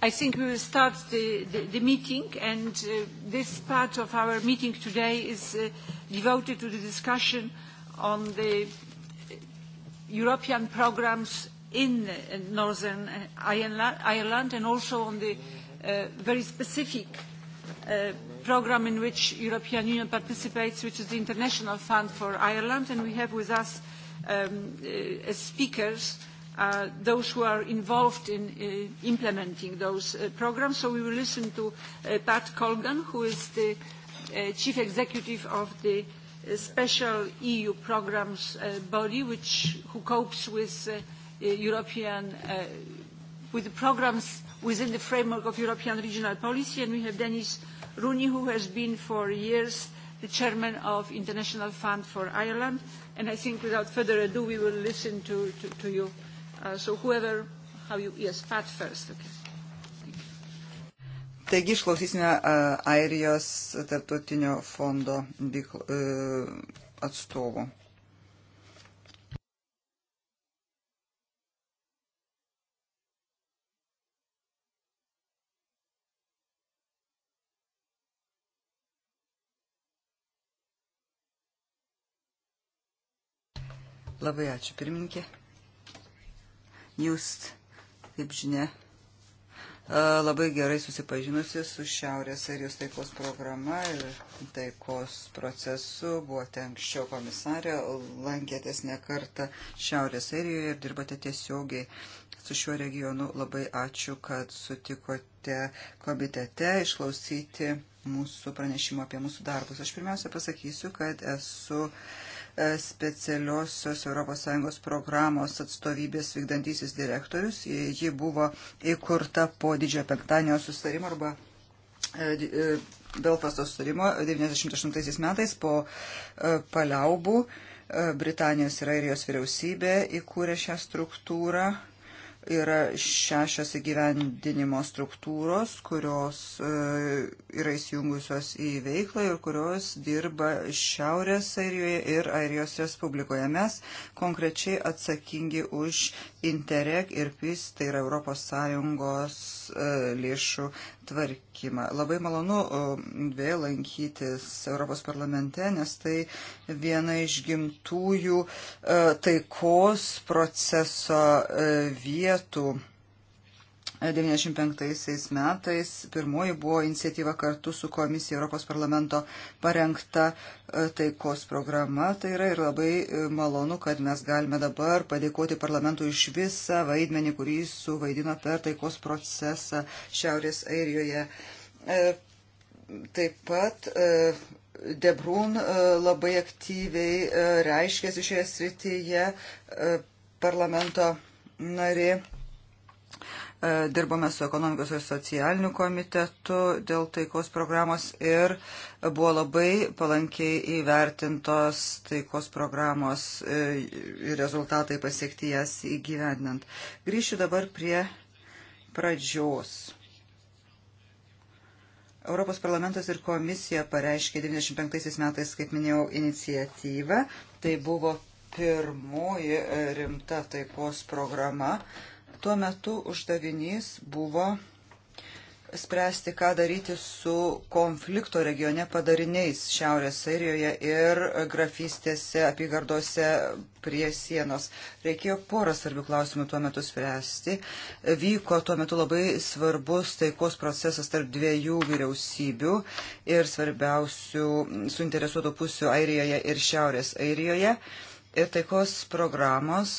I think we will start the, the, the meeting, and uh, this part of our meeting today is uh, devoted to the discussion on the European programs in uh, Northern Ireland and also on the uh, very specific uh, program in which European Union participates, which is the International Fund for Ireland, and we have with us um, uh, as speakers uh, uh, those who are involved in uh, implementing those uh, programs. So we will listen to uh, Pat Colgan, who is the uh, Chief Executive of the uh, Special EU Programs uh, Body, which who copes with uh, European, uh, with the programs within the framework of European regional policy. And we have Denis Rooney, who has been for years the chairman of International Fund for Ireland. And I think without further ado, we will listen to, to, to you. Uh, Uh, so whoever, how you, yes, Pat first. Okay. Taigi išklausysime uh, Airijos tarptautinio fondo dikl, uh, atstovų. Labai ačiū, pirmininkė. Jūs, kaip žinia, labai gerai susipažinusi su Šiaurės Airijos taikos programa ir taikos procesu. Buvote anksčiau komisarė, lankėtės ne kartą Šiaurės Airijoje ir dirbate tiesiogiai su šiuo regionu. Labai ačiū, kad sutikote komitete išklausyti mūsų pranešimo apie mūsų darbus. Aš pirmiausia pasakysiu, kad esu. Uh, specialiosios ES programos atstovybės vykdantysis direktorius. Ji buvo įkurta po didžiojo penktadienio sustarimo arba e, e, Belfasto sustarimo 98 metais po e, paliaubų. Britanijos ir Airijos vyriausybė įkūrė šią struktūrą yra šešios įgyvendinimo struktūros, kurios e, yra įsijungusios į veiklą ir kurios dirba Šiaurės Airijoje ir Airijos Respublikoje. Mes konkrečiai atsakingi už Interreg ir PIS, tai yra ES e, lėšų tvarkymą. Labai malonu vėl lankytis Europos parlamente, nes tai viena iš gimtųjų e, taikos proceso e, vietų 1995 metais pirmoji buvo iniciatyva kartu su komisija Europos parlamento parengta e, taikos programa. Tai yra ir labai e, malonu, kad mes galime dabar padėkoti parlamentui iš visą vaidmenį, kurį suvaidino per taikos procesą Šiaurės Airijoje. E, taip pat Debrun labai aktyviai reiškėsi šioje srityje parlamento nari. E, dirbome su ekonomikos ir socialiniu komitetu dėl taikos programos ir buvo labai palankiai įvertintos taikos programos e, ir rezultatai pasiekti jas įgyvendinant. Grįšiu dabar prie pradžios. Europos parlamentas ir komisija pareiškė 95 metais, kaip minėjau, iniciatyvą. Tai buvo pirmoji e, rimta taikos programa Tuo metu uždavinys buvo spręsti, ką daryti su konflikto regione padariniais Šiaurės Airijoje ir grafystėse apygardose prie sienos. Reikėjo porą svarbių klausimų tuo metu spręsti. Vyko tuo metu labai svarbus taikos procesas tarp dviejų vyriausybių ir svarbiausių suinteresuotų pusių Airijoje ir Šiaurės Airijoje. Ir taikos programos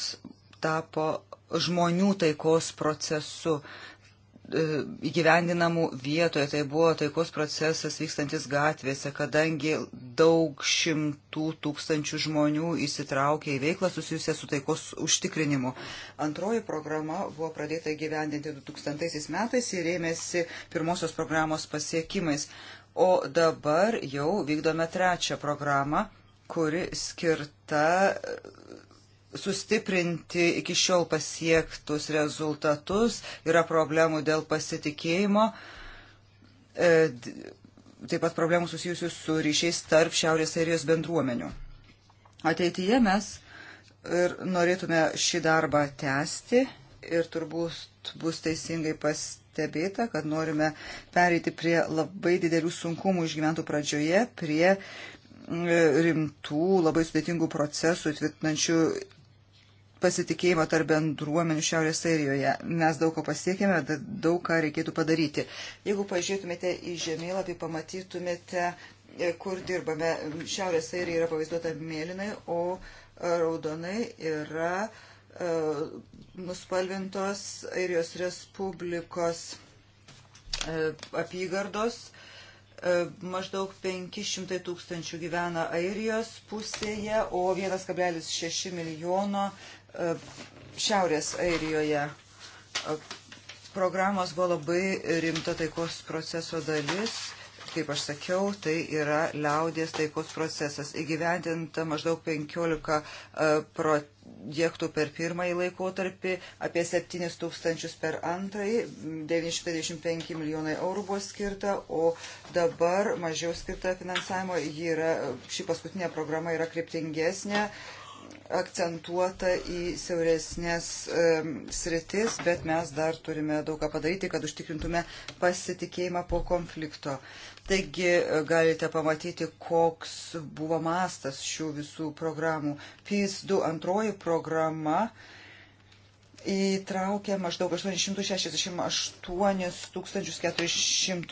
tapo žmonių taikos procesu e, įgyvendinamų vietoje. Tai buvo taikos procesas vykstantis gatvėse, kadangi daug šimtų tūkstančių žmonių įsitraukė į veiklą susijusią su taikos užtikrinimu. Antroji programa buvo pradėta gyvendinti 2000 metais ir rėmėsi pirmosios programos pasiekimais. O dabar jau vykdome trečią programą, kuri skirta sustiprinti iki šiol pasiektus rezultatus, yra problemų dėl pasitikėjimo, e, taip pat problemų susijusių su ryšiais tarp Šiaurės airijos bendruomenių. Ateityje mes ir norėtume šį darbą tęsti ir turbūt bus teisingai pastebėta, kad norime pereiti prie labai didelių sunkumų išgyventų pradžioje, prie rimtų, labai sudėtingų procesų tvirtinančių pasitikėjimo tarp bendruomenių Šiaurės Airijoje. Mes daug ko pasiekėme, daug ką reikėtų padaryti. Jeigu pažiūrėtumėte į žemėlapį, pamatytumėte, e, kur dirbame. Šiaurės Airija yra pavaizduota mėlynai, o e, raudonai yra uh, nuspalvintos Airijos Respublikos uh, apygardos. Uh, maždaug 500 tūkstančių gyvena Airijos pusėje, o 1,6 milijono E, Šiaurės Airijoje. E, Programos buvo labai rimta taikos proceso dalis. Kaip aš sakiau, tai yra liaudės taikos procesas. Įgyvendinta maždaug 15 e, projektų per pirmąjį laikotarpį, apie 7 tūkstančius per antrąjį, 925 milijonai eurų buvo skirta, o dabar mažiau skirta finansavimo. Yra, ši paskutinė programa yra kryptingesnė akcentuota į siauresnės e, sritis, bet mes dar turime daug ką padaryti, kad užtikrintume pasitikėjimą po konflikto. Taigi e, galite pamatyti, koks buvo mastas šių visų programų. PIS 2 antroji programa e, įtraukia maždaug 868 420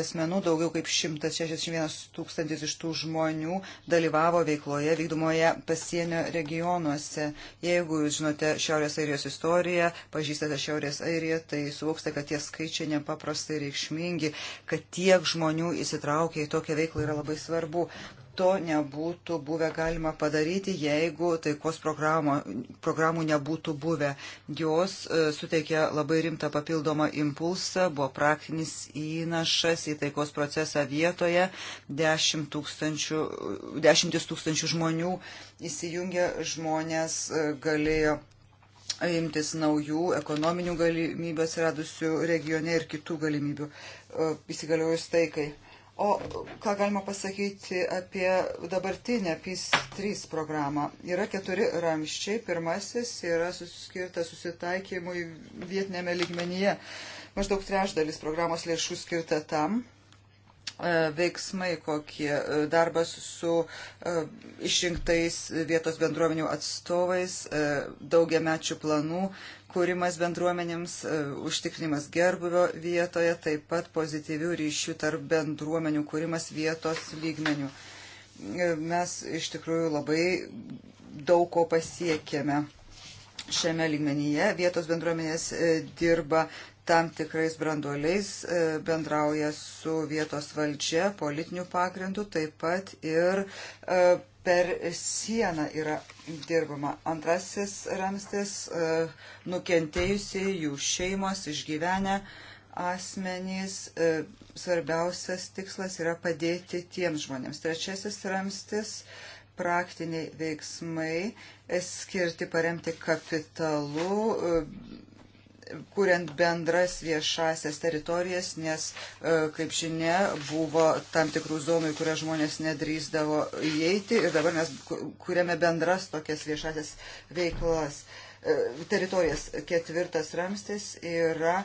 asmenų, daugiau kaip 161 tūkstantis iš tų žmonių dalyvavo veikloje vykdomoje pasienio regionuose. Jeigu jūs žinote Šiaurės Airijos istoriją, pažįstate Šiaurės Airiją, tai suvoksite, kad tie skaičiai nepaprastai reikšmingi, kad tiek žmonių įsitraukia į tokią veiklą yra labai svarbu to nebūtų buvę galima padaryti, jeigu taikos programo, programų nebūtų buvę. Jos e, suteikė labai rimtą papildomą impulsą, buvo praktinis įnašas į taikos procesą vietoje, dešimt tūkstančių, e, dešimtis tūkstančių žmonių įsijungė, žmonės e, galėjo imtis naujų ekonominių galimybių atsiradusių regione ir kitų galimybių įsigaliojus taikai. O ką galima pasakyti apie dabartinę PIS 3 programą? Yra keturi ramščiai. Pirmasis yra skirtas susitaikymui vietinėme lygmenyje. Maždaug trešdalis programos lėšų skirta tam. E, veiksmai kokie e, darbas su e, išrinktais vietos bendruomenių atstovais, daugiamečių planų kūrimas bendruomenėms, e, užtikrinimas gerbuvio vietoje, taip pat pozityvių ryšių tarp bendruomenių kūrimas vietos lygmenių. E, mes iš tikrųjų labai daug ko pasiekėme šiame lygmenyje. Vietos bendruomenės e, dirba tam tikrais branduoliais e, bendrauja su vietos valdžia, politiniu pagrindu, taip pat ir e, per sieną yra dirbama. Antrasis ramstis e, nukentėjusiai, jų šeimos išgyvenę asmenys, svarbiausias tikslas yra padėti tiems žmonėms. Trečiasis ramstis praktiniai veiksmai skirti paremti kapitalu kuriant bendras viešasias teritorijas, nes, e, kaip žinia, buvo tam tikrų zonų, į kurias žmonės nedrįsdavo įeiti ir dabar mes kuriame bendras tokias viešasias veiklas. E, teritorijas ketvirtas ramstis yra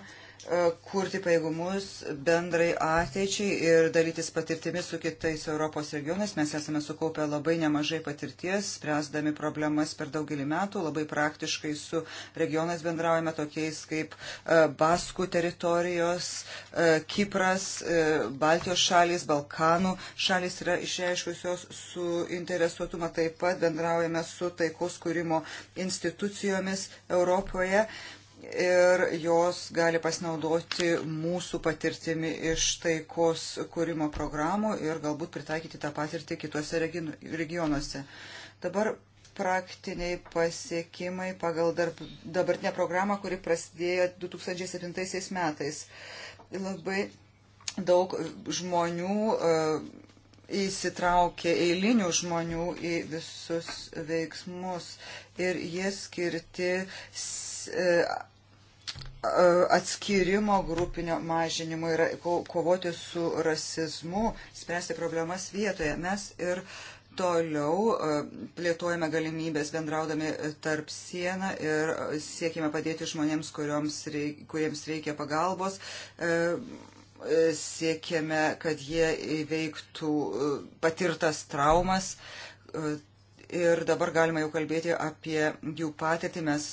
kurti pajėgumus bendrai ateičiai ir dalytis patirtimis su kitais Europos regionais. Mes esame sukaupę labai nemažai patirties, spręsdami problemas per daugelį metų, labai praktiškai su regionais bendraujame tokiais kaip e, Baskų teritorijos, e, Kipras, e, Baltijos šalis, Balkanų šalis yra išreiškusios suinteresuotumą, taip pat bendraujame su taikos kūrimo institucijomis Europoje. Uh, ir jos gali pasinaudoti mūsų patirtimi iš taikos kūrimo programų ir galbūt pritaikyti tą patirtį kitose regionuose. Dabar praktiniai pasiekimai pagal darb, dabartinę programą, kuri prasidėjo 2007 metais. Labai daug žmonių uh, įsitraukė eilinių žmonių į visus veiksmus ir jie skirti E, atskirimo grupinio mažinimo ir kovoti su rasizmu, spręsti problemas vietoje. Mes ir toliau e, plėtojame galimybės bendraudami tarp sieną ir siekime padėti žmonėms, reik, kuriems reikia pagalbos. E, siekiame, kad jie įveiktų patirtas traumas ir dabar galima jau kalbėti apie jų patirtį. Mes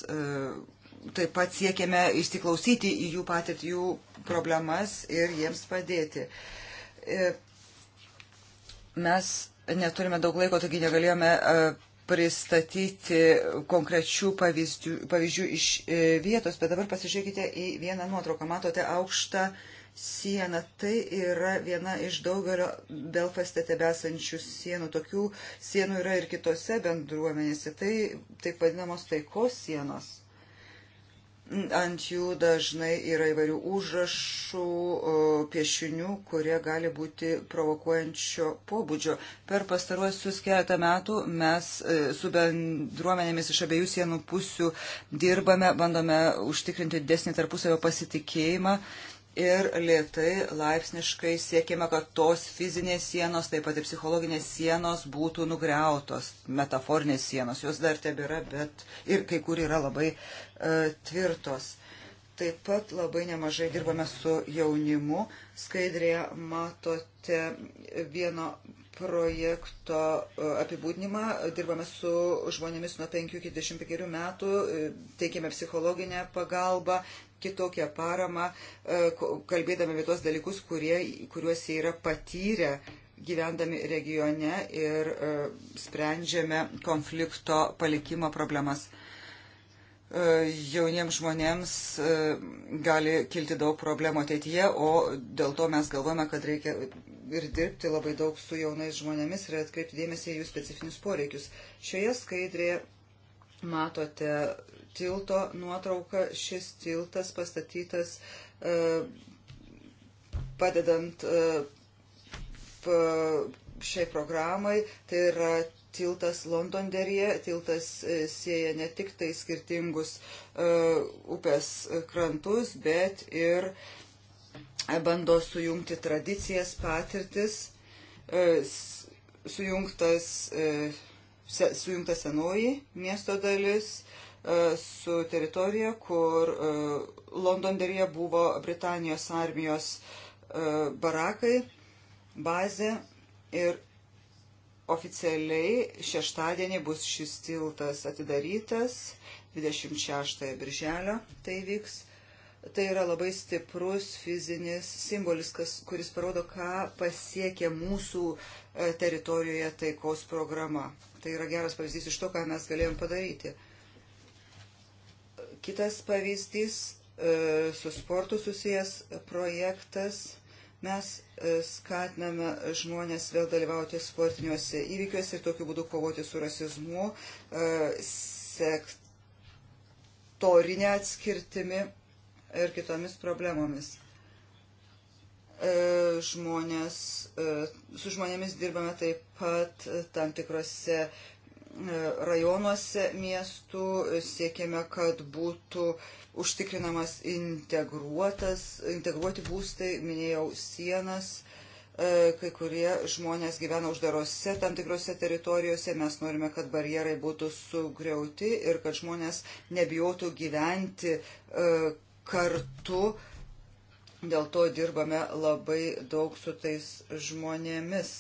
taip pat siekiame įsiklausyti į jų patirtį, jų problemas ir jiems padėti. E, mes neturime daug laiko, taigi negalėjome e, pristatyti konkrečių pavyzdžių, pavyzdžių iš e, vietos, bet dabar pasižiūrėkite į vieną nuotrauką. Matote aukštą sieną. Tai yra viena iš daugelio Belfaste tebesančių sienų. Tokių sienų yra ir kitose bendruomenėse. Tai taip vadinamos taikos sienos. Ant jų dažnai yra įvairių užrašų, piešinių, kurie gali būti provokuojančio pobūdžio. Per pastaruosius keletą metų mes e, su bendruomenėmis iš abiejų sienų pusių dirbame, bandome užtikrinti didesnį tarpusavio pasitikėjimą ir lietai laipsniškai siekiame, kad tos fizinės sienos, taip pat ir psichologinės sienos būtų nugriautos, metaforinės sienos, jos dar tebėra, bet ir kai kur yra labai e, tvirtos. Taip pat labai nemažai dirbame su jaunimu. Skaidrėje matote vieno projekto e, apibūdinimą. Dirbame su žmonėmis nuo 5 iki 25 metų, e, teikiame psichologinę pagalbą, kitokią paramą, e, kalbėdami apie tos dalykus, kurie, kuriuos jie yra patyrę gyvendami regione ir e, sprendžiame konflikto palikimo problemas e, jauniems žmonėms gali kilti daug problemų ateityje, o dėl to mes galvojame, kad reikia ir dirbti labai daug su jaunais žmonėmis ir atkreipti dėmesį į jų specifinius poreikius. Šioje skaidrėje matote tilto nuotrauką. Šis tiltas pastatytas e, padedant e, šiai programai. Tai yra tiltas Londonderyje, tiltas e, sieja ne tik tai skirtingus upės krantus, bet ir bando sujungti tradicijas, patirtis, sujungtas, sujungta senoji miesto dalis, E, su teritorija, kur e, Londonderėje buvo Britanijos armijos e, barakai, bazė ir oficialiai šeštadienį bus šis tiltas atidarytas, 26 birželio tai vyks. Tai yra labai stiprus fizinis simbolis, kas, kuris parodo, ką pasiekė mūsų teritorijoje taikos programa. Tai yra geras pavyzdys iš to, ką mes galėjom padaryti. Kitas pavyzdys e, su sportu susijęs projektas. Mes e, skatiname žmonės vėl dalyvauti sportiniuose įvykiuose ir tokiu būdu kovoti su rasizmu, e, sektorinė atskirtimi ir kitomis problemomis žmonės, su žmonėmis dirbame taip pat tam tikrose rajonuose miestų, siekiame, kad būtų užtikrinamas integruotas, integruoti būstai, minėjau sienas, e, kai kurie žmonės gyvena uždarose tam tikrose teritorijose, mes norime, kad barjerai būtų sugriauti ir kad žmonės nebijotų gyventi e, kartu. Dėl to dirbame labai daug su tais žmonėmis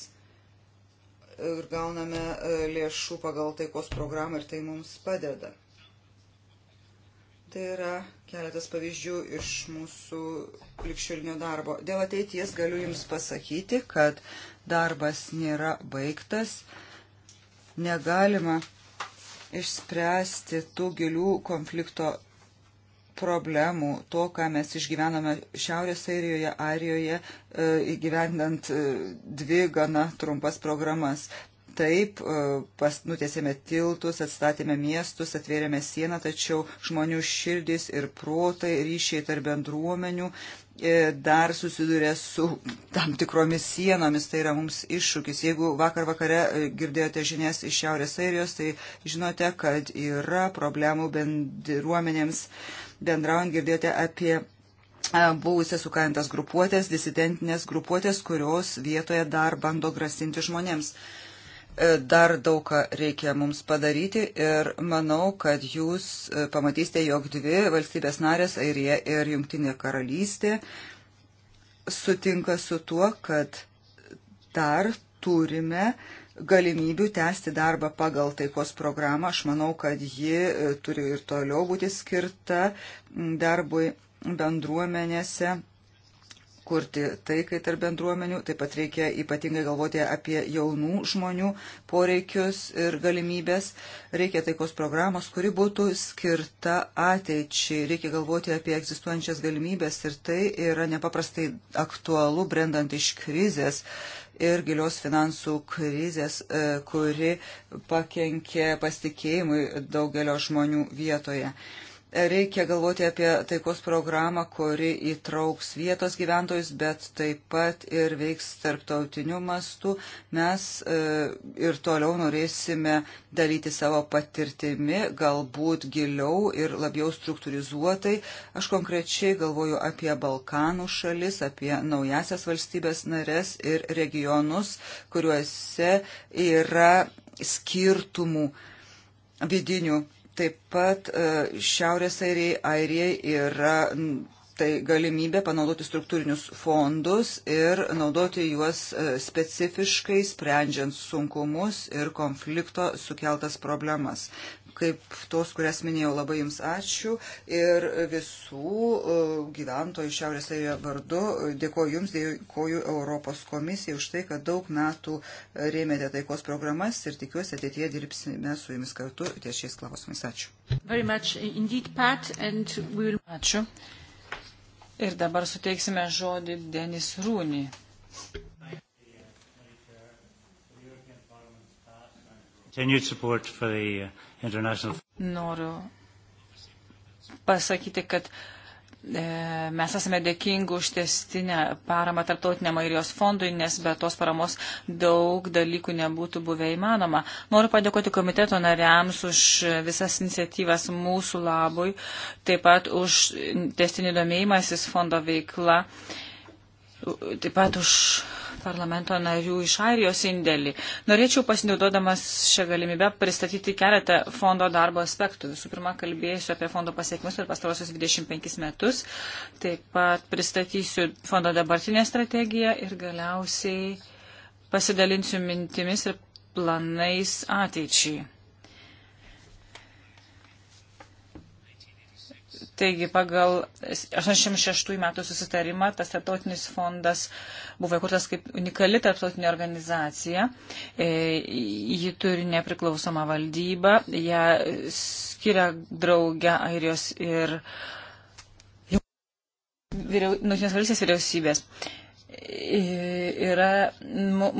ir gauname e, lėšų pagal taikos programą ir tai mums padeda. Tai yra keletas pavyzdžių iš mūsų likščiolinio darbo. Dėl ateities galiu Jums pasakyti, kad darbas nėra baigtas. Negalima išspręsti tų gilių konflikto problemų, to, ką mes išgyvename Šiaurės Airijoje, Airijoje, e, įgyvendant e, dvi gana trumpas programas. Taip, e, pas, nutėsėme tiltus, atstatėme miestus, atvėrėme sieną, tačiau žmonių širdys ir protai, ryšiai tarp bendruomenių E, dar susiduria su tam tikromis sienomis, tai yra mums iššūkis. Jeigu vakar vakare e, girdėjote žinias iš Šiaurės Airijos, tai žinote, kad yra problemų bendruomenėms bendraujant, girdėjote apie e, buvusias sukarintas grupuotės, disidentinės grupuotės, kurios vietoje dar bando grasinti žmonėms. E, dar daug ką reikia mums padaryti ir manau, kad jūs e, pamatysite, jog dvi valstybės narės, Airija ir Junktinė karalystė, sutinka su tuo, kad dar turime galimybių tęsti darbą pagal taikos programą. Aš manau, kad ji e, turi ir toliau būti skirta darbui bendruomenėse kurti taikai tarp bendruomenių, taip pat reikia ypatingai galvoti apie jaunų žmonių poreikius ir galimybės, reikia taikos programos, kuri būtų skirta ateičiai, reikia galvoti apie egzistuojančias galimybės ir tai yra nepaprastai aktualu brendant iš krizės. Ir gilios finansų krizės, e, kuri pakenkė pasitikėjimui daugelio žmonių vietoje. Reikia galvoti apie taikos programą, kuri įtrauks vietos gyventojus, bet taip pat ir veiks tarptautiniu mastu. Mes e, ir toliau norėsime dalyti savo patirtimi, galbūt giliau ir labiau struktūrizuotai. Aš konkrečiai galvoju apie Balkanų šalis, apie naujasias valstybės nares ir regionus, kuriuose yra skirtumų vidinių Taip pat e, Šiaurės Airijai, Airijai yra tai galimybė panaudoti struktūrinius fondus ir naudoti juos e, specifiškai, sprendžiant sunkumus ir konflikto sukeltas problemas kaip tos, kurias minėjau, labai Jums ačiū ir visų e, gyventojų Šiaurės Airijoje vardu e, dėkoju Jums, dėkoju Europos komisijai už tai, kad daug metų rėmėte taikos programas ir tikiuosi ateityje dirbsime su Jumis kartu ties šiais klausimais. Ačiū. Indeed, Pat, will... Ačiū. Ir dabar suteiksime žodį Denis Rūnį. Continued support for the uh, international... Noriu pasakyti, kad e, mes esame dėkingi už testinę paramą tarptautiniam airijos fondui, nes be tos paramos daug dalykų nebūtų buvę įmanoma. Noriu padėkoti komiteto nariams už visas iniciatyvas mūsų labui, taip pat už testinį domėjimasis fondo veikla, taip pat už parlamento narių iš Airijos indėlį. Norėčiau pasinaudodamas šią galimybę pristatyti keletą fondo darbo aspektų. Visų pirma, kalbėsiu apie fondo pasiekimus per pastarosius 25 metus, taip pat pristatysiu fondo dabartinę strategiją ir galiausiai pasidalinsiu mintimis ir planais ateičiai. Taigi pagal 86 metų susitarimą tas tarptautinis fondas buvo įkurtas kaip unikali tarptautinė organizacija. E, ji turi nepriklausomą valdybą, ją skiria draugę Airijos ir Nutinės valstybės vyriausybės. E, yra, mu,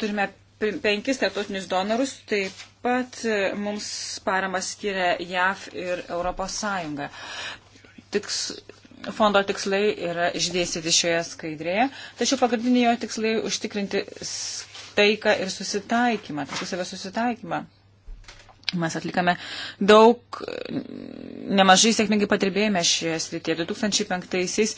turime penkis tarptautinius donorus, taip pat e, mums paramą skiria JAV ir Europos Sąjunga. Tiks, fondo tikslai yra išdėstyti šioje skaidrėje, tačiau pagrindiniai jo tikslai užtikrinti taiką ir susitaikymą, tarpusavio susitaikymą. Mes atlikame daug, nemažai sėkmingai padirbėjome šioje srityje. 2005-aisiais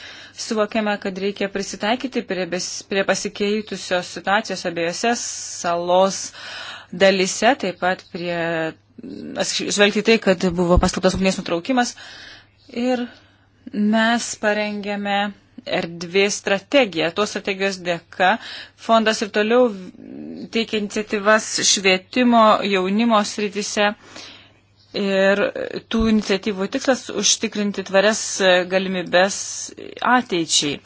suvokėme, kad reikia prisitaikyti prie, prie pasikeitusios situacijos abiejose salos dalise, taip pat prie, žvelgti tai, kad buvo paskelbtas ugnies nutraukimas. Ir mes parengėme erdvės strategija. Tos strategijos dėka fondas ir toliau teikia iniciatyvas švietimo jaunimo srityse. Ir tų iniciatyvų tikslas užtikrinti tvarias galimybės ateičiai.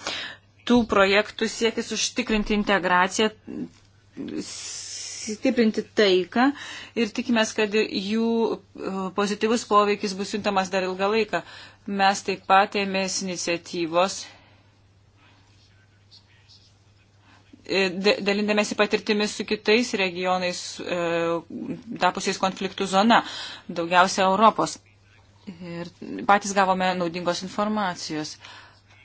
Tų projektų siekis užtikrinti integraciją, stiprinti taiką ir tikimės, kad jų e, pozityvus poveikis bus juntamas dar ilgą laiką. Mes taip pat ėmės iniciatyvos E, dalindamėsi patirtimis su kitais regionais, e, tapusiais konfliktų zona, daugiausia Europos. Ir patys gavome naudingos informacijos.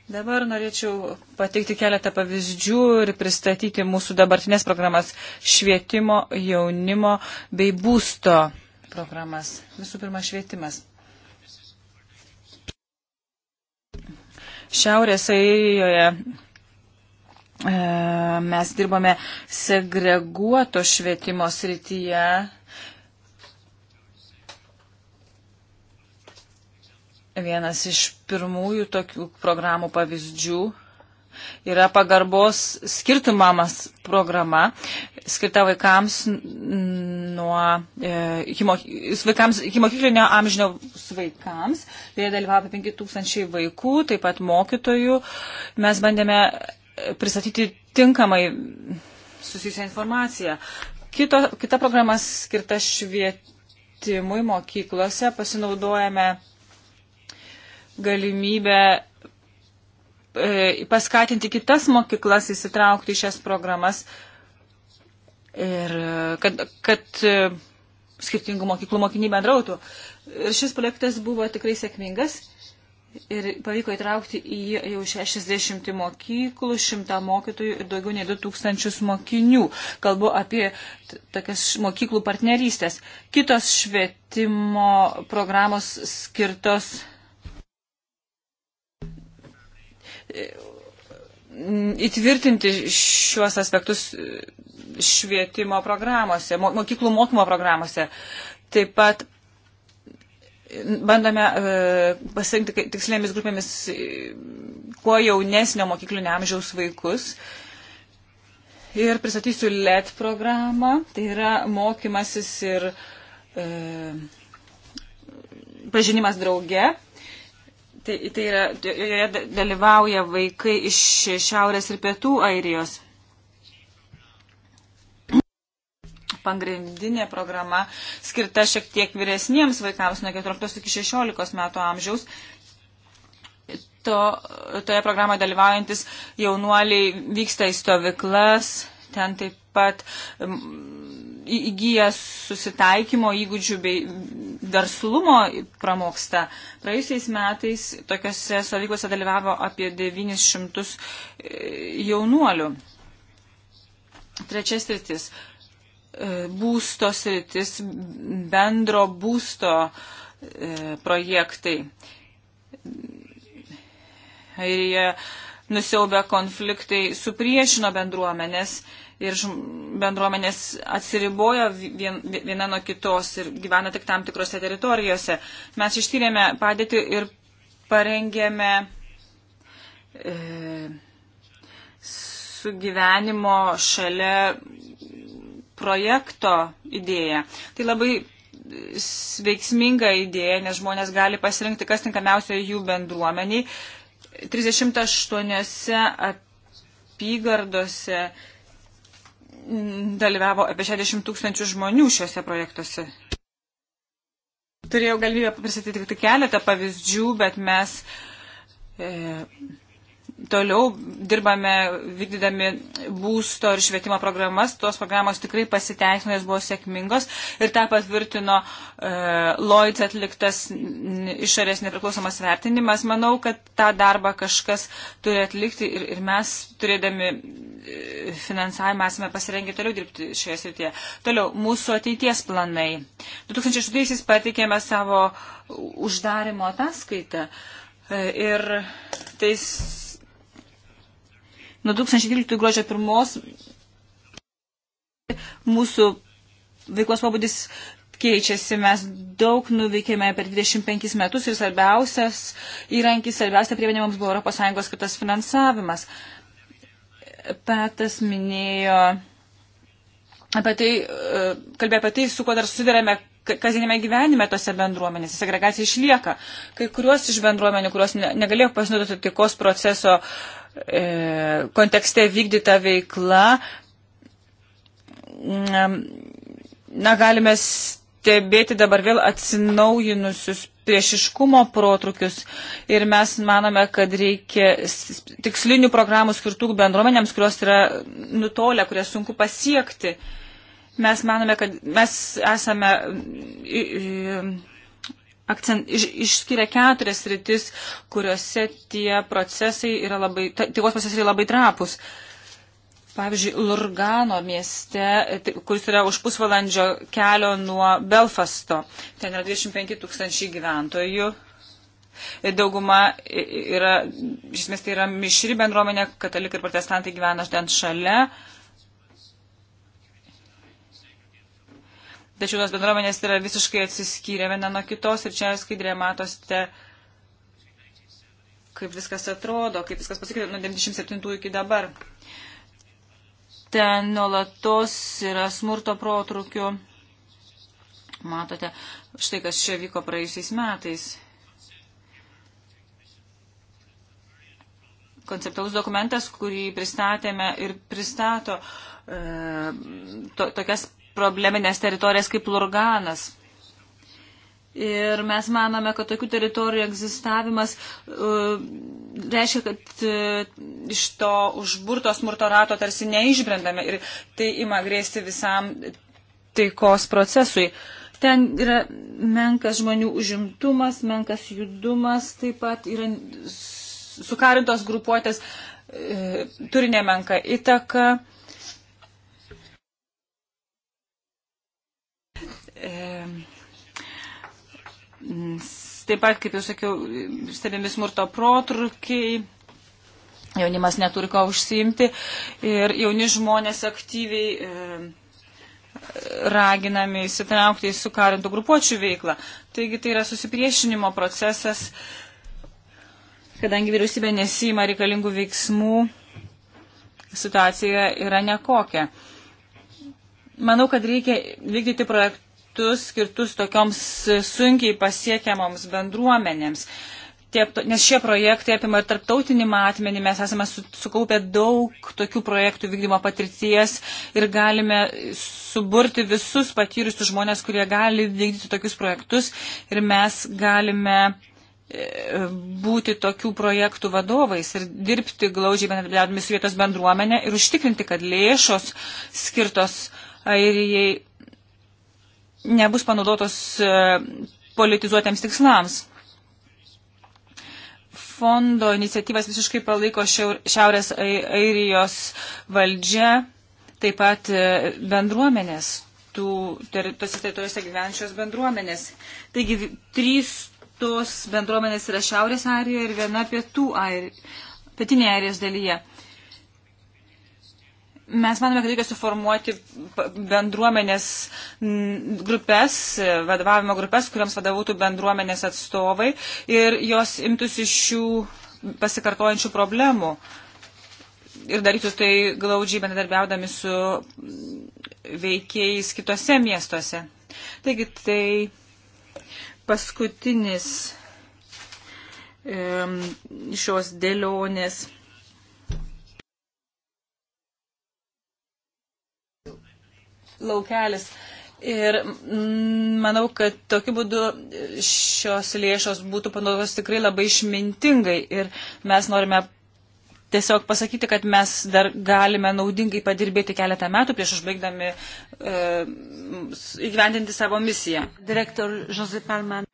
Dabar norėčiau pateikti keletą pavyzdžių ir pristatyti mūsų dabartinės programas švietimo, jaunimo bei būsto programas. Visų pirma, švietimas. Šiaurės Airijoje E, mes dirbame segreguoto švietimo srityje. Vienas iš pirmųjų tokių programų pavyzdžių yra pagarbos skirtumamas programa, skirta vaikams nuo e, iki, vaikams, iki mokyklinio amžiniaus vaikams. Joje dalyvavo 5000 vaikų, taip pat mokytojų. Mes bandėme pristatyti tinkamai susijusią informaciją. Kito, kita programa skirta švietimui mokyklose. Pasinaudojame galimybę e, paskatinti kitas mokyklas įsitraukti į šias programas ir e, kad, kad e, skirtingų mokyklų mokiniai bendrautų. Ir šis projektas buvo tikrai sėkmingas ir pavyko įtraukti į jį jau 60 mokyklų, 100 mokytojų ir daugiau nei 2000 mokinių. Kalbu apie tokias mokyklų partnerystės. Kitos švietimo programos skirtos e, įtvirtinti šiuos aspektus e, švietimo programuose, mokyklų mokymo programuose. Taip pat bandome e, pasirinkti tikslinėmis grupėmis e, kuo jaunesnio mokyklinio amžiaus vaikus. Ir pristatysiu LED programą, tai yra mokymasis ir e, pažinimas drauge. Tai, tai yra, joje dalyvauja vaikai iš šiaurės ir pietų Airijos. pagrindinė programa skirta šiek tiek vyresniems vaikams nuo 14 iki 16 metų amžiaus. To, toje programoje dalyvaujantis jaunuoliai vyksta į stovyklas, ten taip pat įgyja susitaikymo įgūdžių bei verslumo pramoksta. Praėjusiais metais tokiuose stovyklose dalyvavo apie 900 e, jaunuolių. Trečias rytis E, būsto sritis, bendro būsto e, projektai. Airija nusiaubę konfliktai supriešino bendruomenės ir bendruomenės atsiribojo vien, viena nuo kitos ir gyvena tik tam tikrose teritorijose. Mes ištyrėme padėtį ir parengėme e, sugyvenimo šalia projekto idėja. Tai labai veiksminga idėja, nes žmonės gali pasirinkti, kas tinkamiausia jų bendruomeniai. 38 apygardose dalyvavo apie 60 tūkstančių žmonių šiuose projektuose. Turėjau galimybę pristatyti tik keletą pavyzdžių, bet mes e, toliau dirbame vykdydami būsto ir švietimo programas. Tos programos tikrai pasiteisino, jos buvo sėkmingos ir tą patvirtino e, Lloyds atliktas išorės nepriklausomas vertinimas. Manau, kad tą darbą kažkas turi atlikti ir, ir mes turėdami e, finansavimą esame pasirengę toliau dirbti šioje srityje. Toliau, mūsų ateities planai. 2006-aisiais pateikėme savo uždarimo ataskaitą e, ir tais Nuo 2012 gruodžio 1 mūsų veiklos pobūdis keičiasi, mes daug nuveikėme per 25 metus ir svarbiausias įrankis, svarbiausia priemonė mums buvo ES skirtas finansavimas. Petas minėjo apie tai, e, kalbėjo apie tai, su kuo dar susidurėme kasdienėme gyvenime tose bendruomenėse. Segregacija išlieka. Kai kurios iš bendruomenių, kurios negalėjo pasinaudoti taikos proceso e, kontekste vykdyta veikla, mm, na, galime stebėti dabar vėl atsinaujinusius priešiškumo protrukius ir mes manome, kad reikia tikslinių programų skirtų bendruomenėms, kurios yra nutolę, kurias sunku pasiekti. E, Mes manome, kad mes esame. I, i, akcent, iš, išskiria keturias rytis, kuriuose tie procesai yra labai, tėvos procesai yra labai trapus. Pavyzdžiui, Lurgano mieste, tai, kuris yra už pusvalandžio kelio nuo Belfasto. Ten yra 25 tūkstančiai gyventojų. Dauguma yra, iš esmės tai yra mišri bendruomenė, katalikai ir protestantai gyvena ten šalia. Uh, tačiau tos bendruomenės yra visiškai atsiskyrę viena nuo kitos ir čia skaidrėje matosite, kaip viskas atrodo, kaip viskas pasikeitė nuo 97 iki dabar. Ten nuolatos yra smurto protrukių. Matote, štai kas čia vyko praėjusiais metais. konceptualus dokumentas, kurį pristatėme ir pristato e, to, tokias probleminės teritorijas kaip Lurganas. Ir mes manome, kad tokių teritorijų egzistavimas uh, reiškia, kad uh, iš to užburto smurto rato tarsi neišbrendame ir tai ima grėsti visam taikos procesui. Ten yra menkas žmonių užimtumas, menkas judumas, taip pat yra sukarintos grupuotės, uh, turi nemenka įtaka. Uh, Taip pat, kaip jau sakiau, stebimi smurto protrukiai, jaunimas neturi ką užsiimti ir jauni žmonės aktyviai e, raginami įsitraukti į sukarintų grupuočių veiklą. Taigi tai yra susipriešinimo procesas, kadangi vyriausybė nesima reikalingų veiksmų, situacija yra nekokia. Manau, kad reikia vykdyti projekt, projektus skirtus tokioms sunkiai pasiekiamoms bendruomenėms. Tie, nes šie projektai apima ir tarptautinį matmenį, mes esame su, sukaupę daug tokių projektų vykdymo patirties ir galime suburti visus patyrusius žmonės, kurie gali vykdyti tokius projektus ir mes galime e, būti tokių projektų vadovais ir dirbti glaužiai bendradarbiaudami su vietos bendruomenė ir užtikrinti, kad lėšos skirtos Airijai nebus panaudotos e, politizuotėms tikslams. Fondo iniciatyvas visiškai palaiko Šiaurės Airijos valdžia, taip pat e, bendruomenės, tų tose teritorijose gyvenčios bendruomenės. Taigi trys tos bendruomenės yra Šiaurės Airijoje ir viena pietų Airijoje, pietinėje Airijos dalyje. Mes manome, kad reikia suformuoti bendruomenės grupės, vadovavimo grupės, kuriams vadovautų bendruomenės atstovai ir jos imtųsi šių pasikartojančių problemų. Ir darytų tai glaudžiai bendradarbiaudami su veikėjais kitose miestuose. Taigi tai paskutinis šios dėlionės laukelis. Ir manau, kad tokiu būdu šios lėšos būtų panaudotos tikrai labai išmintingai ir mes norime tiesiog pasakyti, kad mes dar galime naudingai padirbėti keletą metų prieš užbaigdami e, įgyvendinti savo misiją. Direktor Jose Palman.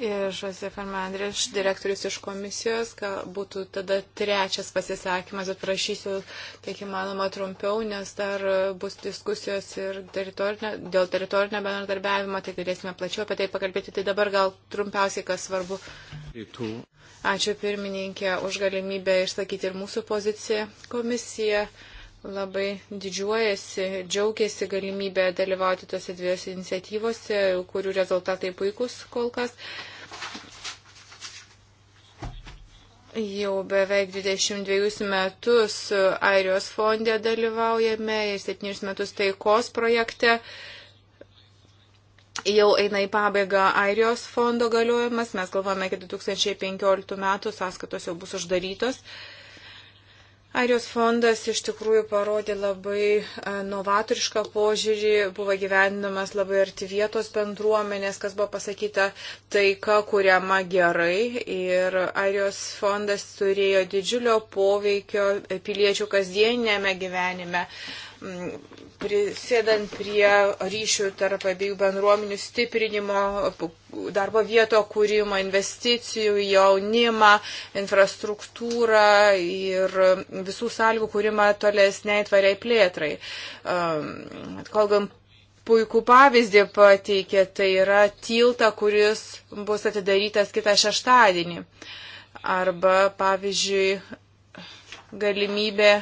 Ir Žozė Fernandrėš, direktorius iš komisijos, būtų tada trečias pasisakymas, bet prašysiu, kiek įmanoma, trumpiau, nes dar bus diskusijos ir teritorinė, dėl teritorinio bendradarbiavimo, tai galėsime plačiau apie tai pakalbėti. Tai dabar gal trumpiausiai, kas svarbu. Ačiū pirmininkė už galimybę išsakyti ir mūsų poziciją. Komisija labai didžiuojasi, džiaugiasi galimybę dalyvauti tose dviejose iniciatyvose, kurių rezultatai puikus kol kas. Jau beveik 22 metus Airijos fondė dalyvaujame ir 7 metus taikos projekte jau eina į pabaigą Airijos fondo galiojimas. Mes galvojame, kad 2015 metų sąskaitos jau bus uždarytos. Airijos fondas iš tikrųjų parodė labai e, novatorišką požiūrį, buvo gyvendinamas labai arti vietos bendruomenės, kas buvo pasakyta taika, kuriama gerai. Ir Airijos fondas turėjo didžiulio poveikio piliečių kasdienėme gyvenime. Uh, prisėdant prie ryšių tarp abiejų bendruomenių stiprinimo, darbo vieto kūrimo, investicijų, jaunimą, infrastruktūrą ir visų sąlygų kūrimą tolesniai tvariai plėtrai. Um, Kolgam puikų pavyzdį pateikė, tai yra tiltą, kuris bus atidarytas kitą šeštadienį. Arba, pavyzdžiui, galimybė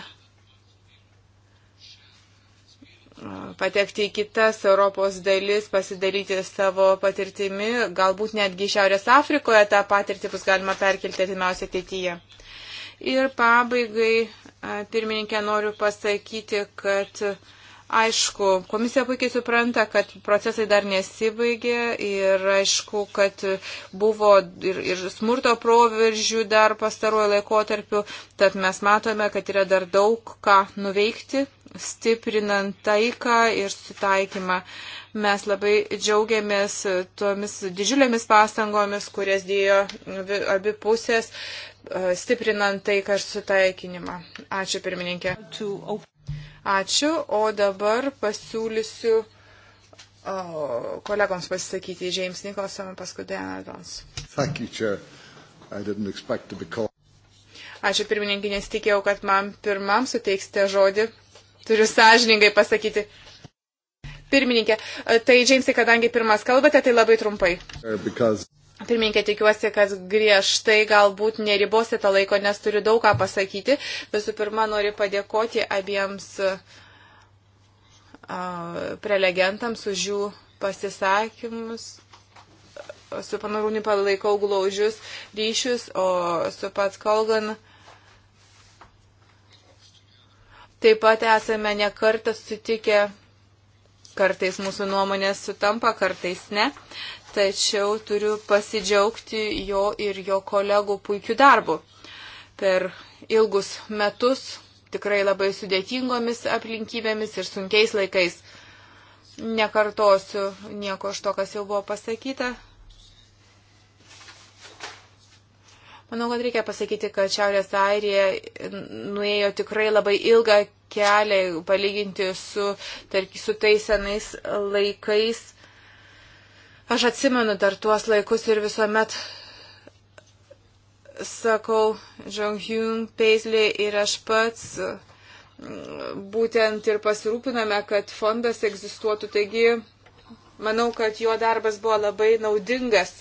patekti į kitas Europos dalis, pasidaryti savo patirtimi, galbūt netgi Šiaurės Afrikoje tą patirtį bus galima perkelti atimiausiai ateityje. Ir pabaigai, pirmininkė, noriu pasakyti, kad uh, Aišku, komisija puikiai supranta, kad procesai dar nesibaigė ir aišku, kad buvo ir, ir smurto proveržių dar pastaruoju laikotarpiu, tad mes matome, kad yra dar daug ką nuveikti, stiprinant taiką ir sutaikymą. Mes labai džiaugiamės tomis didžiulėmis pastangomis, kurias dėjo abi pusės, stiprinant taiką ir sutaikinimą. Ačiū pirmininkė. Ačiū, o dabar pasiūlysiu o, kolegoms pasisakyti James Nicholson, paskui Diana Dons. Ačiū pirmininkė, nes tikėjau, kad man pirmam suteiksite žodį. Turiu sąžiningai pasakyti. Pirmininkė, tai Džeimsai, kadangi pirmas kalbate, tai labai trumpai. Because... Pirminkė, tikiuosi, kad griežtai galbūt neribosite tą laiko, nes turiu daug ką pasakyti. Visų pirma, noriu padėkoti abiems prelegentams už jų pasisakymus. Su panarūni palaikau glaužius ryšius, o su pats Kolgan. Taip pat esame nekartą sutikę, kartais mūsų nuomonės sutampa, kartais ne tačiau turiu pasidžiaugti jo ir jo kolegų puikiu darbu. Per ilgus metus, tikrai labai sudėtingomis aplinkybėmis ir sunkiais laikais. Nekartosiu nieko iš to, kas jau buvo pasakyta. Manau, kad reikia pasakyti, kad Šiaurės Airija nuėjo tikrai labai ilgą kelią palyginti su, tarp, su tais senais laikais Aš atsimenu dar tuos laikus ir visuomet sakau, Jong-Hyun, Paisley ir aš pats mm, būtent ir pasirūpiname, kad fondas egzistuotų. Taigi, manau, kad jo darbas buvo labai naudingas.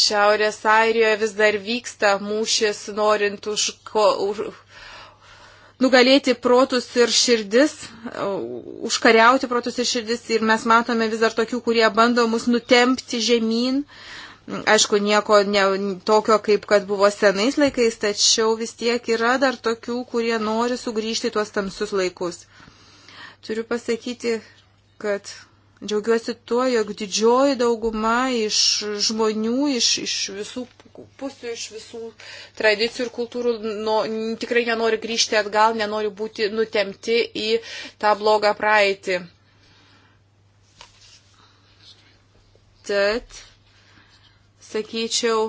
Šiaurės Airijoje vis dar vyksta mūšis, norint užko, už, nugalėti protus ir širdis, užkariauti protus ir širdis ir mes matome vis dar tokių, kurie bando mus nutempti žemyn. Aišku, nieko ne, tokio, kaip kad buvo senais laikais, tačiau vis tiek yra dar tokių, kurie nori sugrįžti tuos tamsius laikus. Turiu pasakyti, kad Džiaugiuosi tuo, jog didžioji dauguma iš žmonių, iš, iš visų pusių, iš visų tradicijų ir kultūrų no, tikrai nenori grįžti atgal, nenori būti nutemti į tą blogą praeitį. Tad, sakyčiau,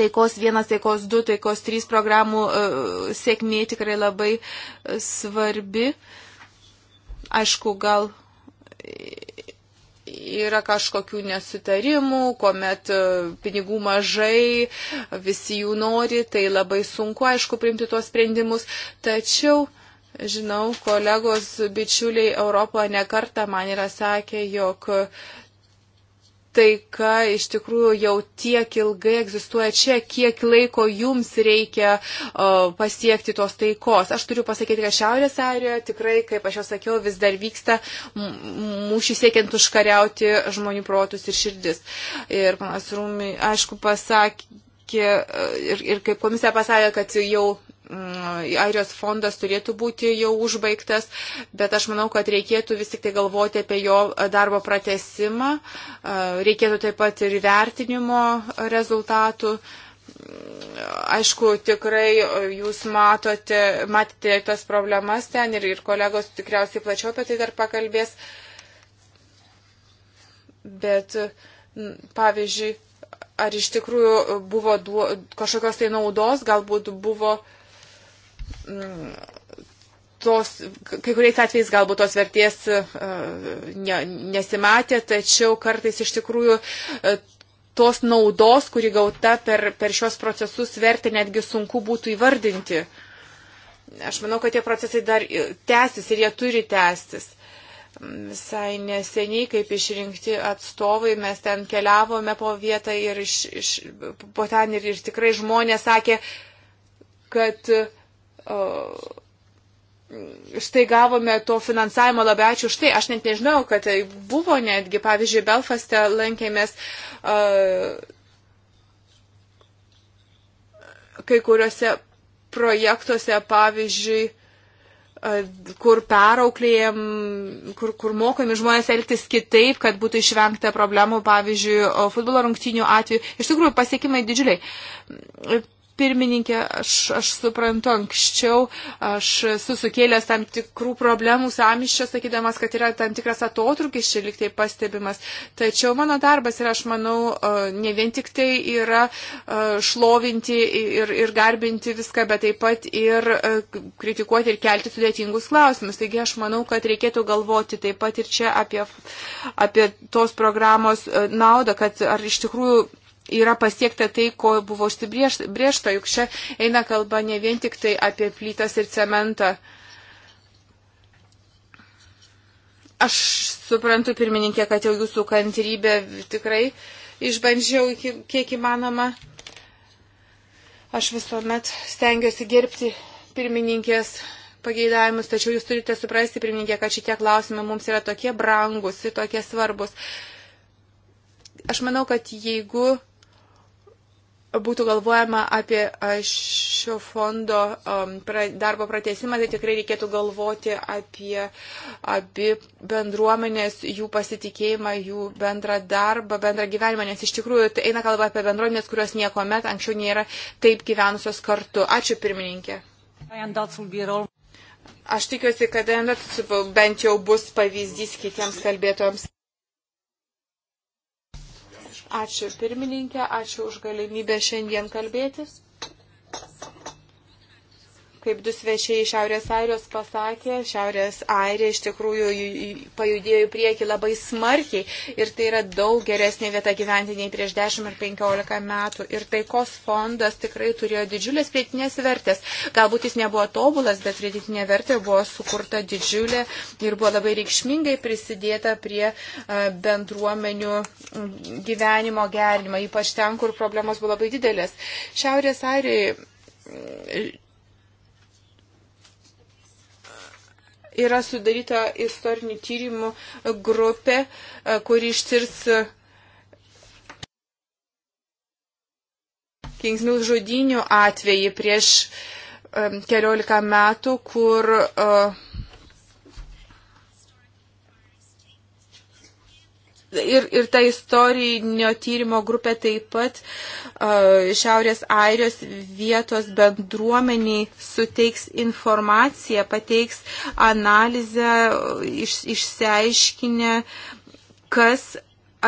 taikos vienas, taikos du, taikos trys programų e, sėkmė tikrai labai svarbi. Aišku, gal yra kažkokių nesutarimų, kuomet e, pinigų mažai, visi jų nori, tai labai sunku, aišku, priimti tuos sprendimus. Tačiau, žinau, kolegos bičiuliai Europoje nekarta man yra sakę, jog taika iš tikrųjų jau tiek ilgai egzistuoja čia, kiek laiko jums reikia uh, pasiekti tos taikos. Aš turiu pasakyti, kad Šiaurės Airijoje tikrai, kaip aš jau sakiau, vis dar vyksta mūšį siekiant užkariauti žmonių protus ir širdis. Ir panas Rūmi, aišku, pasakė, ir, ir kaip komisija pasakė, kad jau Mm, Airijos fondas turėtų būti jau užbaigtas, bet aš manau, kad reikėtų vis tik tai galvoti apie jo darbo pratesimą, reikėtų taip pat ir vertinimo rezultatų. Mm, aišku, tikrai jūs matote, matėte tas problemas ten ir, ir kolegos tikriausiai plačiau apie tai dar pakalbės. Bet, mm, pavyzdžiui, ar iš tikrųjų buvo duo, kažkokios tai naudos, galbūt buvo uh, tos, kai kuriais atvejais galbūt tos vertės e, ne, nesimatė, tačiau kartais iš tikrųjų e, tos naudos, kuri gauta per, per šios procesus vertę netgi sunku būtų įvardinti. Aš manau, kad tie procesai dar e, tęsis ir jie turi tęstis visai neseniai, kaip išrinkti atstovai, mes ten keliavome po vietą ir iš, iš, po ten ir, ir tikrai žmonės sakė, kad uh, štai gavome to finansavimo labai ačiū už tai. Aš net nežinau, kad tai buvo netgi, pavyzdžiui, Belfaste lankėmės. kai kuriuose projektuose, pavyzdžiui, kur perauklėjam, kur, kur mokami žmonės elgtis kitaip, kad būtų išvengta problemų, pavyzdžiui, futbolo rungtynių atveju. Iš tikrųjų, pasiekimai didžiuliai pirmininkė, aš, aš suprantu, anksčiau aš susukėlęs tam tikrų problemų samiščio, sakydamas, kad yra tam tikras atotrukis čia liktai pastebimas. Tačiau mano darbas ir aš manau, e, ne vien tik tai yra e, šlovinti ir, ir garbinti viską, bet taip pat ir e, kritikuoti ir kelti sudėtingus klausimus. Taigi aš manau, kad reikėtų galvoti taip pat ir čia apie, apie tos programos naudą, kad ar iš tikrųjų yra pasiekta tai, ko buvo užsibriešta, juk čia eina kalba ne vien tik tai apie plytas ir cementą. Aš suprantu, pirmininkė, kad jau jūsų kantrybė tikrai išbandžiau, kiek įmanoma. Aš visuomet stengiuosi gerbti pirmininkės pageidavimus, tačiau jūs turite suprasti, pirmininkė, kad šitie klausimai mums yra tokie brangus ir tokie svarbus. Aš manau, kad jeigu būtų galvojama apie šio fondo um, darbo pratesimą, tai tikrai reikėtų galvoti apie abi bendruomenės, jų pasitikėjimą, jų bendrą darbą, bendrą gyvenimą, nes iš tikrųjų tai eina kalba apie bendruomenės, kurios nieko met anksčiau nėra taip gyvenusios kartu. Ačiū pirmininkė. Aš tikiuosi, kad bent jau bus pavyzdys kitiems kalbėtojams. Ačiū pirmininkė, ačiū už galimybę šiandien kalbėtis kaip du svečiai iš Šiaurės Airijos pasakė, Šiaurės Airija iš tikrųjų pajudėjo į priekį labai smarkiai ir tai yra daug geresnė vieta gyventi nei prieš 10 ar 15 metų. Ir taikos fondas tikrai turėjo didžiulės pridėtinės vertės. Galbūt jis nebuvo tobulas, bet pridėtinė vertė buvo sukurta didžiulė ir buvo labai reikšmingai prisidėta prie e, bendruomenių gyvenimo gerinimo, ypač ten, kur problemos buvo labai didelės. Šiaurės Airijoje yra sudaryta istorinių tyrimų grupė, e, kuri ištirs e, Kingsmių žudinių atvejį prieš keliolika metų, kur uh, Ir, ir ta istorinio tyrimo grupė taip pat uh, Šiaurės Airijos vietos bendruomeniai suteiks informaciją, pateiks analizę, iš, išsiaiškinę, kas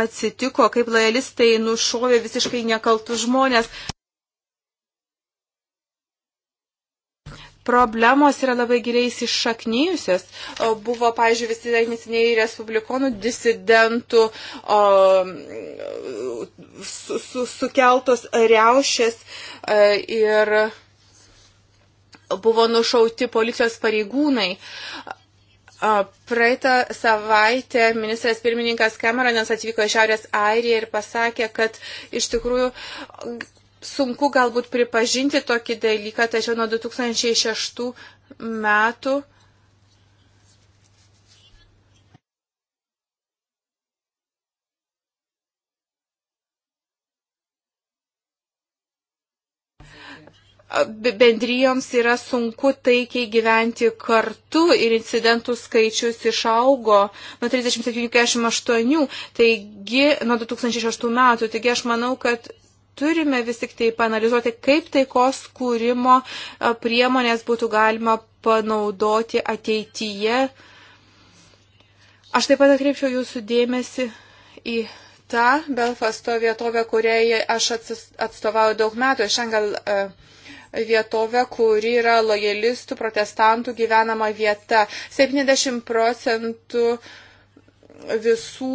atsitiko, kaip lojalistai nušovė visiškai nekaltus žmonės. problemos yra labai giliai įsišaknyjusios. Buvo, pavyzdžiui, visi nesiniai respublikonų disidentų o, su, su, sukeltos riaušės e, ir buvo nušauti policijos pareigūnai. Praeitą savaitę ministras pirmininkas Cameronas atvyko į Šiaurės Airiją ir pasakė, kad iš tikrųjų sunku galbūt pripažinti tokį dalyką, tačiau nuo 2006 metų bendrijoms yra sunku taikiai gyventi kartu ir incidentų skaičius išaugo nuo 37 iki 48, taigi nuo 2006 metų. Taigi aš manau, kad turime vis tik tai panalizuoti, kaip taikos kūrimo e, priemonės būtų galima panaudoti ateityje. Aš taip pat atkreipčiau jūsų dėmesį į tą Belfasto vietovę, kuriai aš atstovauju daug metų. Aš gal e, vietovę, kuri yra lojalistų, protestantų gyvenama vieta. 70 procentų uh, visų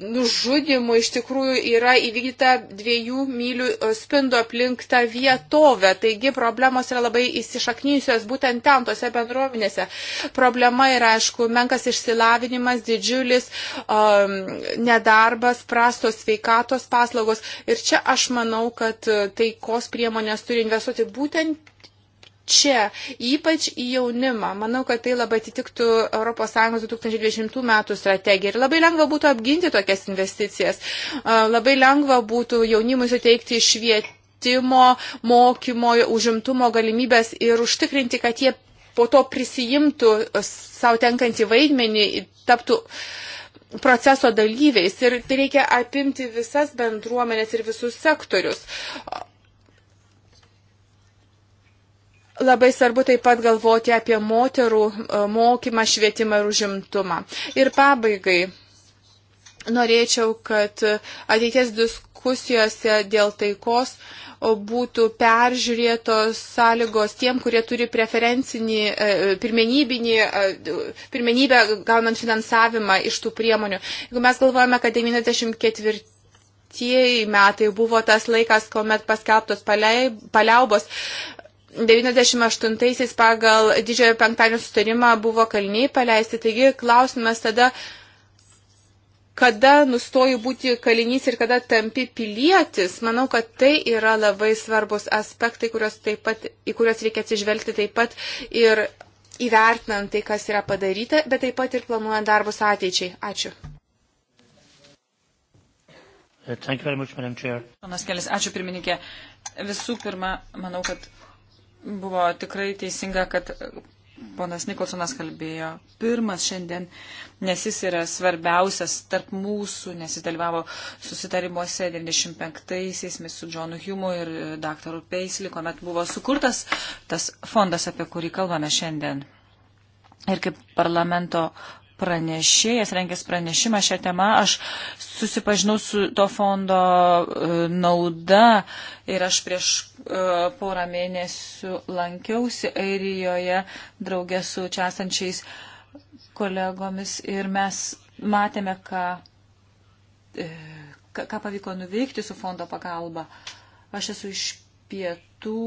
nužudimų iš tikrųjų yra įvykdyta dviejų mylių spindo aplink tą vietovę. Taigi problemos yra labai įsišaknyjusios būtent ten, tose bendruomenėse. Problema yra, aišku, menkas išsilavinimas, didžiulis um, nedarbas, prastos sveikatos paslaugos. Ir čia aš manau, kad taikos priemonės turi investuoti būtent čia, ypač į jaunimą. Manau, kad tai labai atitiktų ES 2020 metų strategiją. Ir labai lengva būtų apginti tokias investicijas. Labai lengva būtų jaunimui suteikti švietimo, mokymo, užimtumo galimybės ir užtikrinti, kad jie po to prisijimtų savo tenkantį vaidmenį, taptų proceso dalyviais ir tai reikia apimti visas bendruomenės ir visus sektorius. Labai svarbu taip pat galvoti apie moterų e, mokymą, švietimą ir užimtumą. Ir pabaigai norėčiau, kad ateities diskusijose dėl taikos būtų peržiūrėtos sąlygos tiem, kurie turi preferencinį, e, pirmenybinį, e, pirmenybę gaunant finansavimą iš tų priemonių. Jeigu mes galvojame, kad 94 metai buvo tas laikas, kuomet paskelbtos paliaubos, 98-aisiais pagal didžiojo penktadienio sutarimą buvo kaliniai paleisti. Taigi klausimas tada, kada nustoji būti kalinys ir kada tampi pilietis. Manau, kad tai yra labai svarbus aspektai, kurios taip pat, į kuriuos reikia atsižvelgti taip pat ir įvertinant tai, kas yra padaryta, bet taip pat ir planuojant darbus ateičiai. Ačiū. Much, Ačiū pirmininkė. Visų pirma, manau, kad Buvo tikrai teisinga, kad ponas Nikolsonas kalbėjo pirmas šiandien, nes jis yra svarbiausias tarp mūsų, nes jis dalyvavo susitarimuose 95-aisiais su Johnu Humu ir daktaru Paisley, kuomet buvo sukurtas tas fondas, apie kurį kalbame šiandien. Ir kaip parlamento pranešėjas, renkęs pranešimą šią temą, aš susipažinau su to fondo e, nauda ir aš prieš e, porą mėnesių lankiausi Airijoje draugė su čia esančiais kolegomis ir mes matėme, e, ką, ką pavyko nuveikti su fondo pagalba. Aš esu iš pietų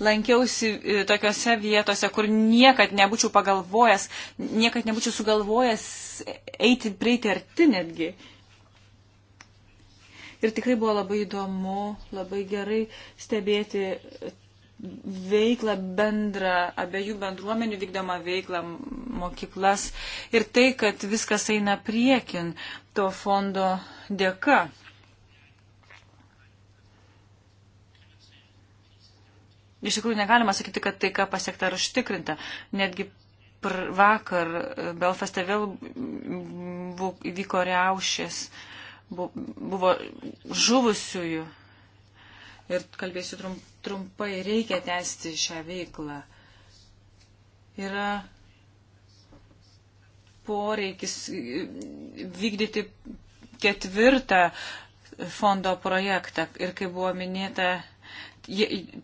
lankiausi e, tokiose vietose, kur niekad nebūčiau pagalvojęs, niekad nebūčiau sugalvojęs eiti prieiti arti netgi. Ir tikrai buvo labai įdomu, labai gerai stebėti veiklą bendrą, abiejų bendruomenių vykdomą veiklą, mokyklas ir tai, kad viskas eina priekin to fondo dėka. Iš tikrųjų, negalima sakyti, kad tai, ką pasiekta, ar užtikrinta. Netgi vakar e, Belfaste vėl įvyko riaušės, buvo žuvusiųjų. Ir kalbėsiu trum, trumpai, reikia tęsti šią veiklą. Yra poreikis e, vykdyti ketvirtą fondo projektą. Ir kaip buvo minėta,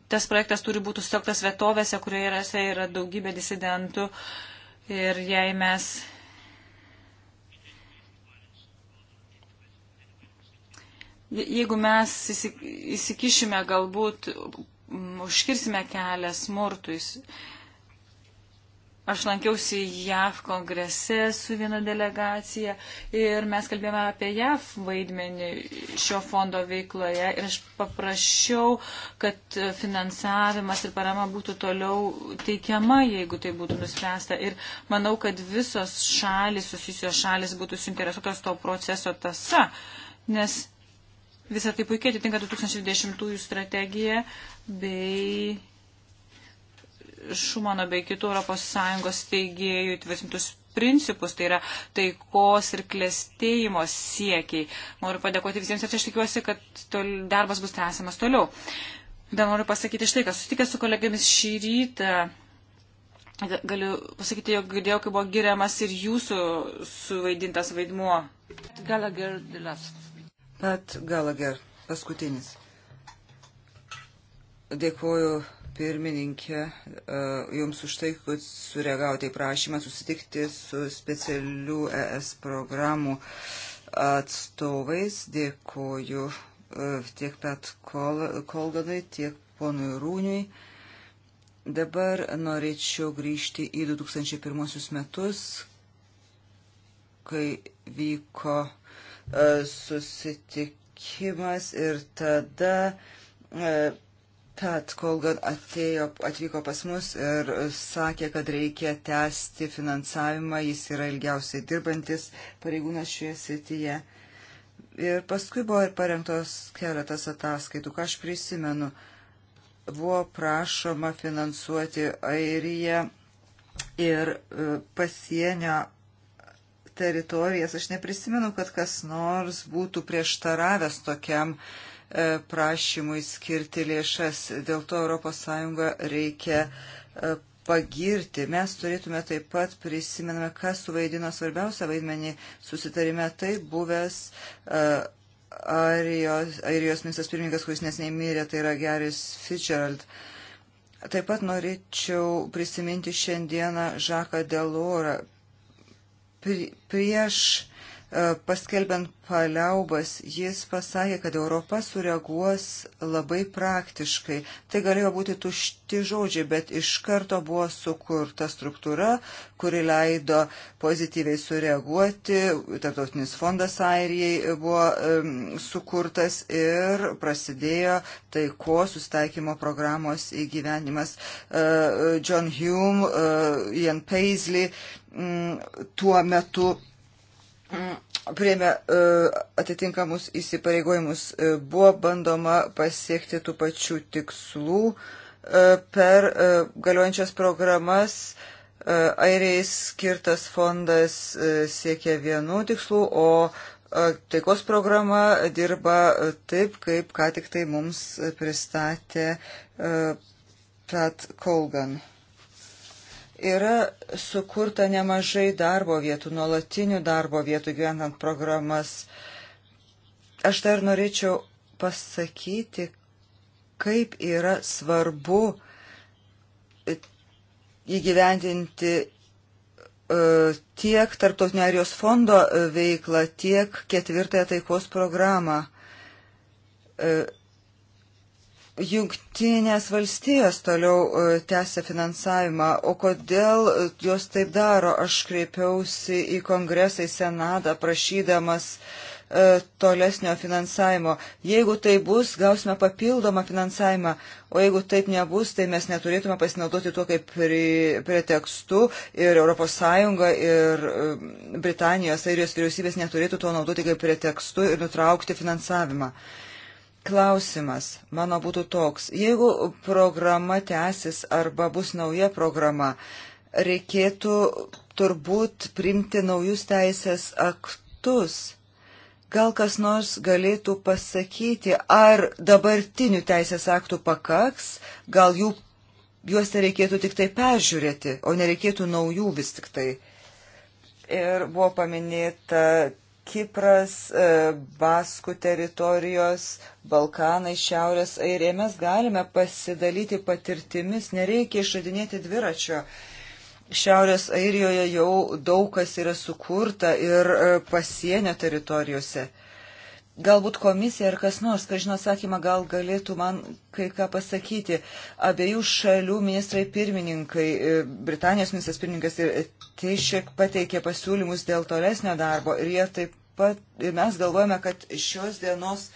tas projektas turi būti sustoktas vietovėse, kurioje yra daugybė disidentų. Ir jei mes jeigu mes įsikišime, galbūt užkirsime kelią smurtui, Aš lankiausi JAV kongrese su viena delegacija ir mes kalbėjome apie JAV vaidmenį šio fondo veikloje ir aš paprašiau, kad finansavimas ir parama būtų toliau teikiama, jeigu tai būtų nuspręsta. Ir manau, kad visos šalis, susijusios šalis būtų suinteresuotos to proceso tasa, nes visą tai puikiai atitinka 2020 strategija bei Šumano bei kitų ES teigėjų tvirtintus principus, tai yra taikos ir klėstėjimo siekiai. Noriu padėkoti visiems ir aš tikiuosi, kad tol, darbas bus tęsiamas toliau. Dar noriu pasakyti štai, kad susitikęs su kolegėmis šį rytą. Galiu pasakyti, jog girdėjau, kaip buvo giriamas ir jūsų suvaidintas vaidmuo. Gallagher, Pat Gallagher, paskutinis. Dėkuoju pirmininkė, e, Jums už tai, kad sureagavote į prašymą susitikti su specialių ES programų atstovais. Dėkoju e, tiek Pet Kolganui, tiek ponui Rūniui. Dabar norėčiau grįžti į 2001 metus, kai vyko e, susitikimas ir tada Tad, kol atėjo, atvyko pas mus ir sakė, kad reikia tęsti finansavimą, jis yra ilgiausiai dirbantis pareigūnas šioje srityje. Ir paskui buvo ir parengtos keletas ataskaitų, ką aš prisimenu. Buvo prašoma finansuoti Airiją ir e, pasienio teritorijas. Aš neprisimenu, kad kas nors būtų prieštaravęs tokiam uh, E, prašymui skirti lėšas. Dėl to ES reikia e, pagirti. Mes turėtume taip pat prisimename, kas suvaidino svarbiausią vaidmenį susitarime. Tai buvęs uh, e, Airijos, Airijos ministras pirmininkas, kuris nesnei mirė, tai yra Geris Fitzgerald. Taip pat norėčiau prisiminti šiandieną Žaką Delorą. Pri, prieš paskelbent paliaubas, jis pasakė, kad Europa sureaguos labai praktiškai. Tai galėjo būti tušti žodžiai, bet iš karto buvo sukurta struktūra, kuri leido pozityviai sureaguoti. Tartautinis fondas Airijai buvo um, sukurtas ir prasidėjo taiko sustaikymo programos įgyvenimas. Uh, John Hume, uh, Ian Paisley um, tuo metu Mm, priėmė e, atitinkamus įsipareigojimus. E, buvo bandoma pasiekti tų pačių tikslų e, per galiojančias programas. Airijai skirtas fondas siekia vienų tikslų, o taikos programa dirba taip, kaip ką tik tai mums pristatė Pat Colgan. Yra sukurta nemažai darbo vietų, nuolatinių darbo vietų gyvenant programas. Aš dar norėčiau pasakyti, kaip yra svarbu e, įgyvendinti e, tiek Tarptautinio arijos fondo e, veiklą, tiek ketvirtąją taikos programą. Jungtinės valstijos toliau e, tęsia finansavimą, o kodėl e, jos taip daro, aš kreipiausi į kongresą, į senadą, prašydamas e, tolesnio finansavimo. Jeigu tai bus, gausime papildomą finansavimą, o jeigu taip nebus, tai mes neturėtume pasinaudoti tuo kaip pretekstu ir ES ir e, Britanijos, airijos vyriausybės neturėtų tuo naudoti kaip pretekstu ir nutraukti finansavimą. E, Klausimas mano būtų toks, jeigu programa tęsis arba bus nauja programa, reikėtų turbūt primti naujus teisės aktus. Gal kas nors galėtų pasakyti, ar dabartinių teisės aktų pakaks, gal jų, juos reikėtų tik tai peržiūrėti, o nereikėtų naujų vis tik tai. Ir buvo paminėta Kipras, e, Baskų teritorijos, Balkanai, Šiaurės Airija. Mes galime pasidalyti patirtimis, nereikia išradinėti dviračio. Šiaurės Airijoje jau daug kas yra sukurta ir e, pasienio teritorijose. Uh, Galbūt komisija ar kas nors, kas žino atsakymą, gal galėtų man kai ką pasakyti. Abiejų šalių ministrai pirmininkai, e, Britanijos ministras pirmininkas ir Teišek pateikė pasiūlymus dėl tolesnio darbo ir jie taip pat, mes galvojame, kad šios dienos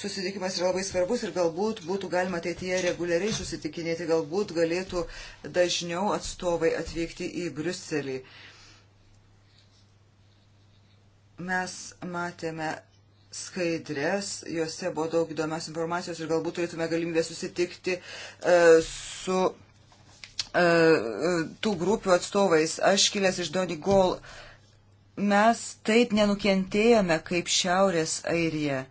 susitikimas yra labai svarbus ir galbūt būtų galima ateityje reguliariai susitikinėti, galbūt galėtų dažniau atstovai atvykti į Briuselį. Mes matėme skaidrės, juose buvo daug įdomios informacijos ir galbūt turėtume galimybę susitikti e, su e, e, tų grupių atstovais. Aš kilęs iš Donigol, mes taip nenukentėjome kaip Šiaurės Airija.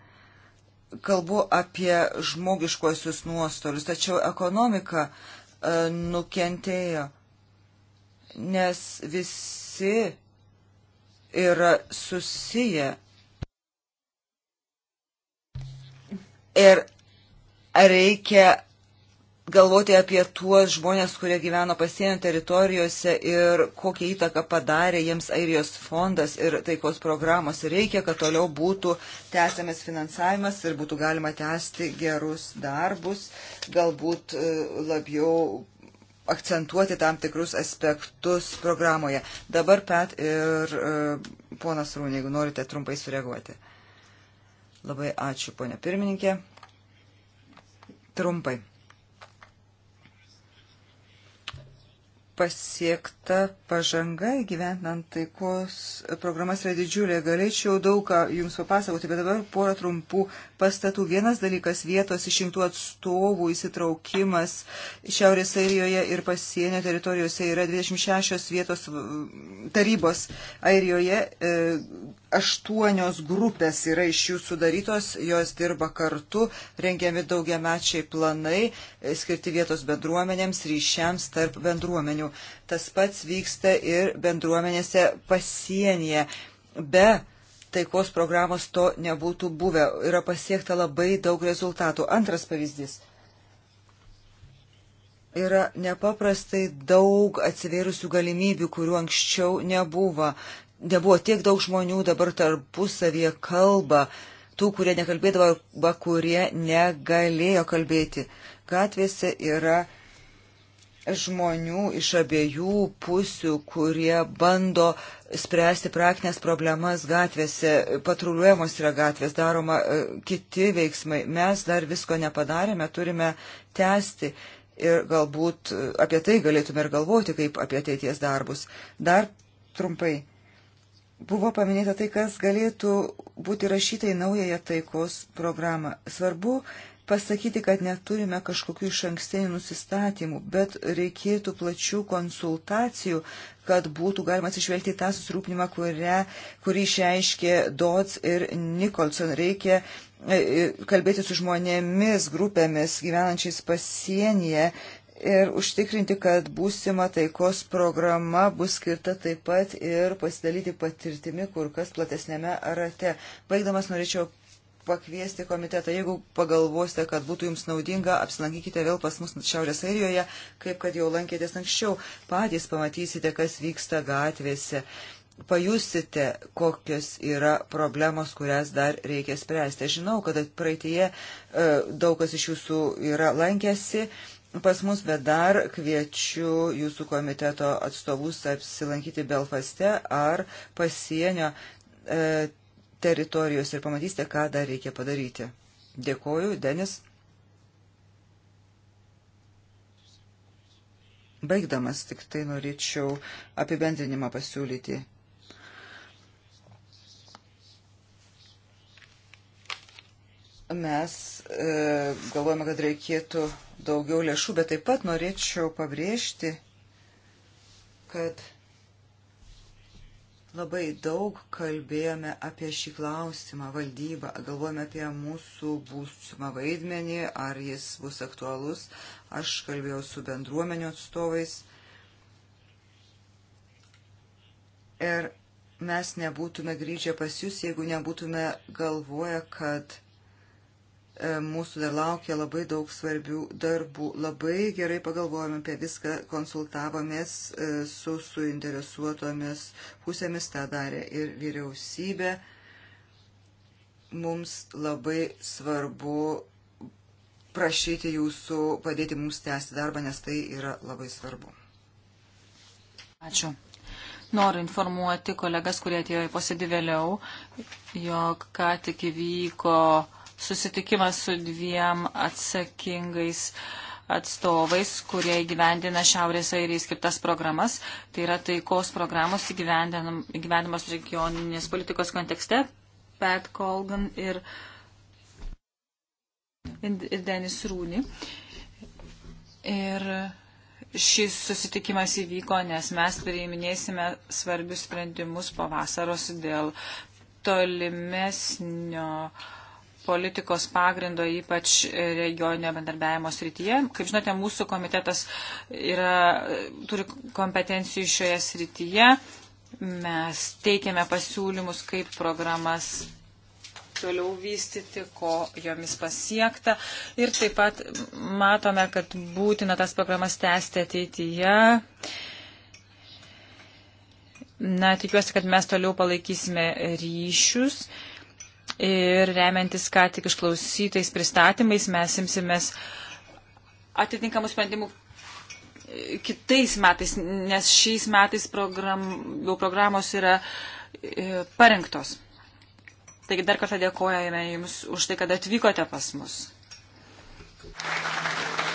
Kalbu apie žmogiškosius nuostolius, tačiau ekonomika e, nukentėjo, nes visi yra susiję Ir reikia galvoti apie tuos žmonės, kurie gyveno pasienio teritorijose ir kokią įtaką padarė jiems Airijos fondas ir taikos programos. Ir reikia, kad toliau būtų tęsiamas finansavimas ir būtų galima tęsti gerus darbus, galbūt e, labiau akcentuoti tam tikrus aspektus programoje. Dabar Pet ir e, ponas Rūnė, jeigu norite trumpai sureaguoti. Labai ačiū, ponė pirmininkė. Trumpai. pasiekta pažanga gyvenant taikos programas yra didžiulė. Galėčiau daug ką Jums papasakoti, bet dabar porą trumpų pastatų. Vienas dalykas - vietos išrinktų atstovų įsitraukimas. Šiaurės Airijoje ir pasienio teritorijose yra 26 vietos mm, tarybos Airijoje. E, aštuonios grupės yra iš jų sudarytos, jos dirba kartu, rengiami daugiamečiai planai, e, skirti vietos bendruomenėms, ryšiams tarp bendruomenių. Tas pats vyksta ir bendruomenėse pasienyje. Be taikos programos to nebūtų buvę. Yra pasiekta labai daug rezultatų. Antras pavyzdys yra nepaprastai daug atsivėrusių galimybių, kurių anksčiau nebuvo nebuvo tiek daug žmonių dabar tarpusavie kalba, tų, kurie nekalbėdavo arba kurie negalėjo kalbėti. Gatvėse yra žmonių iš abiejų pusių, kurie bando spręsti praktinės problemas gatvėse, patruliuojamos yra gatvės, daroma e, kiti veiksmai. Mes dar visko nepadarėme, turime tęsti ir galbūt e, apie tai galėtume ir galvoti kaip apie ateities darbus. Dar trumpai Buvo paminėta tai, kas galėtų būti rašyta į naująją taikos programą. Svarbu pasakyti, kad neturime kažkokių iš ankstinių nusistatymų, bet reikėtų plačių konsultacijų, kad būtų galima atsižvelgti tą susirūpinimą, kurią, kurį išreiškė Dodds ir Nicholson. Reikia e, e, kalbėti su žmonėmis, grupėmis gyvenančiais pasienyje ir užtikrinti, kad būsima taikos programa bus skirta taip pat ir pasidalyti patirtimi kur kas platesnėme rate. Baigdamas norėčiau pakviesti komitetą, jeigu pagalvosite, kad būtų jums naudinga, apsilankykite vėl pas mus Šiaurės Airijoje, kaip kad jau lankėtės anksčiau, patys pamatysite, kas vyksta gatvėse pajusite, kokios yra problemos, kurias dar reikia spręsti. Aš žinau, kad praeitie e, daug kas iš jūsų yra lankęsi Nu, pas mus, bet dar kviečiu jūsų komiteto atstovus apsilankyti Belfaste ar pasienio e, teritorijos ir pamatysite, ką dar reikia padaryti. Dėkoju, Denis. Baigdamas tik tai norėčiau apibendrinimą pasiūlyti. Mes e, galvojame, kad reikėtų daugiau lėšų, bet taip pat norėčiau pabrėžti, kad labai daug kalbėjome apie šį klausimą valdybą, galvojame apie mūsų būsimą vaidmenį, ar jis bus aktualus. Aš kalbėjau su bendruomenio atstovais. Ir mes nebūtume grįžę pas jūs, jeigu nebūtume galvoję, kad E, mūsų dar laukia labai daug svarbių darbų. Labai gerai pagalvojame apie viską, konsultavomės e, su suinteresuotomis pusėmis, tą darė ir vyriausybė. Mums labai svarbu prašyti jūsų padėti mums tęsti darbą, nes tai yra labai svarbu. Ačiū. Noriu informuoti kolegas, kurie atėjo į posėdį vėliau, jog ką tik įvyko susitikimas su dviem atsakingais atstovais, kurie įgyvendina Šiaurės Airijai skirtas programas. Tai yra taikos programos įgyvendinamos regioninės politikos kontekste. Pat Colgan ir, ir Denis Rūni. Ir šis susitikimas įvyko, nes mes priiminėsime svarbius sprendimus po vasaros dėl tolimesnio uh, politikos pagrindo, ypač regioninio bendarbiavimo srityje. Kaip žinote, mūsų komitetas yra, turi kompetencijų šioje srityje. Mes teikiame pasiūlymus, kaip programas toliau vystyti, ko jomis pasiekta. Ir taip pat matome, kad būtina tas programas tęsti ateityje. Na, tikiuosi, kad mes toliau palaikysime ryšius ir remiantis ką tik išklausytais pristatymais mes imsimės atitinkamų sprendimų kitais metais, nes šiais metais program, jau programos yra e, parengtos. Taigi dar kartą dėkojame Jums už tai, kad atvykote pas mus. Thank you.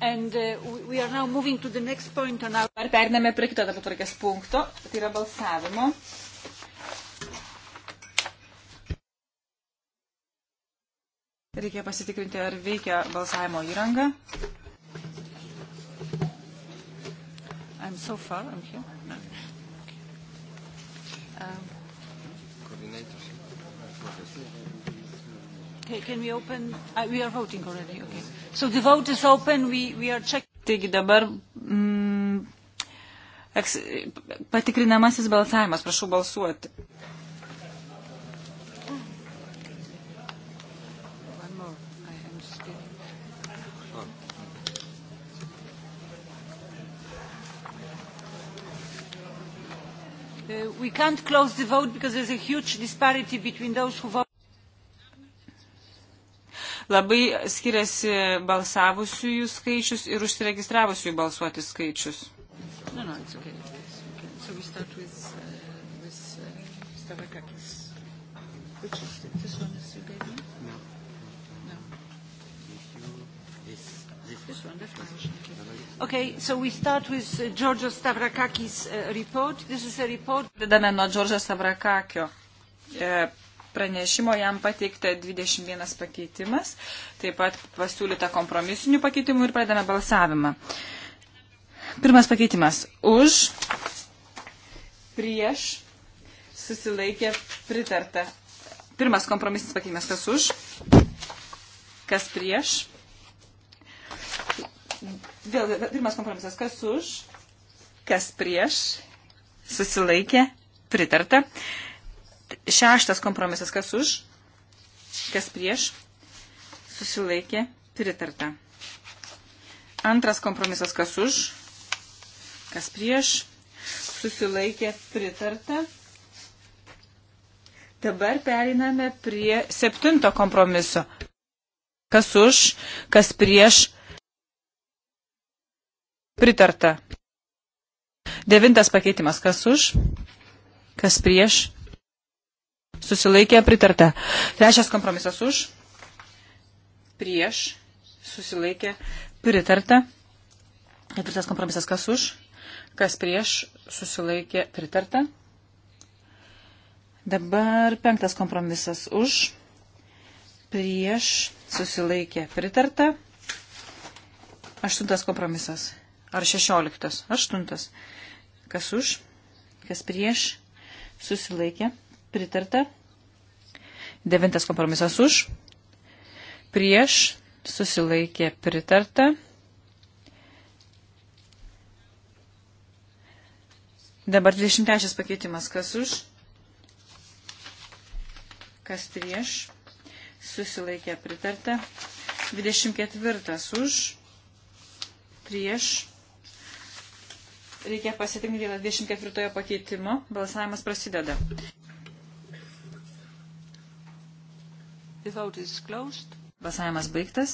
And uh, we are now moving to the next point on our... Ar periname prie kito darbo tvarkės punkto, tai yra balsavimo. Reikia pasitikrinti, ar veikia balsavimo įranga. I'm so far, I'm here. Um, Coordinators. Okay, can we open? Uh, we are voting already, okay. So the vote is open. We, we are check... Taigi dabar mm, eks, patikrinamasis balsavimas. Prašau balsuoti. Uh, we can't close the vote because there's a huge disparity between those who vote. Labai skiriasi balsavusiųjų skaičius ir užsiregistravusiųjų balsuoti skaičius. No, no, it's okay. It's okay. So we start with, uh, with uh, Stavakakis. Which is this one is you gave me? No. No. If you, this, this, this one, that one. Okay, so we start with uh, Georgios Stavrakakis uh, report. This is a report. Pradedame nuo Georgio Stavrakakio. Yeah. Uh, pranešimo jam pateikta 21 pakeitimas, taip pat pasiūlyta kompromisinių pakeitimų ir pradame balsavimą. Pirmas pakeitimas - už, prieš, susilaikė, pritarta. Pirmas kompromisinis pakeitimas - kas už, kas prieš. Vėl pirmas kompromisas - kas už, kas prieš, susilaikė, pritarta. Šeštas kompromisas, kas už, kas prieš, susilaikė, pritarta. Antras kompromisas, kas už, kas prieš, susilaikė, pritarta. Dabar periname prie septinto kompromiso. Kas už, kas prieš, pritarta. Devintas pakeitimas, kas už, kas prieš, susilaikė pritarta. Trečias kompromisas už, prieš, susilaikė pritarta. Ketvirtas kompromisas kas už, kas prieš, susilaikė pritarta. Dabar penktas kompromisas už, prieš, susilaikė pritarta. Aštuntas kompromisas. Ar šešioliktas? Aštuntas. Kas už, kas prieš, susilaikė pritarta pritarta. Devintas kompromisas už, prieš, susilaikė pritarta. Dabar 23 pakeitimas, kas už, kas prieš, susilaikė pritarta. 24 už, prieš, reikia pasitikrinti dėl 24 pakeitimo, balsavimas prasideda. Balsavimas baigtas.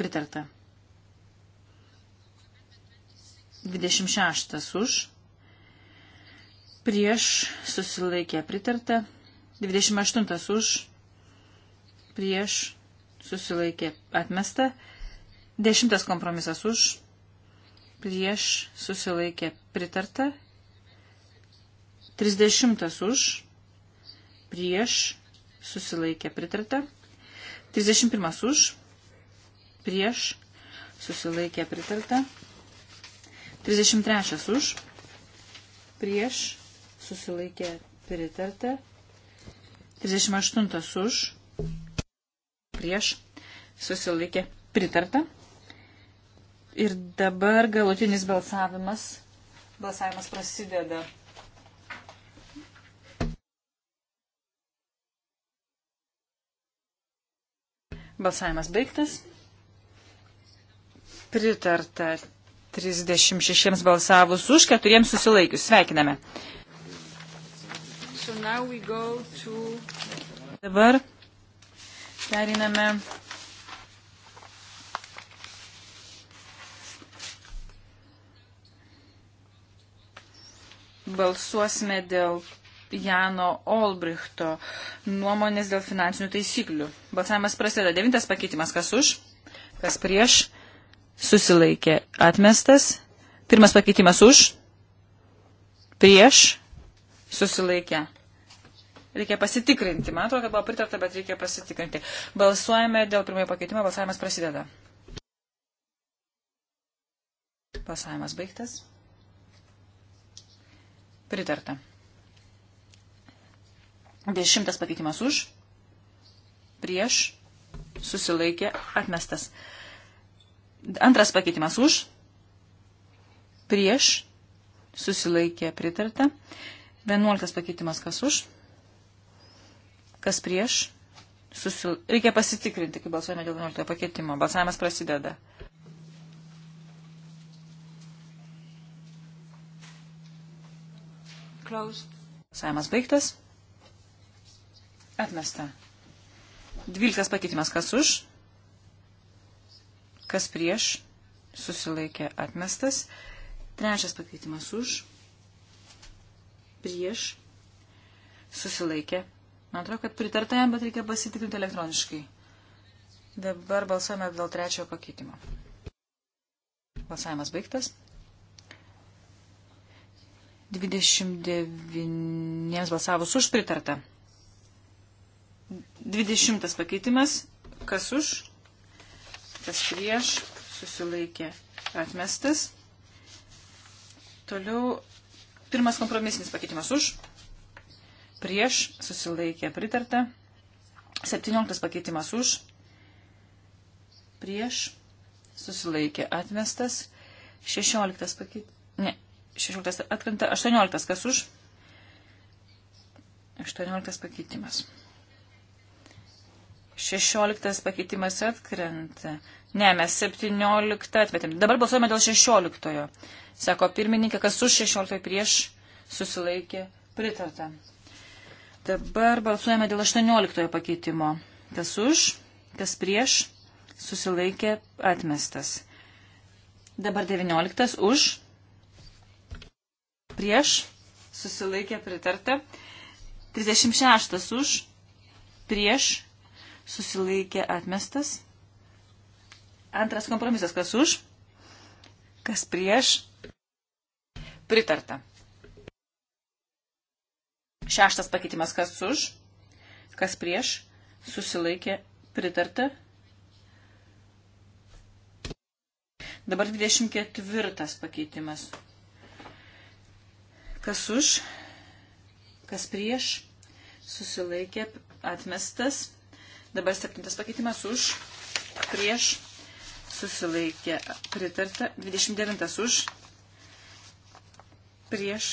Pritarta. 26 už. Prieš susilaikė pritarta. 28 už. Prieš susilaikė atmesta. 10 kompromisas už. Prieš susilaikė pritarta. 30 už prieš, susilaikė pritarta. 31 už, prieš, susilaikė pritarta. 33 už, prieš, susilaikė pritarta. 38 už, prieš, susilaikė pritarta. Ir dabar galutinis balsavimas. Balsavimas prasideda. Balsavimas baigtas. Pritarta 36 balsavus už, 4 susilaikius. Sveikiname. So to... Dabar periname balsuosime dėl Jano Olbrichto nuomonės dėl finansinių taisyklių. Balsavimas prasideda. Devintas pakeitimas. Kas už? Kas prieš? Susilaikė. Atmestas. Pirmas pakeitimas už. Prieš. Susilaikė. Reikia pasitikrinti. Man atrodo, kad buvo pritarta, bet reikia pasitikrinti. Balsuojame dėl pirmojo pakeitimo. Balsavimas prasideda. Balsavimas baigtas. Pritarta. Dešimtas pakeitimas už, prieš, susilaikė, atmestas. Antras pakeitimas už, prieš, susilaikė, pritarta. Vienuoliktas pakeitimas kas už, kas prieš, susil... reikia pasitikrinti, kai balsuojame dėl 11 pakeitimo. Balsavimas prasideda. Closed. Balsavimas baigtas. Atmesta. Dvyliktas pakeitimas. Kas už? Kas prieš? Susilaikė atmestas. Trečias pakeitimas už. Prieš. Susilaikė. Man atrodo, kad pritarta jam, bet reikia pasitikrinti elektroniškai. Dabar balsuojame dėl trečiojo pakeitimo. Balsavimas baigtas. 29 balsavus už pritarta. 20 pakeitimas. Kas už? Kas prieš? Susilaikė atmestas. Toliau pirmas kompromisinis pakeitimas už. Prieš susilaikė pritarta. 17 pakeitimas už. Prieš susilaikė atmestas. 16 pakeitimas. Ne, 16 atkrenta. 18 kas už. 18 pakeitimas. 16 pakeitimas atkrenta. Ne, mes 17 atmetėm. Dabar balsuojame dėl 16. Sako pirmininkė, kas už 16 prieš susilaikė pritarta. Dabar balsuojame dėl 18 pakeitimo. Kas už, kas prieš susilaikė atmestas. Dabar 19 už, prieš susilaikė pritarta. 36 už, prieš susilaikė atmestas. Antras kompromisas, kas už, kas prieš, pritarta. Šeštas pakeitimas, kas už, kas prieš, susilaikė pritarta. Dabar 24 pakeitimas. Kas už, kas prieš, susilaikė atmestas. Dabar septintas pakeitimas už, prieš, susilaikė, pritarta. 29 už, prieš,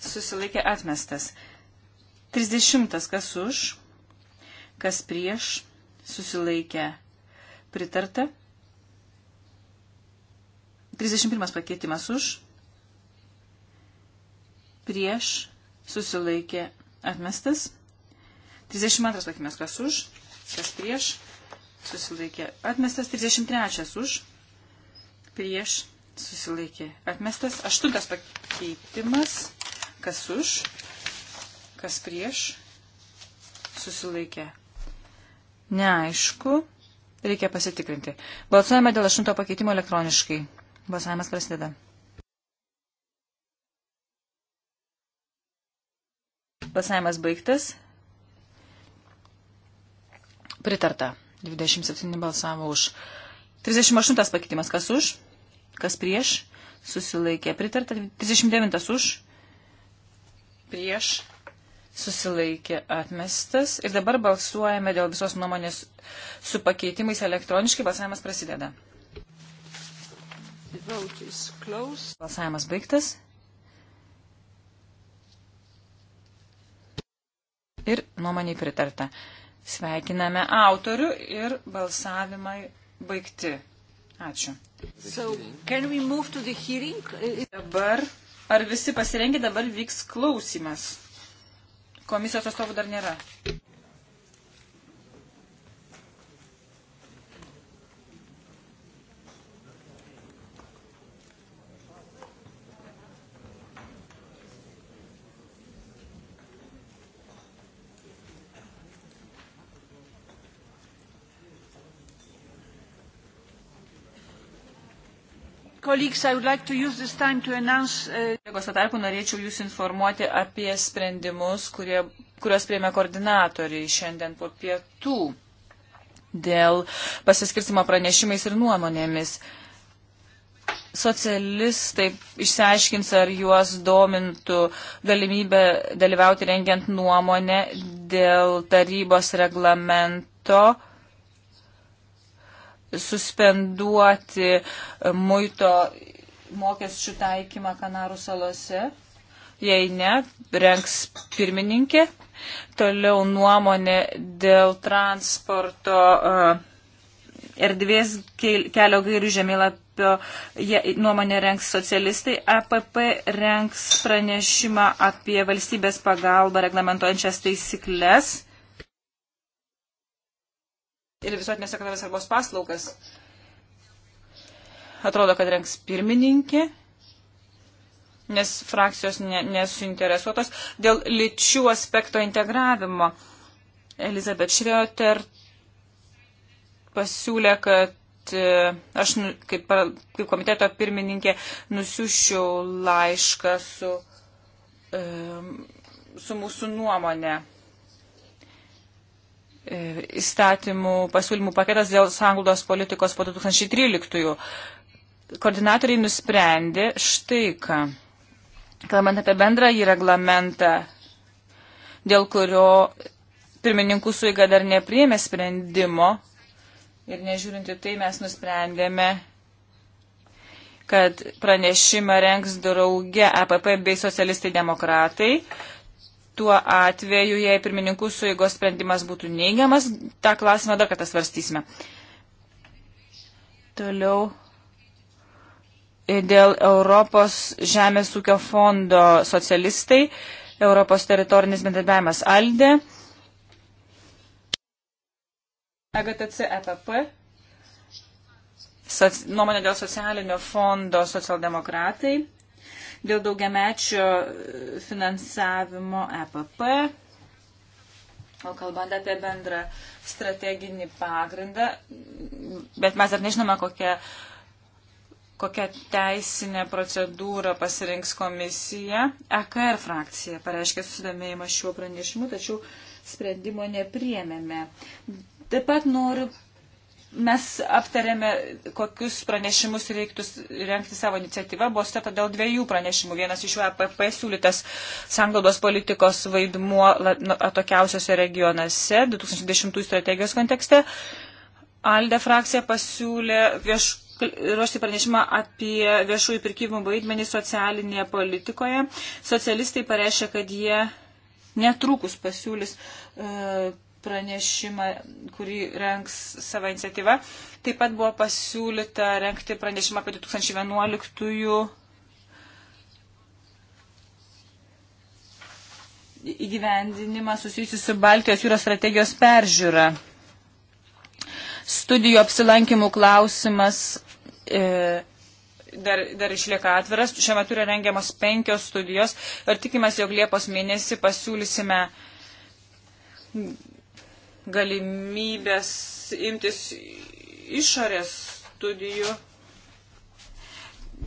susilaikė, atmestas. 30 kas už, kas prieš, susilaikė, pritarta. 31 pakeitimas už, prieš, susilaikė, atmestas. 32 pakeitimas kas už, kas prieš, susilaikė atmestas. 33 už, prieš, susilaikė atmestas. 8 pakeitimas kas už, kas prieš, susilaikė. Neaišku, reikia pasitikrinti. Balsuojame dėl 8 pakeitimo elektroniškai. Balsavimas prasideda. Balsavimas baigtas. Pritarta. 27 balsavo už. 38 pakeitimas. Kas už? Kas prieš? Susilaikė. Pritarta. 39 už. Prieš. Susilaikė atmestas. Ir dabar balsuojame dėl visos nuomonės su pakeitimais elektroniškai. Balsavimas prasideda. Balsavimas baigtas. Ir nuomonė pritarta. Sveikiname autorių ir balsavimai baigti. Ačiū. So, dabar, ar visi pasirengę, dabar vyks klausimas. Komisijos atstovų dar nėra. Uh, Kolegos, atarpu norėčiau Jūs informuoti apie sprendimus, kurie, kurios prieimė koordinatoriai šiandien po pietų dėl pasiskirstimo pranešimais ir nuomonėmis. Socialistai išsiaiškins, ar juos domintų galimybė dalyvauti rengiant nuomonę dėl tarybos reglamento suspenduoti muito mokesčių taikymą Kanarų salose. Jei ne, renks pirmininkė. Toliau nuomonė dėl transporto e, erdvės kelio gairių žemėlapio nuomonė renks socialistai. APP renks pranešimą apie valstybės pagalbą reglamentuojančias taisyklės ir visuotinės ekonominės svarbos paslaugas. Atrodo, kad renks pirmininkė, nes frakcijos ne, nesuinteresuotos dėl lyčių aspekto integravimo. Elizabeth Schroeter pasiūlė, kad e, aš nu, kaip, kaip komiteto pirmininkė nusiušiau laišką su, e, su mūsų nuomonė. E, įstatymų pasiūlymų paketas dėl sanglaudos politikos po 2013. Koordinatoriai nusprendė štai ką. Kalbant apie bendrąjį reglamentą, dėl kurio pirmininkų suiga dar nepriėmė sprendimo ir nežiūrinti tai mes nusprendėme, kad pranešimą renks drauge APP e bei socialistai demokratai tuo atveju, jei pirmininkų suigos sprendimas būtų neigiamas, tą klausimą dar kartą svarstysime. Toliau dėl Europos žemės ūkio fondo socialistai, Europos teritorinis bendradarbiavimas Alde, AGTC EPP, nuomonė dėl socialinio fondo socialdemokratai. Dėl daugiamečio finansavimo EPP, o kalbant apie bendrą strateginį pagrindą, bet mes dar nežinome, kokia kokią teisinę procedūrą pasirinks komisija. AKR e frakcija pareiškė susidomėjimą šiuo pranešimu, tačiau sprendimo nepriemėme. Taip pat noriu Mes aptarėme, kokius pranešimus reiktų renkti savo iniciatyvą. Buvo stata dėl dviejų pranešimų. Vienas iš jų APP e siūlytas sanglaudos politikos vaidmuo nu, atokiausiose regionuose 2010 strategijos kontekste. Alde frakcija pasiūlė vieš, ruošti pranešimą apie viešųjų pirkimų vaidmenį socialinėje politikoje. Socialistai pareiškia, kad jie netrukus pasiūlys. E, pranešimą, kurį renks savo iniciatyva. Taip pat buvo pasiūlyta renkti pranešimą apie 2011 įgyvendinimą susijusiu su Baltijos jūros strategijos peržiūra. Studijų apsilankimų klausimas. E, dar, dar išlieka atviras. Šiuo metu yra rengiamos penkios studijos ir tikimės, jog Liepos mėnesį pasiūlysime galimybės imtis išorės studijų.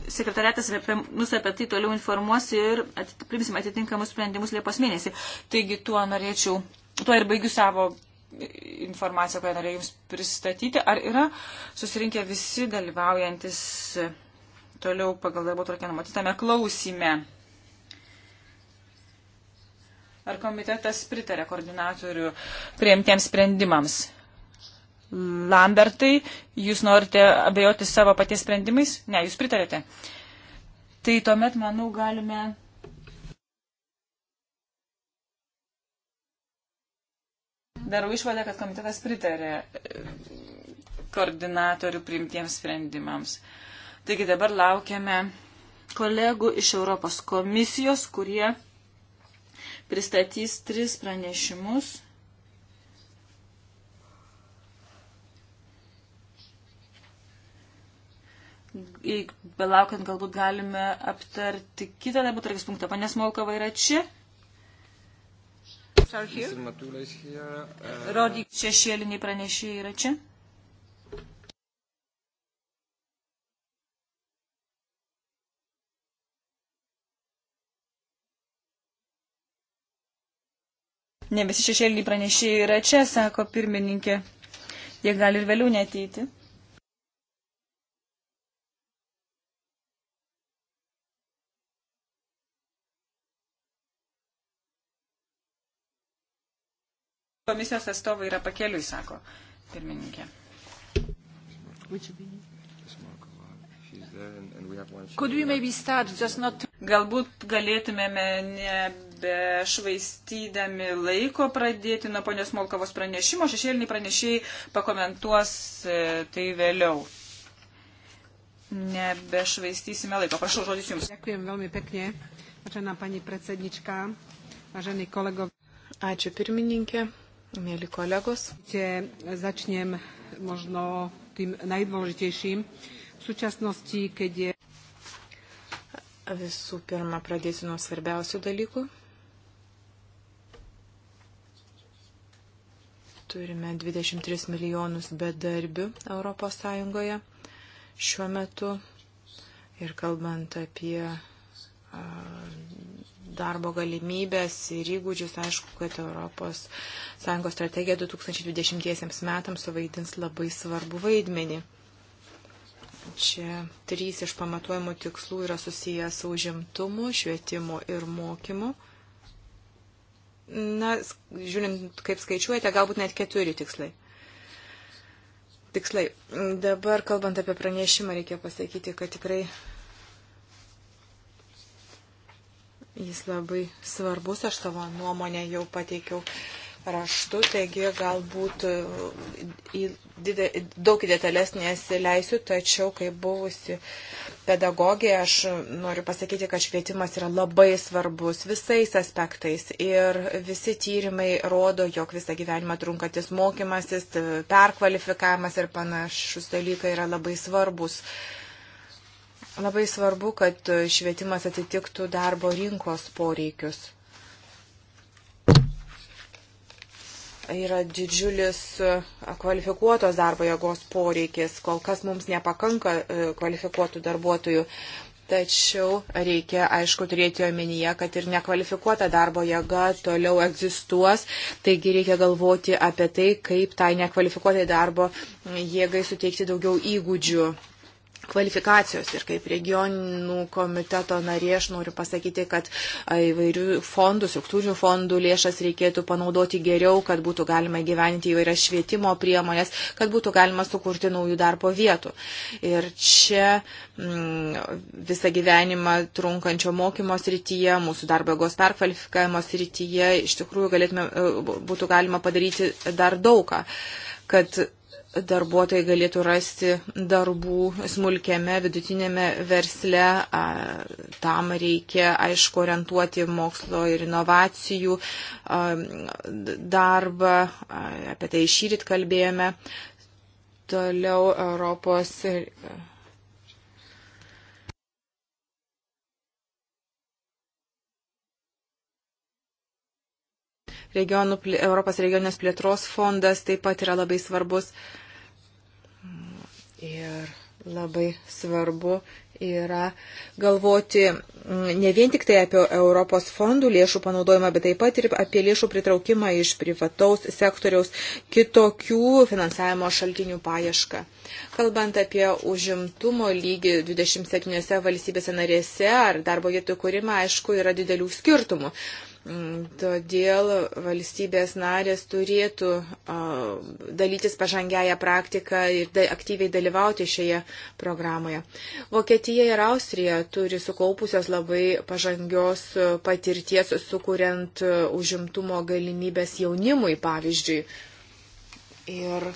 Sekretariatas mus apie tai toliau informuos ir atit, primsim atitinkamus sprendimus Liepos mėnesį. Taigi tuo norėčiau, tuo ir baigiu savo informaciją, kurią norėjau Jums pristatyti. Ar yra susirinkę visi dalyvaujantis toliau pagal darbo tvarkę numatytame klausime? Ar komitetas pritarė koordinatorių priimtiems sprendimams? Lambertai, jūs norite abejoti savo paties sprendimais? Ne, jūs pritarėte. Tai tuomet, manau, galime. Darau išvadą, kad komitetas pritarė koordinatorių priimtiems sprendimams. Taigi dabar laukiame kolegų iš Europos komisijos, kurie pristatys tris pranešimus. Belaukiant, galbūt galime aptarti kitą darbo tarkis punktą. Panės Molkava yra čia. Uh, šešėliniai pranešėjai yra čia. Ne visi šešėlį pranešėjai yra čia, sako pirmininkė. Jie gali ir vėliau neteiti. Komisijos atstovai yra pakeliui, sako pirmininkė. Galbūt galėtumėme ne be švaistydami laiko pradėti nuo ponios Molkovos pranešimo. Šešėliniai pranešėjai pakomentuos e, tai vėliau. Nebešvaistysime laiko. Prašau, žodis Jums. Dėkujem veľmi pekne, vážená pani predsednička, vážení kolegov. Ačiū pirmininkė, mėly kolegos. Začnem možno tým najdôležitejším v súčasnosti, keď je... Visų pirma, pradėsiu nuo svarbiausių dalykų. Turime 23 milijonus bedarbių ES šiuo metu. Ir kalbant apie darbo galimybės ir įgūdžius, aišku, kad ES strategija 2020 metams suvaidins labai svarbu vaidmenį. Čia trys iš pamatuojamų tikslų yra susijęs su užimtumu, švietimu ir mokymu na, žiūrint, kaip skaičiuojate, galbūt net keturi tikslai. Tikslai. Dabar, kalbant apie pranešimą, reikia pasakyti, kad tikrai jis labai svarbus. Aš savo nuomonę jau pateikiau raštu, taigi galbūt į didė, daug detalės nesileisiu, tačiau kaip buvusi uh, pedagogė, aš noriu pasakyti, kad švietimas yra labai svarbus visais aspektais ir visi tyrimai rodo, jog visą gyvenimą trunkantis mokymasis, perkvalifikavimas ir panašus dalykai yra labai svarbus. Labai svarbu, kad švietimas atitiktų darbo rinkos poreikius. yra didžiulis e, kvalifikuotos darbo jėgos poreikis. Kol kas mums nepakanka e, kvalifikuotų darbuotojų. Tačiau reikia, aišku, turėti omenyje, kad ir nekvalifikuota darbo jėga toliau egzistuos, taigi reikia galvoti apie tai, kaip tai nekvalifikuotai darbo jėgai suteikti daugiau įgūdžių kvalifikacijos ir kaip regionų komiteto narė aš noriu pasakyti, kad įvairių fondų, struktūrinių fondų lėšas reikėtų panaudoti geriau, kad būtų galima gyventi įvairias švietimo priemonės, kad būtų galima sukurti naujų darbo vietų. Ir čia m, mm, visą gyvenimą trunkančio mokymo srityje, mūsų darbo jėgos perkvalifikavimo srityje iš tikrųjų galėtume, e, būtų galima padaryti dar daugą kad darbuotojai galėtų rasti darbų smulkiame, vidutinėme versle. Tam reikia, aišku, orientuoti mokslo ir inovacijų darbą. Apie tai šyrit kalbėjome. Toliau Europos. E, regionų, Europos regionės plėtros fondas taip pat yra labai svarbus. Uh, Ir labai svarbu yra galvoti mm, ne vien tik tai apie Europos fondų lėšų panaudojimą, bet taip pat ir apie lėšų pritraukimą iš privataus sektoriaus kitokių finansavimo šaltinių paiešką. Kalbant apie užimtumo lygį 27 valstybėse narėse ar darbo vietų kūrimą, aišku, yra didelių skirtumų. Mm, todėl valstybės narės turėtų dalytis pažangiają praktiką ir aktyviai dalyvauti šioje programoje. Vokietija ir Austrija turi sukaupusios labai pažangios patirties, sukuriant užimtumo galimybės jaunimui, pavyzdžiui. Ir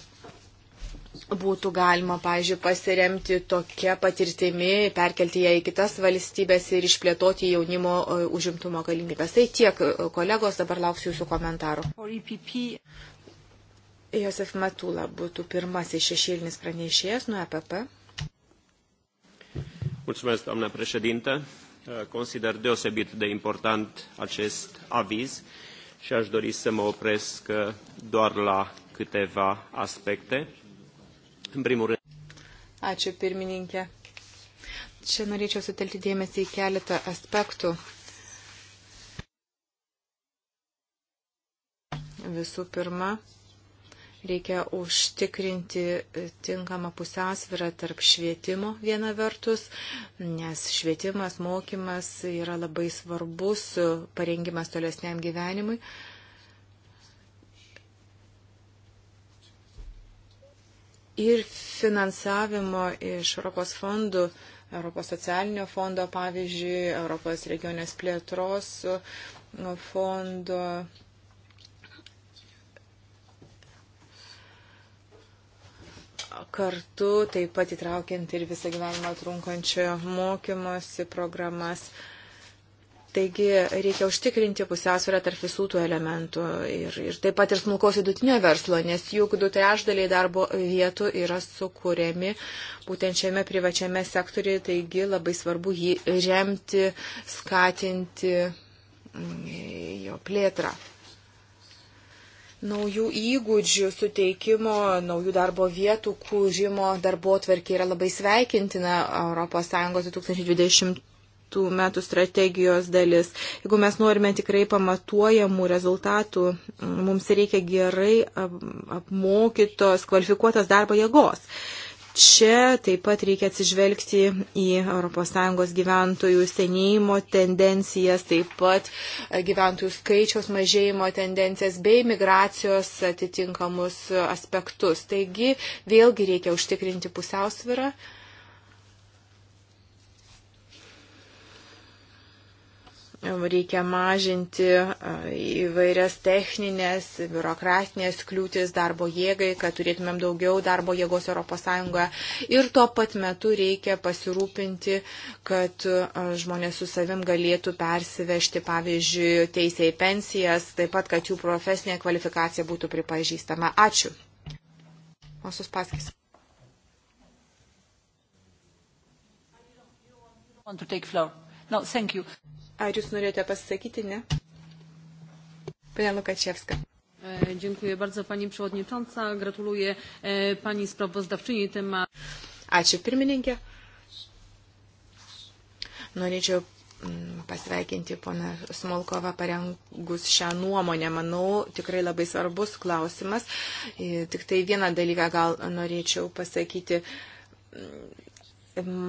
būtų galima, pažiūrėjau, pasiremti tokia patirtimi, perkelti ją į kitas valstybės ir išplėtoti jaunimo e, užimtumo galimybės. Tai tiek, e, kolegos, dabar lauksiu jūsų komentarų. E Josef Matula būtų pirmasis šešėlinis pranešėjas nuo EPP. Mulțumesc, doamna președintă. Consider deosebit de important acest aviz și aș dori să mă opresc doar la câteva aspecte în primul rând. Ačiū pirmininkė. Čia norėčiau sutelkti dėmesį į keletą aspektų. Visų pirma, reikia užtikrinti tinkamą pusiausvyrą tarp švietimo viena vertus, nes švietimas, mokymas yra labai svarbus parengimas tolesniam gyvenimui. ir finansavimo iš Europos fondų, Europos socialinio fondo, pavyzdžiui, Europos regionės plėtros uh, fondo. Kartu taip pat įtraukiant ir visą gyvenimą trunkančio mokymosi programas. Uh, Taigi reikia užtikrinti pusiausvyrą tarp visų tų elementų ir, ir taip pat ir smulkaus vidutinio verslo, nes juk du trešdaliai darbo vietų yra sukūrėmi būtent šiame privačiame sektoriuje, taigi labai svarbu jį remti, skatinti mm, jo plėtrą. Naujų įgūdžių suteikimo, naujų darbo vietų kūrimo darbo tvarkiai yra labai sveikintina ES 2020 tų metų strategijos dalis. Jeigu mes norime tikrai pamatuojamų rezultatų, mm, mums reikia gerai apmokytos, kvalifikuotos darbo jėgos. Čia taip pat reikia atsižvelgti į ES gyventojų senėjimo tendencijas, taip pat e, gyventojų skaičiaus mažėjimo tendencijas bei migracijos atitinkamus aspektus. Taigi vėlgi reikia užtikrinti pusiausvirą reikia mažinti įvairias techninės, biurokratinės kliūtis darbo jėgai, kad turėtumėm daugiau darbo jėgos ES. Ir tuo pat metu reikia pasirūpinti, kad žmonės su savim galėtų persivežti, pavyzdžiui, teisę į pensijas, taip pat, kad jų profesinė kvalifikacija būtų pripažįstama. Ačiū. Osus paskis. Want to take floor. No, thank you. Ar jūs norėjote pasisakyti, ne? Pane Lukačevska. E, dziękuję bardzo Pani Przewodnicząca. Gratuluję e, Pani sprawozdawczyni temat. Ačiū pirmininkė. Norėčiau mm, pasveikinti poną Smolkovą parengus šią nuomonę. Manau, tikrai labai svarbus klausimas. Tik tai vieną dalyką gal norėčiau pasakyti mm,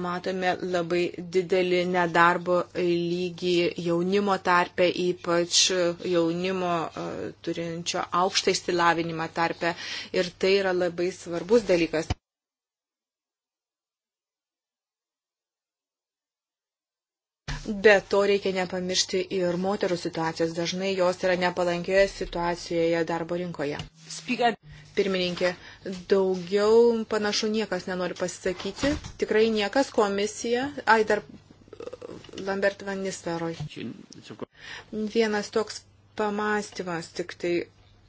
matome labai didelį nedarbo lygį jaunimo tarpe, ypač jaunimo e, turinčio aukštą įsilavinimą tarpe. Ir tai yra labai svarbus dalykas. Bet to reikia nepamiršti ir moterų situacijos. Dažnai jos yra nepalankioje situacijoje darbo rinkoje. Spiga. Pirmininkė, daugiau panašu niekas nenori pasisakyti. Tikrai niekas komisija. Ai, dar Lambert Van Nistelrooy. Vienas toks pamastymas tik tai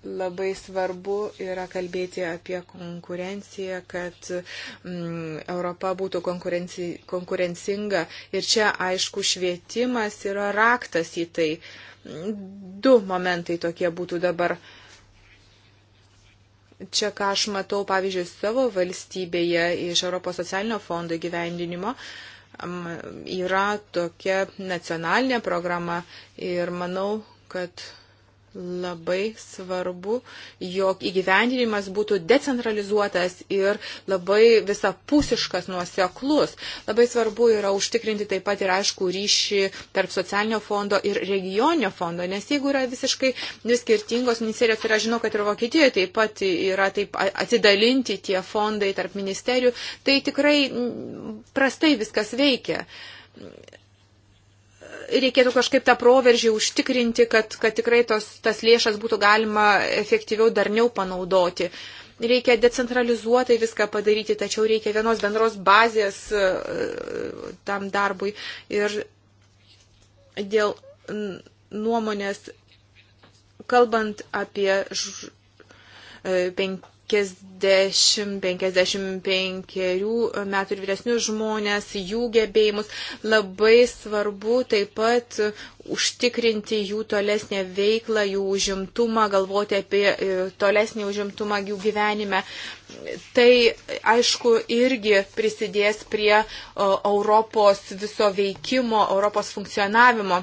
labai svarbu yra kalbėti apie konkurenciją, kad mm, Europa būtų konkurenci, konkurencinga. Ir čia, aišku, švietimas yra raktas į tai. Du momentai tokie būtų dabar. Čia, ką aš matau, pavyzdžiui, savo valstybėje iš Europos socialinio fondo gyvendinimo, yra tokia nacionalinė programa ir manau, kad labai svarbu, jog įgyvendinimas būtų decentralizuotas ir labai visapusiškas nuoseklus. Labai svarbu yra užtikrinti taip pat ir aišku ryšį tarp socialinio fondo ir regioninio fondo, nes jeigu yra visiškai skirtingos ministerijos ir tai aš žinau, kad ir Vokietijoje taip pat yra taip atidalinti tie fondai tarp ministerijų, tai tikrai prastai viskas veikia reikėtų kažkaip tą proveržį užtikrinti, kad, kad tikrai tos, tas lėšas būtų galima efektyviau darniau panaudoti. Reikia decentralizuotai viską padaryti, tačiau reikia vienos bendros bazės e, tam darbui. Ir dėl nuomonės, kalbant apie ž... E, penk 50-55 metų ir vyresnius žmonės, jų gebėjimus. Labai svarbu taip pat užtikrinti jų tolesnę veiklą, jų užimtumą, galvoti apie e, tolesnį užimtumą jų gyvenime. Tai, aišku, irgi prisidės prie Europos viso veikimo, Europos funkcionavimo.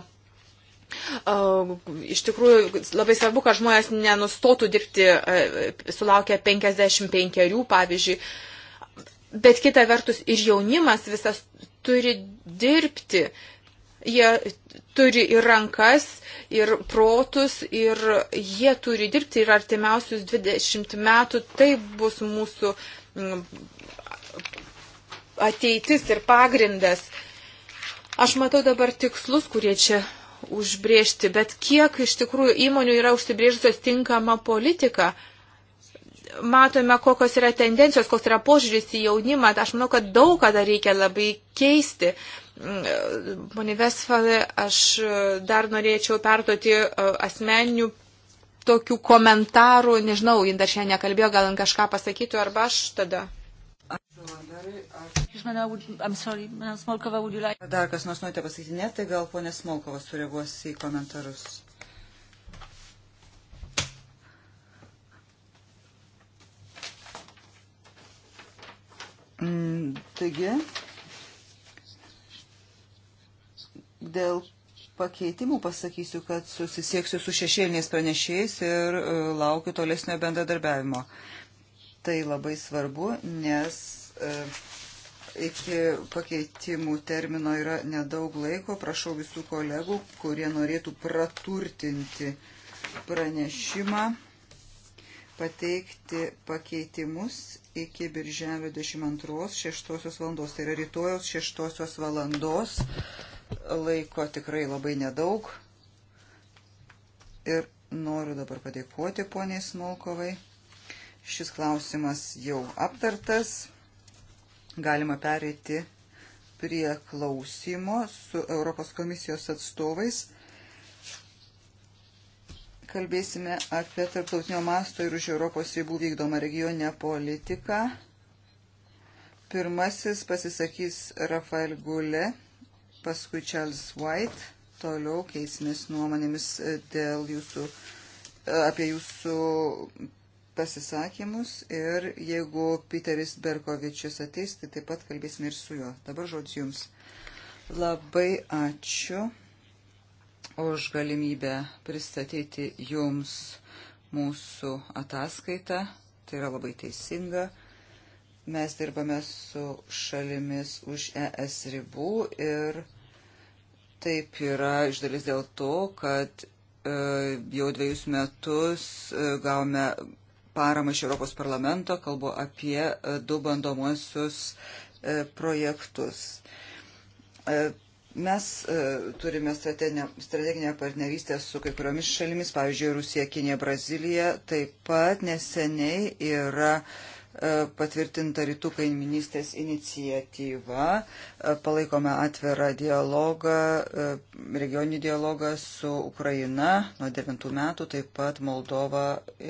Iš tikrųjų, labai svarbu, kad žmonės nenustotų dirbti sulaukę 55, pavyzdžiui. Bet kita vertus, ir jaunimas visas turi dirbti. Jie turi ir rankas, ir protus, ir jie turi dirbti ir artimiausius 20 metų. Tai bus mūsų mm, ateitis ir pagrindas. Aš matau dabar tikslus, kurie čia užbriežti, bet kiek iš tikrųjų įmonių yra užsibriežusios tinkamą politiką. Matome, kokios yra tendencijos, koks yra požiūris į jaunimą. Aš manau, kad daug ką dar reikia labai keisti. Mm, pone Vesfale, aš dar norėčiau perduoti e, asmeninių tokių komentarų, nežinau, jin dar šiandien nekalbėjo, gal jin kažką pasakytų, arba aš tada. Ačiū, Landarai, ačiū. Dar kas nors norite pasakyti, ne, tai gal ponė Smolkovas sureaguos į komentarus. Mm, taigi, dėl pakeitimų pasakysiu, kad susisieksiu su šešėliniais pranešėjais ir e, laukiu tolesnio bendradarbiavimo. Tai labai svarbu, nes. Uh, iki pakeitimų termino yra nedaug laiko. Prašau visų kolegų, kurie norėtų praturtinti pranešimą, pateikti pakeitimus iki birželio 22.06 valandos. Tai yra rytojos 6 valandos. Laiko tikrai labai nedaug. Ir noriu dabar padėkoti poniai Smolkovai. Šis klausimas jau aptartas galima pereiti prie klausimo su Europos komisijos atstovais. Kalbėsime apie tarptautinio masto ir už Europos ribų vykdomą regioninę politiką. Pirmasis pasisakys Rafael Gule, paskui Charles White. Toliau keisimės nuomonėmis e, dėl jūsų, e, apie jūsų pasisakymus ir jeigu Piteris Berkovičius ateis, tai taip pat kalbėsime ir su juo. Dabar žodžiu Jums. Labai ačiū už galimybę pristatyti Jums mūsų ataskaitą. Tai yra labai teisinga. Mes dirbame su šalimis už ES ribų ir taip yra iš dalis dėl to, kad e, jau dviejus metus e, gavome paramą iš Europos parlamento, kalbu apie e, du bandomuosius e, projektus. E, mes turime strateginę partnerystę su kai kuriomis šalimis, pavyzdžiui, Rusija, Kinė, Brazilija. Taip pat neseniai yra uh, E, patvirtinta rytų kaiminystės inicijatyva. E, palaikome atvirą dialogą, e, regioninį dialogą su Ukraina nuo 9 metų, taip pat Moldova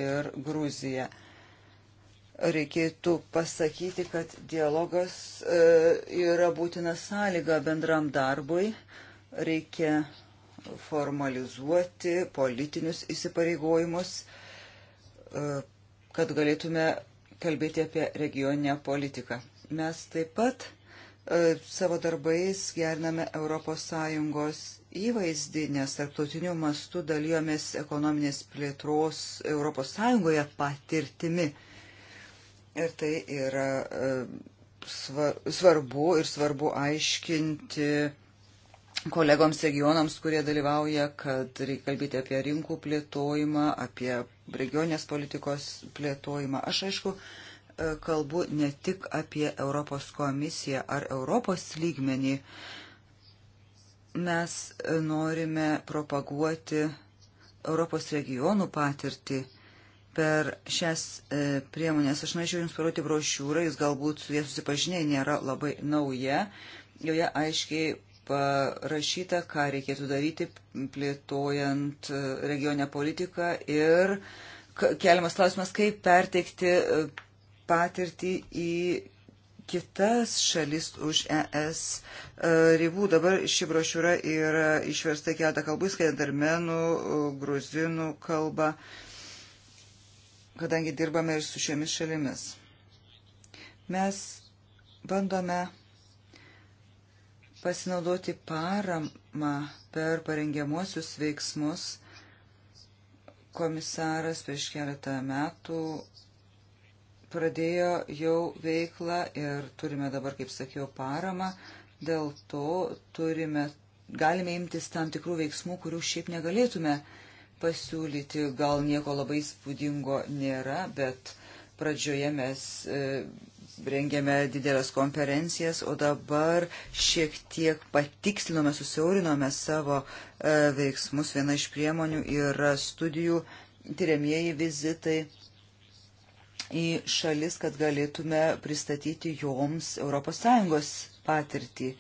ir Gruzija. Reikėtų pasakyti, kad dialogas yra būtina sąlyga bendram darbui. Reikia formalizuoti politinius įsipareigojimus, kad galėtume kalbėti apie regioninę politiką. Mes taip pat e, savo darbais gername ES įvaizdį, nes tarptautiniu mastu dalyjomės ekonominės plėtros ES patirtimi. Ir tai yra e, svarbu ir svarbu aiškinti kolegoms regionams, kurie dalyvauja, kad reikia kalbėti apie rinkų plėtojimą, apie regionės politikos plėtojimą. Aš aišku, e, kalbu ne tik apie Europos komisiją ar Europos lygmenį. Mes e, norime propaguoti Europos regionų patirtį per šias e, priemonės. Aš norėčiau Jums parodyti brošiūrą, jis galbūt su jie susipažinę nėra labai nauja. Joje aiškiai parašyta, ką reikėtų daryti plėtojant e, regionę politiką ir keliamas klausimas, kaip perteikti e, patirtį į kitas šalis už ES e, ribų. Dabar ši brošiūra yra išversta keletą kalbų, skaitant armenų, gruzinų kalbą, kadangi dirbame ir su šiomis šalimis. Mes bandome pasinaudoti paramą per parengiamuosius veiksmus. Komisaras prieš keletą metų pradėjo jau veiklą ir turime dabar, kaip sakiau, paramą. Dėl to turime, galime imtis tam tikrų veiksmų, kurių šiaip negalėtume pasiūlyti. Gal nieko labai spūdingo nėra, bet pradžioje mes. E, rengėme didelės konferencijas, o dabar šiek tiek patikslinome, susiaurinome savo e, veiksmus. Viena iš priemonių yra studijų tyriamieji vizitai į šalis, kad galėtume pristatyti joms ES patirtį.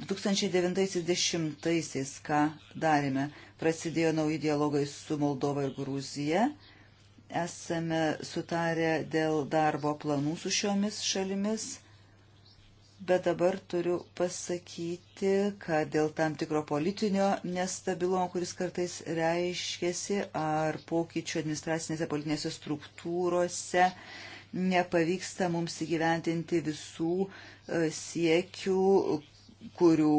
2090-aisiais ką darėme? Prasidėjo nauji dialogai su Moldova ir Gruzija Esame sutarę dėl darbo planų su šiomis šalimis, bet dabar turiu pasakyti, kad dėl tam tikro politinio nestabilumo, kuris kartais reiškėsi, ar pokyčių administracinėse politinėse struktūrose, nepavyksta mums įgyventinti visų e, siekių, kurių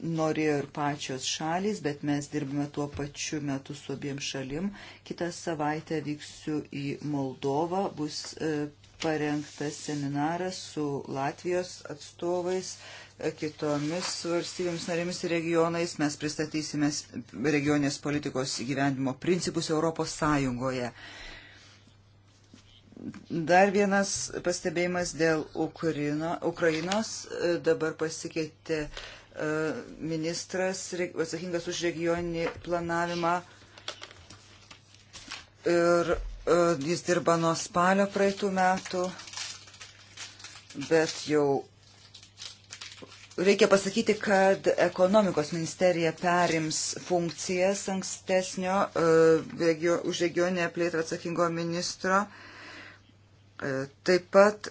norėjo ir pačios šalys, bet mes dirbame tuo pačiu metu su abiem šalim. Kitą savaitę vyksiu į Moldovą, bus e, parengtas seminaras su Latvijos atstovais, e, kitomis valstybėms narėmis ir regionais. Mes pristatysime regionės politikos įgyvendimo principus Europos Sąjungoje. Dar vienas pastebėjimas dėl Ukraino, Ukrainos. E, dabar pasikeitė uh, E, ministras atsakingas už regioninį planavimą ir e, jis dirba nuo spalio praeitų metų, bet jau reikia pasakyti, kad ekonomikos ministerija perims funkcijas ankstesnio e, regio, už regioninę plėtrą atsakingo ministro. Taip pat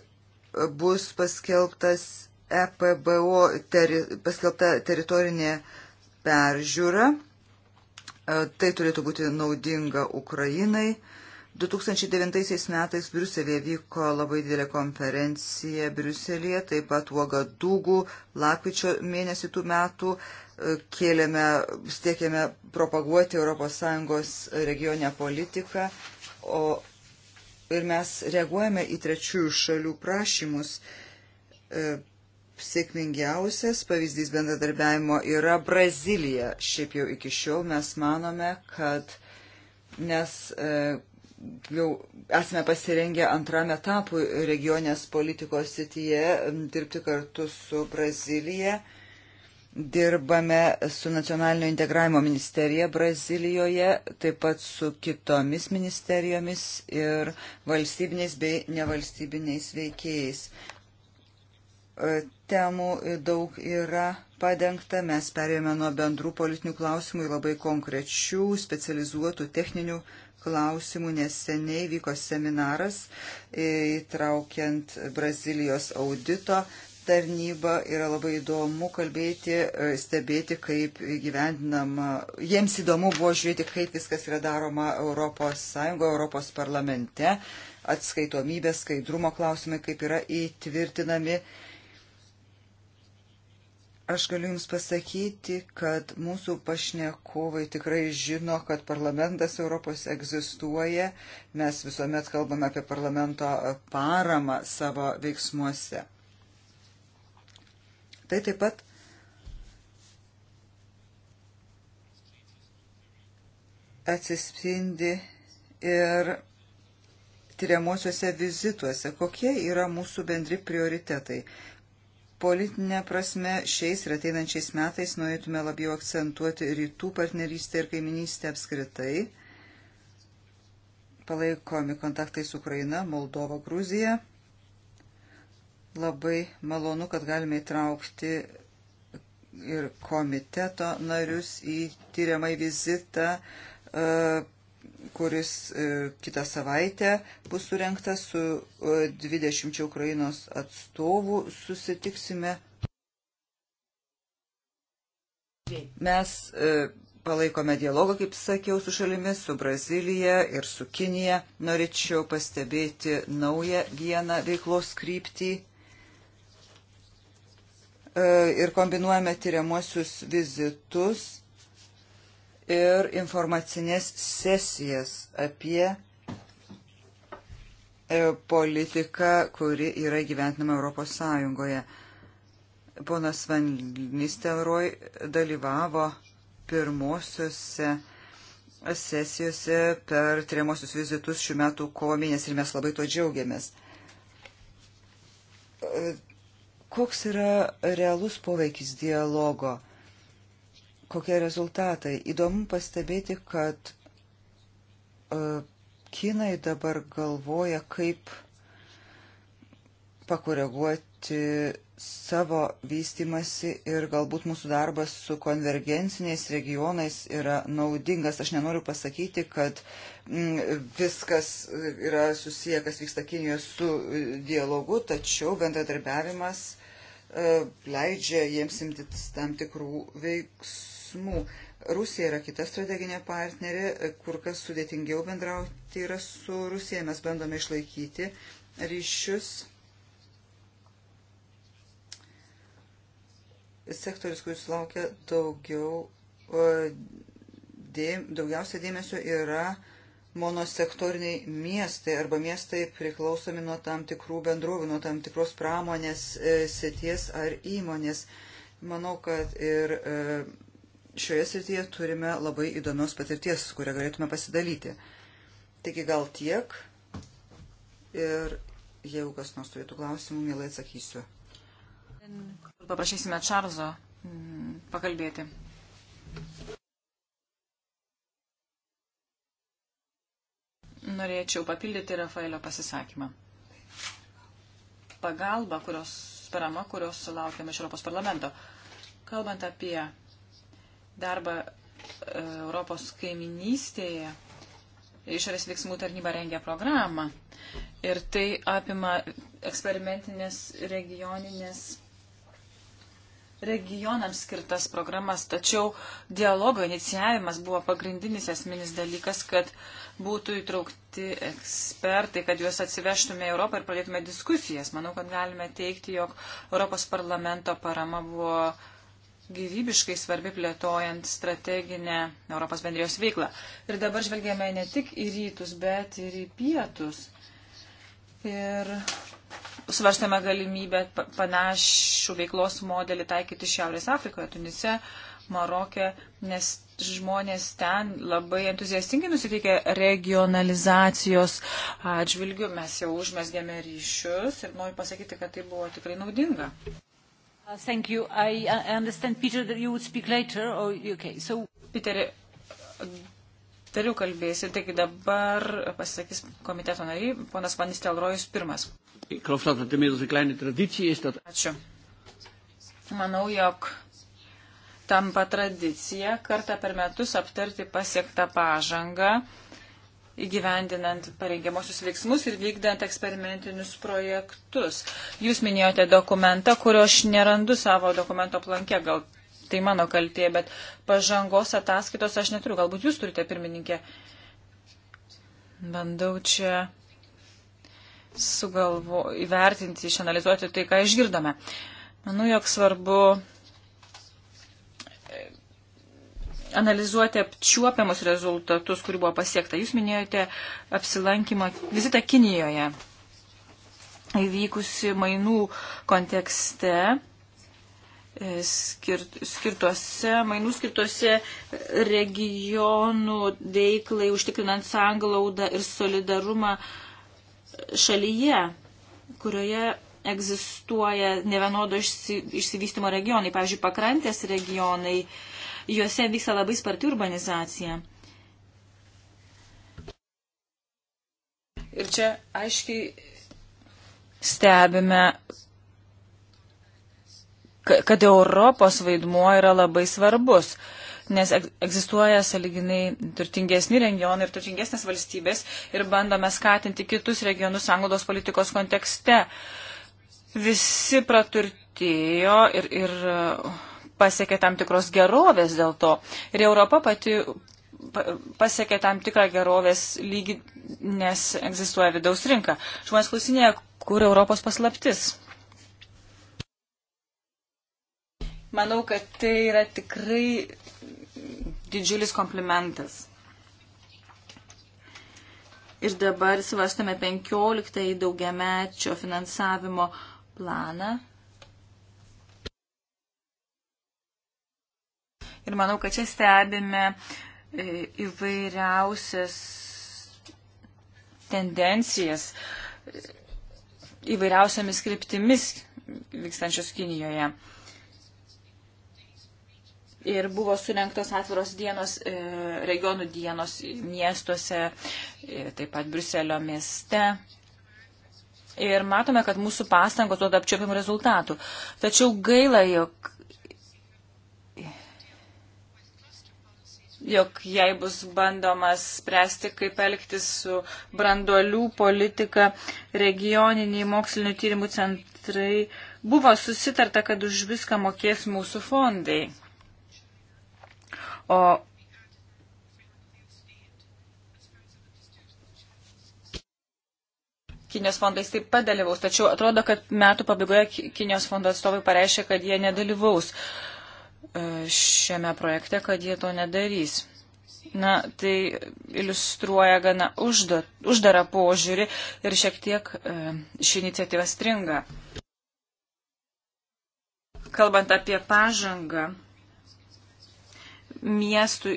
bus paskelbtas EPBO teri, paskelbta teritorinė peržiūra. E, tai turėtų būti naudinga Ukrainai. 2009 metais Briuselėje vyko labai didelė konferencija Briuselėje, taip pat Uogadūgų lapkričio mėnesį tų metų e, kėlėme, stiekėme propaguoti ES regionę politiką, o ir mes reaguojame į trečiųjų šalių prašymus e, sėkmingiausias pavyzdys bendradarbiavimo yra Brazilija. Šiaip jau iki šiol mes manome, kad nes e, jau esame pasirengę antrame etapui regionės politikos sityje dirbti kartu su Brazilija. Dirbame su nacionalinio integravimo ministerija Brazilijoje, taip pat su kitomis ministerijomis ir valstybiniais bei nevalstybiniais veikėjais e, temų daug yra padengta. Mes perėjome nuo bendrų politinių klausimų į labai konkrečių, specializuotų techninių klausimų. Neseniai vyko seminaras įtraukiant Brazilijos audito tarnybą. Yra labai įdomu kalbėti, stebėti, kaip gyvendinama. Jiems įdomu buvo žiūrėti, kaip viskas yra daroma Europos Sąjungoje, Europos parlamente atskaitomybės, skaidrumo klausimai, kaip yra įtvirtinami uh, Aš galiu Jums pasakyti, kad mūsų pašnekovai tikrai žino, kad parlamentas Europos egzistuoja. Mes visuomet kalbame apie parlamento paramą savo veiksmuose. Tai taip pat atsispindi ir tyriamuosiuose vizituose, kokie yra mūsų bendri prioritetai. Politinė prasme šiais ir ateinančiais metais norėtume labiau akcentuoti rytų partnerystę ir kaiminystę apskritai. Palaikomi kontaktai su Ukraina, Moldova, Gruzija. Labai malonu, kad galime įtraukti ir komiteto narius į tyriamą vizitą e, kuris e, kitą savaitę bus surinktas su 20 e, Ukrainos atstovų. Susitiksime. Mes e, palaikome dialogą, kaip sakiau, su šalimis, su Brazilija ir su Kinija. Norėčiau pastebėti naują vieną veiklos kryptį. Ir kombinuojame tyriamuosius vizitus ir informacinės sesijas apie e, politiką, kuri yra gyventinama Europos Sąjungoje. Ponas Van Nistelrooy dalyvavo pirmosiuose sesijose per tremosius vizitus šių metų kovo mėnesį ir mes labai to džiaugiamės. E, koks yra realus poveikis dialogo? kokie rezultatai. Įdomu pastebėti, kad uh, kinai dabar galvoja, kaip pakoreguoti savo vystimasi ir galbūt mūsų darbas su konvergenciniais regionais yra naudingas. Aš nenoriu pasakyti, kad mm, viskas yra susiję, kas vyksta Kinijoje su dialogu, tačiau bendradarbiavimas uh, leidžia jiems imtis tam tikrų veiksmų veiksmų. Rusija yra kita strateginė partnerė, kur kas sudėtingiau bendrauti yra su Rusija. Mes bandome išlaikyti ryšius. Sektoris, kuris laukia daugiau, e, dė, daugiausia dėmesio yra monosektoriniai miestai arba miestai priklausomi nuo tam tikrų bendrovų, nuo tam tikros pramonės, e, sėties ar įmonės. Manau, kad ir e, šioje srityje turime labai įdomios patirties, kurią galėtume pasidalyti. Taigi gal tiek ir jeigu kas nors turėtų klausimų, mielai atsakysiu. Paprašysime Čarzo mm, pakalbėti. Norėčiau papildyti Rafaelio pasisakymą. Pagalba, kurios, parama, kurios sulaukėme iš Europos parlamento. Kalbant apie darbą e, Europos kaiminystėje. Išorės veiksmų tarnyba rengia programą. Ir tai apima eksperimentinės regioninės regionams skirtas programas, tačiau dialogo inicijavimas buvo pagrindinis esminis dalykas, kad būtų įtraukti ekspertai, kad juos atsivežtume į Europą ir pradėtume diskusijas. Manau, kad galime teikti, jog Europos parlamento parama buvo gyvybiškai svarbi plėtojant strateginę Europos bendrijos veiklą. Ir dabar žvelgiame ne tik į rytus, bet ir į pietus. Ir svarstame galimybę panašių veiklos modelį taikyti Šiaurės Afrikoje, Tunise, Marokė, nes žmonės ten labai entuziastingai nusiteikia regionalizacijos atžvilgių. Mes jau užmesgėme ryšius ir noriu pasakyti, kad tai buvo tikrai naudinga. Uh, thank you. Uh, I understand, Peter, that you would speak later. Or, okay, so... Piteri, toliau kalbėsi, taigi dabar pasisakys komiteto nariai, ponas Panis Telrojus pirmas. Ačiū. Manau, jog tampa tradicija kartą per metus aptarti pasiektą pažangą įgyvendinant parengiamosius veiksmus ir vykdant eksperimentinius projektus. Jūs minėjote dokumentą, kurio aš nerandu savo dokumento plankė, gal tai mano kaltė, bet pažangos ataskaitos aš neturiu. Galbūt jūs turite, pirmininkė. Bandau čia sugalvo, įvertinti, išanalizuoti tai, ką išgirdome. Manau, jog svarbu analizuoti apčiuopiamus rezultatus, kurių buvo pasiekta. Jūs minėjote apsilankymą, vizitą Kinijoje įvykusi mainų kontekste, e, skirt, skirtuose, mainų skirtuose regionų veiklai, užtikrinant sanglaudą ir solidarumą šalyje, kurioje egzistuoja nevienodo išsi, išsivystimo regionai, pavyzdžiui, pakrantės regionai juose vyksta labai sparti urbanizacija. Ir čia aiškiai stebime, kad Europos vaidmuo yra labai svarbus, nes egzistuoja saliginai turtingesni regionai ir turtingesnės valstybės ir bandome skatinti kitus regionus anglodos politikos kontekste. Visi praturtėjo ir, ir pasiekė tam tikros gerovės dėl to. Ir Europa pati pasiekė tam tikrą gerovės lygį, nes egzistuoja vidaus rinka. Žmonės klausinėja, kur Europos paslaptis. Manau, kad tai yra tikrai didžiulis komplimentas. Ir dabar svarstame 15 daugiamečio finansavimo planą Ir manau, kad čia stebime e, įvairiausias tendencijas e, įvairiausiamis kryptimis vykstančios Kinijoje. Ir buvo surinktos atviros dienos, e, regionų dienos miestuose, taip pat Bruselio mieste. Ir matome, kad mūsų pastangos duoda apčiopiamų rezultatų. Tačiau gaila, jog jog jai bus bandomas spręsti, kaip elgtis su branduolių politika, regioniniai mokslinio tyrimų centrai. Buvo susitarta, kad už viską mokės mūsų fondai. O Kinijos fondais taip pat dalyvaus, tačiau atrodo, kad metų pabaigoje Kinijos fondo atstovai pareiškia, kad jie nedalyvaus. Uh, E, šiame projekte, kad jie to nedarys. Na, tai iliustruoja gana užda, uždarą požiūrį ir šiek tiek e, ši iniciatyva stringa. Kalbant apie pažangą, miestų,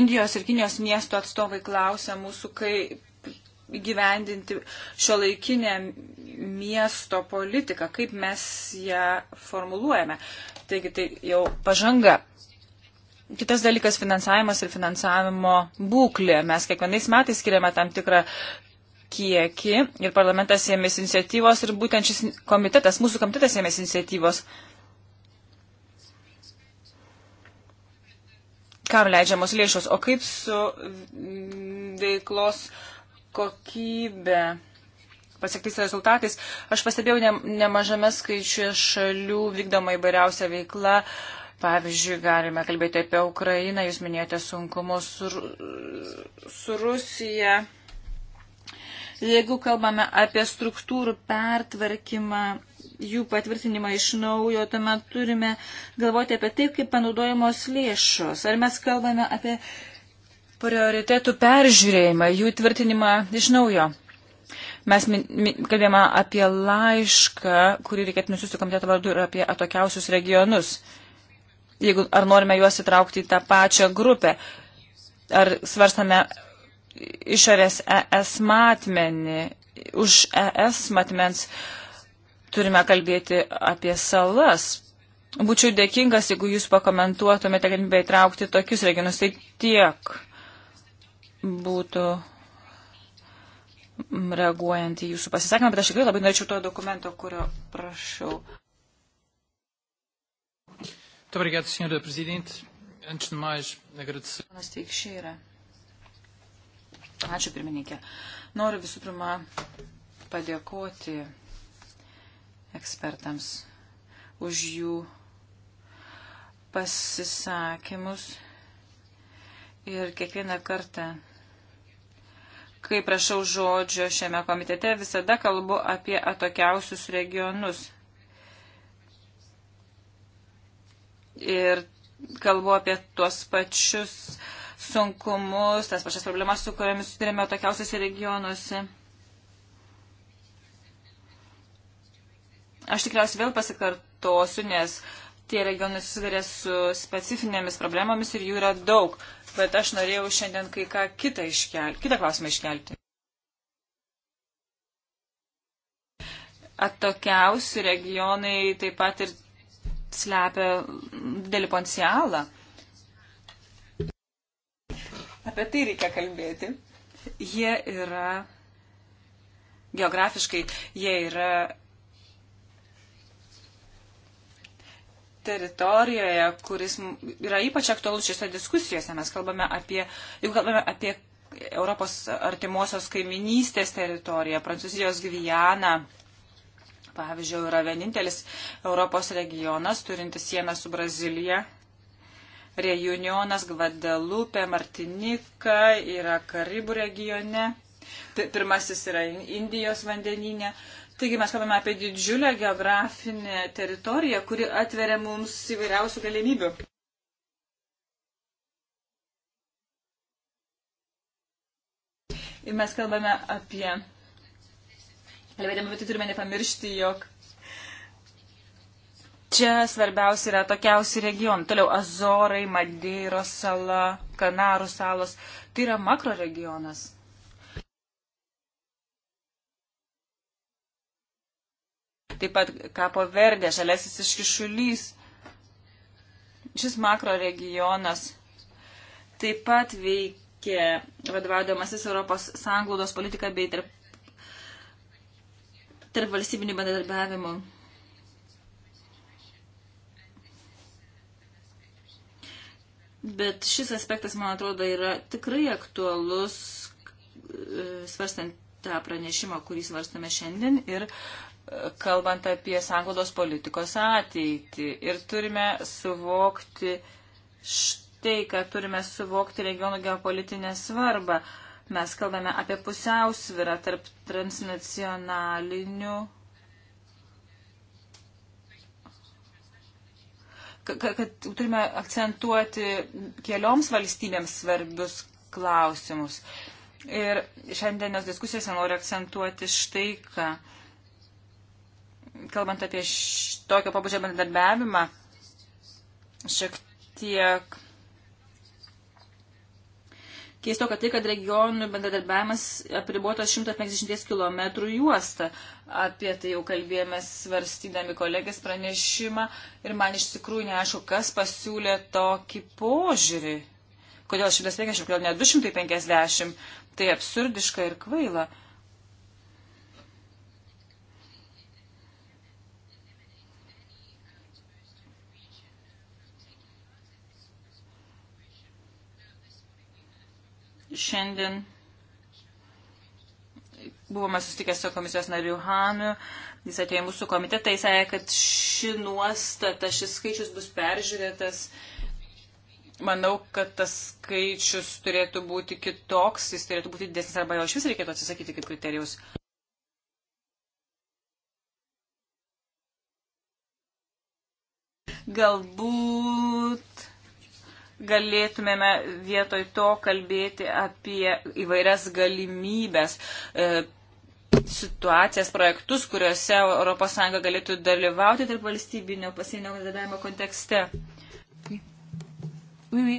Indijos ir Kinijos miestų atstovai klausia mūsų, kaip, gyvendinti šio laikinę miesto politiką, kaip mes ją formuluojame. Taigi tai jau pažanga. Kitas dalykas - finansavimas ir finansavimo būklė. Mes kiekvienais metais skiriame tam tikrą kiekį ir parlamentas ėmėsi iniciatyvos ir būtent šis komitetas, mūsų komitetas ėmėsi iniciatyvos. Kam leidžiamos lėšos, o kaip su veiklos uh, kokybę pasiektais rezultatais. Aš pastebėjau ne, nemažame skaičiuje šalių vykdoma įvairiausia veikla. Pavyzdžiui, galime kalbėti apie Ukrainą, jūs minėjote sunkumus su, su Rusija. Jeigu kalbame apie struktūrų pertvarkymą, jų patvirtinimą iš naujo, tuomet turime galvoti apie tai, kaip panaudojamos lėšos. Ar mes kalbame apie prioritėtų peržiūrėjimą, jų tvirtinimą iš naujo. Mes kalbėjome apie laišką, kurį reikėtų nusiųsti komiteto vardu ir apie atokiausius regionus. Jeigu ar norime juos įtraukti į tą pačią grupę, ar svarstame išorės ES matmenį, už ES matmens turime kalbėti apie salas. Būčiau dėkingas, jeigu jūs pakomentuotumėte galimybę įtraukti tokius regionus. Tai tiek būtų reaguojant į jūsų pasisakymą, bet aš tikrai labai norėčiau to dokumento, kurio prašau. Muito obrigado, Sra. Presidente. Antes de mais, agradecer. Ponas Teikšėra. Ačiū, pirmininkė. Noriu visų pirma padėkoti ekspertams už jų pasisakymus Ir kiekvieną kartą, kai prašau žodžio šiame komitete, visada kalbu apie atokiausius regionus. Ir kalbu apie tuos pačius sunkumus, tas pačias problemas, su kuriamis susidurėme atokiausiuose regionuose. Aš tikriausiai vėl pasikartosiu, nes tie regionai susiduria su specifinėmis problemomis ir jų yra daug bet aš norėjau šiandien kai ką kitą iškelti, kitą klausimą iškelti. Atokiausi regionai taip pat ir slepia didelį potencialą. Apie tai reikia kalbėti. Jie yra geografiškai, jie yra teritorijoje, kuris yra ypač aktualus šiose diskusijose. Mes kalbame apie, jau kalbame apie Europos artimosios kaiminystės teritoriją, Prancūzijos Gvijaną. Pavyzdžiui, yra vienintelis Europos regionas turintis sieną su Brazilija. Reunionas, Gvadelupė, Martinika yra Karibų regione. Pirmasis yra Indijos vandeninė. Taigi mes kalbame apie didžiulę geografinę teritoriją, kuri atveria mums įvairiausių galimybių. Ir mes kalbame apie, kalbėdami, bet turime nepamiršti, jog čia svarbiausia yra tokiausi regionai. Toliau Azorai, Madeiros sala, Kanarų salos. Tai yra makro regionas. taip pat kapo verdė, žalesis iškišulys. Šis makro regionas taip pat veikia vadovaudamasis Europos sanglaudos politika bei tarp, tarp valstybinių bendradarbiavimų. Bet šis aspektas, man atrodo, yra tikrai aktualus, e, svarstant tą pranešimą, kurį svarstame šiandien ir kalbant apie sanglaudos politikos ateitį. Ir turime suvokti štai, kad turime suvokti regionų geopolitinę svarbą. Mes kalbame apie pusiausvirą tarp transnacionalinių. Kad, kad turime akcentuoti kelioms valstybėms svarbius klausimus. Ir šiandienos diskusijose noriu akcentuoti štai ką. Uh, kalbant apie tokio pabudžio bendradarbiavimą, šiek tiek keisto, kad tai, kad regionų bendradarbiavimas apribuotas 150 km juosta. Apie tai jau kalbėjome svarstydami kolegės pranešimą ir man iš tikrųjų neaišku, kas pasiūlė tokį požiūrį. Kodėl 150, kodėl ne 250, tai absurdiška ir kvaila. Uh, Šiandien buvome susitikę su komisijos nariu Hamiu, jis atėjo į mūsų komitetą, jis sakė, kad ši nuostata, šis skaičius bus peržiūrėtas. Manau, kad tas skaičius turėtų būti kitoks, jis turėtų būti didesnis arba jo iš vis reikėtų atsisakyti kaip kriterijus. Galbūt galėtumėme vietoj to kalbėti apie įvairias galimybės, e, situacijas, projektus, kuriuose ES galėtų dalyvauti tarp valstybinio pasienio bendradarbiavimo kontekste. Oui, oui.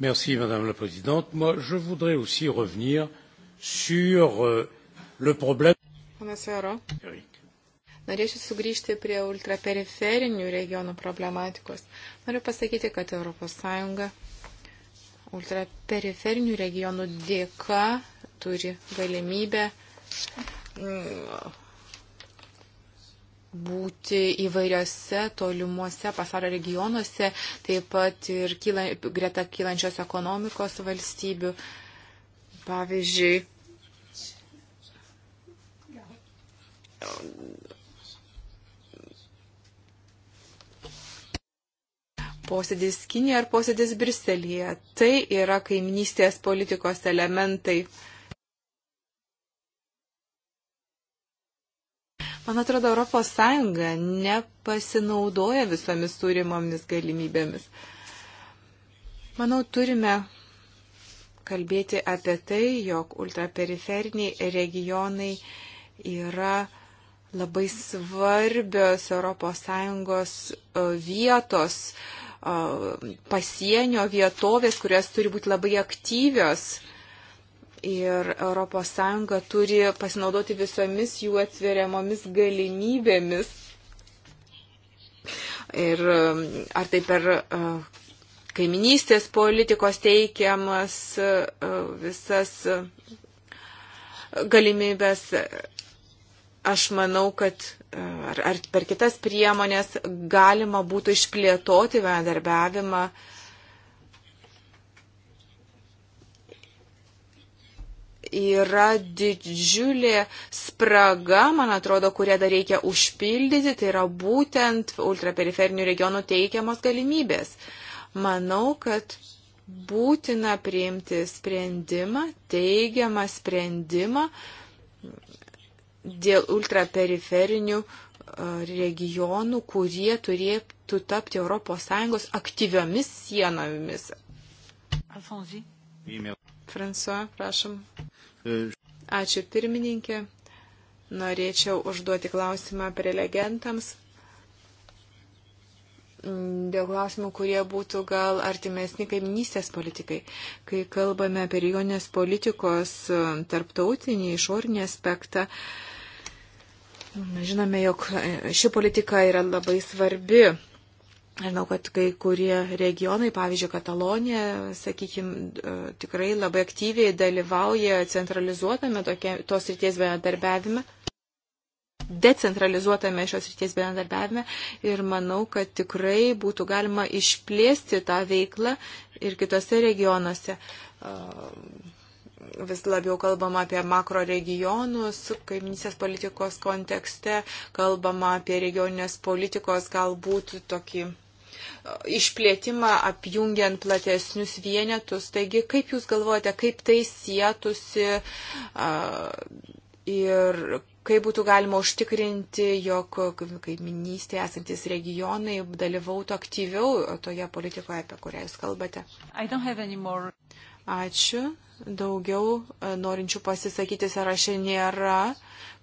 Merci, Madame la Présidente. Moi, je voudrais aussi revenir sur euh, le problème. Monsieur Haro. Oui. Norėčiau sugrįžti prie ultraperiferinių regionų problematikos. Noriu pasakyti, kad ES ultraperiferinių regionų dėka turi galimybę mm, būti įvairiose tolimuose pasaulio regionuose, taip pat ir kyla, greta kylančios ekonomikos valstybių. Pavyzdžiui, posėdis Kinėje ar posėdis Briselėje. Tai yra kaimynystės politikos elementai. Man atrodo, Europos Sąjunga nepasinaudoja visomis turimomis galimybėmis. Manau, turime kalbėti apie tai, jog ultraperiferiniai regionai yra labai svarbios ES e, vietos uh, pasienio vietovės, kurios turi būti labai aktyvios. Ir ES turi pasinaudoti visomis jų atveriamomis galimybėmis. Ir um, ar tai per kaiminystės politikos teikiamas visas galimybės, aš manau, kad ar, ar per kitas priemonės galima būtų išplėtoti bendarbiavimą. Yra didžiulė spraga, man atrodo, kurią dar reikia užpildyti, tai yra būtent ultraperiferinių regionų teikiamos galimybės. Manau, kad būtina priimti sprendimą, teigiamą sprendimą, dėl ultraperiferinių e, regionų, kurie turėtų tapti ES aktyviomis sienomis. Alfonsi. François, prašom. E, Ačiū pirmininkė. Norėčiau užduoti klausimą prelegentams dėl klausimų, kurie būtų gal artimesni kaiminystės politikai. Kai kalbame apie regionės politikos e, tarptautinį išorinį aspektą, uh, Mes žinome, jog e, ši politika yra labai svarbi Žinau, kad kai kurie regionai, pavyzdžiui, Katalonija, sakykime, tikrai labai aktyviai dalyvauja centralizuotame tokie, tos ryties bendarbiavime, decentralizuotame šios ryties bendarbiavime ir manau, kad tikrai būtų galima išplėsti tą veiklą ir kitose regionuose. Uh, vis labiau kalbama apie makro regionus, kaiminysės politikos kontekste, kalbama apie regioninės politikos galbūt tokį e, išplėtimą apjungiant platesnius vienetus. Taigi, kaip Jūs galvojate, kaip tai sėtusi ir kaip būtų galima užtikrinti, jog kaiminystėje esantis regionai dalyvautų aktyviau toje politikoje, apie kurią Jūs kalbate? Ačiū. Daugiau e, norinčių pasisakyti sąraše nėra.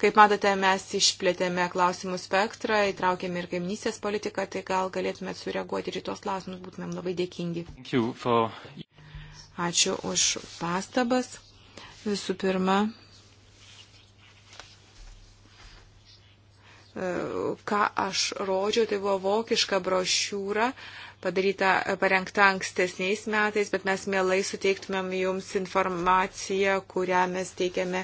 Kaip matote, mes išplėtėme klausimų spektrą, įtraukėme ir kaimynystės politiką, tai gal galėtumėt sureaguoti ir į tuos klausimus, būtumėm labai dėkingi. For... Ačiū už pastabas. Visų pirma, e, ką aš rodžiau, tai buvo vokiška brošiūra padaryta, parengta ankstesniais metais, bet mes mielai suteiktumėm jums informaciją, kurią mes teikiame,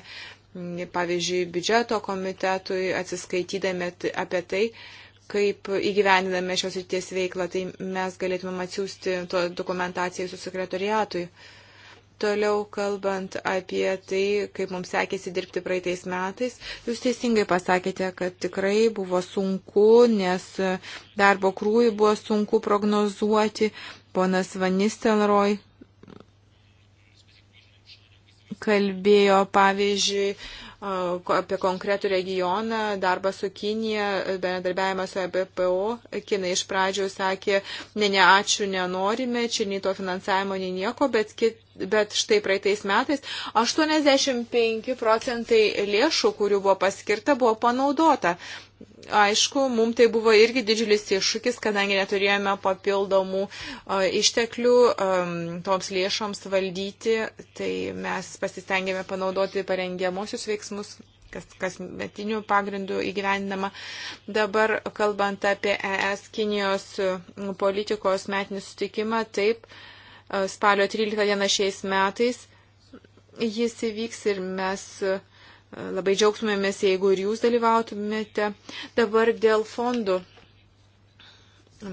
pavyzdžiui, biudžeto komitetui, atsiskaitydami apie tai, kaip įgyvendiname šios ryties veiklą, tai mes galėtumėm atsiųsti to dokumentacijai su sekretoriatui. Uh, Toliau kalbant apie tai, kaip mums sekėsi dirbti praeitais metais, jūs teisingai pasakėte, kad tikrai buvo sunku, nes darbo krūvį buvo sunku prognozuoti. Ponas Vanistelroj kalbėjo pavyzdžiui apie konkretų regioną, darbą su Kinija, bendradarbiavimą su ABPO. E Kinai iš pradžių sakė, ne, ne, ačiū, nenorime, čia nei to finansavimo, nei nieko, bet, kit, bet štai praeitais metais 85 procentai lėšų, kurių buvo paskirta, buvo panaudota aišku, mums tai buvo irgi didžiulis iššūkis, kadangi neturėjome papildomų išteklių toms lėšoms valdyti, tai mes pasistengėme panaudoti parengiamosius veiksmus kas, kas metinių pagrindų įgyvendinama. Dabar, kalbant apie ES Kinijos politikos metinį sutikimą, taip, spalio 13 dieną šiais metais jis įvyks ir mes uh, Labai džiaugsmėmės, jeigu ir jūs dalyvautumėte. Dabar dėl fondų.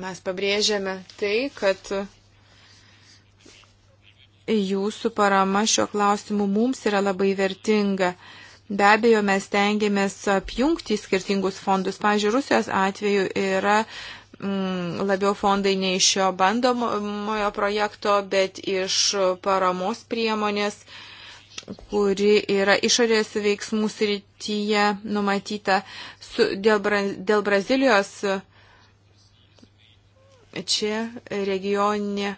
Mes pabrėžiame tai, kad jūsų parama šiuo klausimu mums yra labai vertinga. Be abejo, mes tengiamės apjungti skirtingus fondus. Pavyzdžiui, Rusijos atveju yra mm, labiau fondai ne iš šio bandomojo projekto, bet iš paramos priemonės. Uh, kuri yra išorės veiksmų srityje numatyta su, dėl, Bra, dėl Brazilijos. Čia regionė,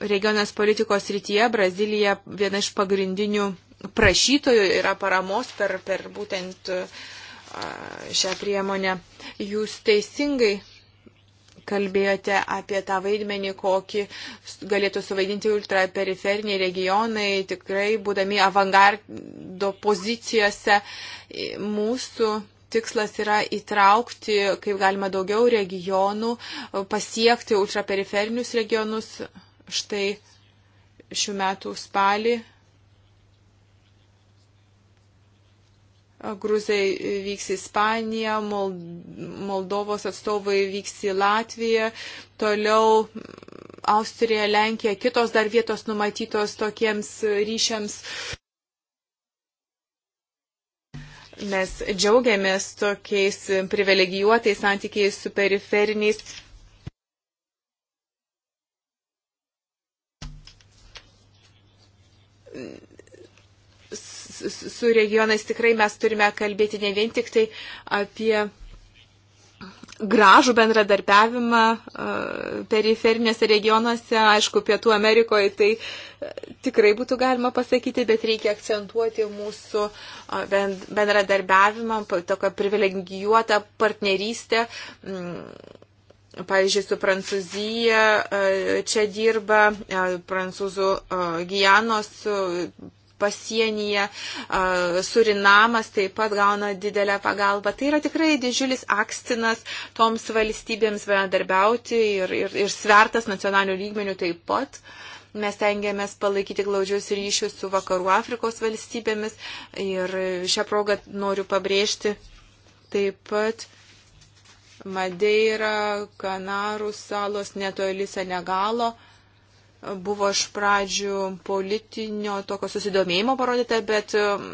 regionės politikos srityje Brazilija viena iš pagrindinių prašytojų yra paramos per, per būtent šią priemonę. Jūs teisingai kalbėjote apie tą vaidmenį, kokį galėtų suvaidinti ultraperiferiniai regionai, tikrai būdami avangardo pozicijose. Mūsų tikslas yra įtraukti, kaip galima daugiau regionų, pasiekti ultraperiferinius regionus. Štai šių metų spalį Gruzai vyks į Ispaniją, Moldovos atstovai vyks į Latviją, toliau Austrija, Lenkija, kitos dar vietos numatytos tokiems ryšiams. Mes džiaugiamės tokiais privilegijuotais santykiais su periferiniais su regionais tikrai mes turime kalbėti ne vien tik tai apie gražų bendradarbiavimą e, periferinėse regionuose, aišku, Pietų Amerikoje tai e, tikrai būtų galima pasakyti, bet reikia akcentuoti mūsų e, bendradarbiavimą, tokią privilegijuotą partnerystę. Mm, pavyzdžiui, su Prancūzija čia dirba prancūzų Gijanos pasienyje, Surinamas taip pat gauna didelę pagalbą. Tai yra tikrai didžiulis akstinas toms valstybėms bendarbiauti ir, ir, ir svertas nacionalinių lygmenių taip pat. Mes tengiamės palaikyti glaudžius ryšius su Vakarų Afrikos valstybėmis ir šią progą noriu pabrėžti taip pat Madeira, Kanarų salos netoli Senegalo buvo iš pradžių politinio tokio susidomėjimo parodyta, bet um,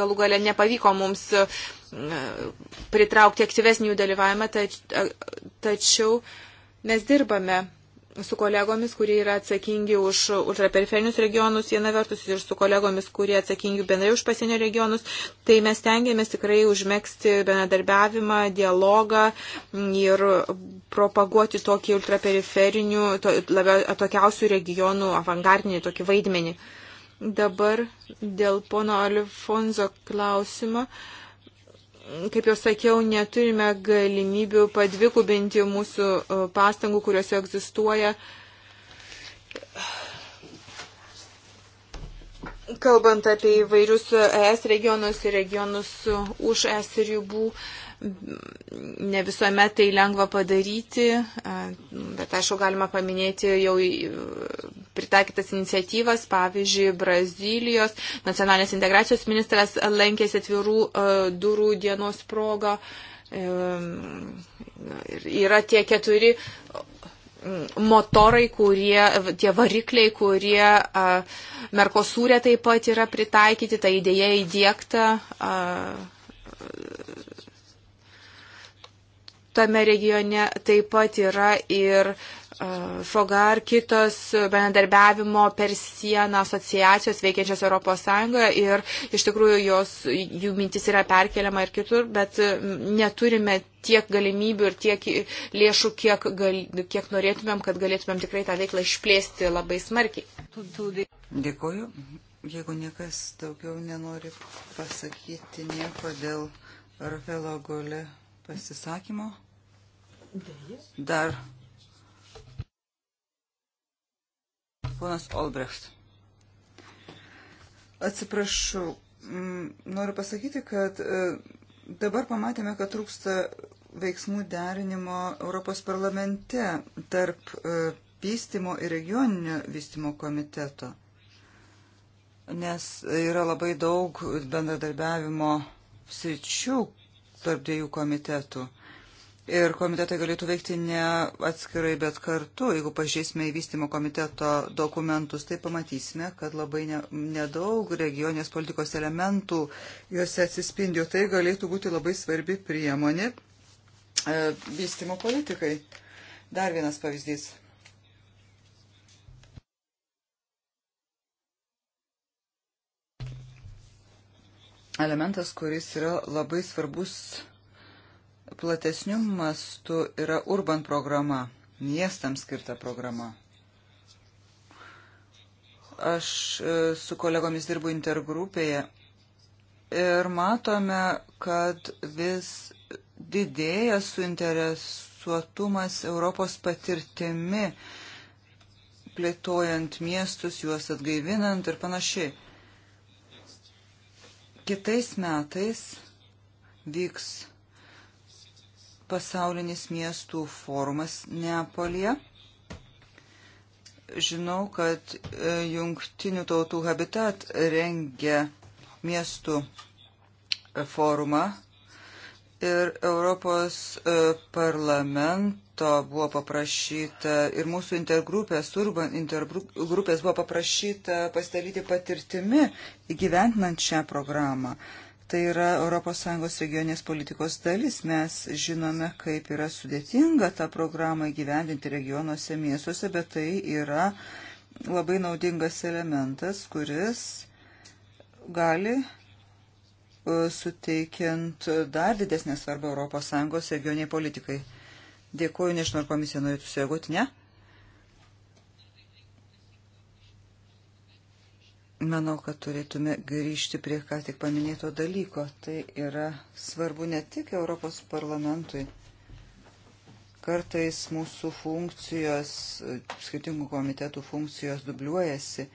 galų galę nepavyko mums um, pritraukti aktyvesnį jų dalyvavimą, tač, tačiau mes dirbame su kolegomis, kurie yra atsakingi už ultraperiferinius regionus, viena vertus, ir su kolegomis, kurie atsakingi bendrai už pasienio regionus. Tai mes tengiamės tikrai užmėgsti bendradarbiavimą, dialogą ir propaguoti tokį ultraperiferinių, to, labiau atokiausių regionų avangardinį tokį vaidmenį. Dabar dėl pono Alfonso klausimo. Uh, kaip jau sakiau, neturime galimybių padvigubinti mūsų e, pastangų, kuriuose egzistuoja. Kalbant apie įvairius ES regionus ir regionus už ES ribų, ne visuomet tai lengva padaryti, e, bet aišku, galima paminėti jau pritaikytas iniciatyvas, pavyzdžiui, Brazilijos nacionalinės integracijos ministras lankėsi atvirų e, durų dienos progą. E, yra tie keturi motorai, kurie, tie varikliai, kurie a, e, Merkosūrė taip pat yra pritaikyti, ta idėja įdėkta a, tame regione, taip pat yra ir a, FOGAR, kitos bendarbiavimo per sieną asociacijos veikiančios ES ir iš tikrųjų jos, jų mintis yra perkeliama ir kitur, bet mm, neturime tiek galimybių ir tiek lėšų, kiek, gal, kiek norėtumėm, kad galėtumėm tikrai tą veiklą išplėsti labai smarkiai. Dėkoju. Jeigu niekas daugiau nenori pasakyti nieko dėl Rafaelo Gole pasisakymo, dar ponas Olbrecht. Atsiprašau, mm, noriu pasakyti, kad e, dabar pamatėme, kad trūksta veiksmų derinimo Europos parlamente tarp e, vystimo ir regioninio vystimo komiteto, nes yra labai daug bendradarbiavimo sričių tarp dviejų komitetų ir komitetai galėtų veikti ne atskirai, bet kartu. Jeigu pažiūrėsime į vystimo komiteto dokumentus, tai pamatysime, kad labai ne, nedaug regionės politikos elementų juose atsispindi, o tai galėtų būti labai svarbi priemonė e, vystimo politikai. Dar vienas pavyzdys. Elementas, kuris yra labai svarbus platesnių mastų yra urban programa, miestams skirta programa. Aš e, su kolegomis dirbu intergrupėje ir matome, kad vis didėja suinteresuotumas Europos patirtimi, plėtojant miestus, juos atgaivinant ir panašiai. Kitais metais vyks pasaulinis miestų forumas Neapolėje. Žinau, kad e, jungtinių tautų habitat rengia miestų e, forumą ir Europos e, parlamento buvo paprašyta ir mūsų intergrupės, urban intergrupės buvo paprašyta pasidalyti patirtimi įgyventinant šią programą tai yra ES regionės politikos dalis. Mes žinome, kaip yra sudėtinga tą programą įgyvendinti regionuose, miestuose, bet tai yra labai naudingas elementas, kuris gali e, suteikiant dar didesnę svarbą ES regioniai politikai. Dėkuoju, nežinau, ar komisija norėtų sureaguoti, ne? Manau, kad turėtume grįžti prie ką tik paminėto dalyko. Tai yra svarbu ne tik Europos parlamentui. Kartais mūsų funkcijos, skirtingų komitetų funkcijos dubliuojasi.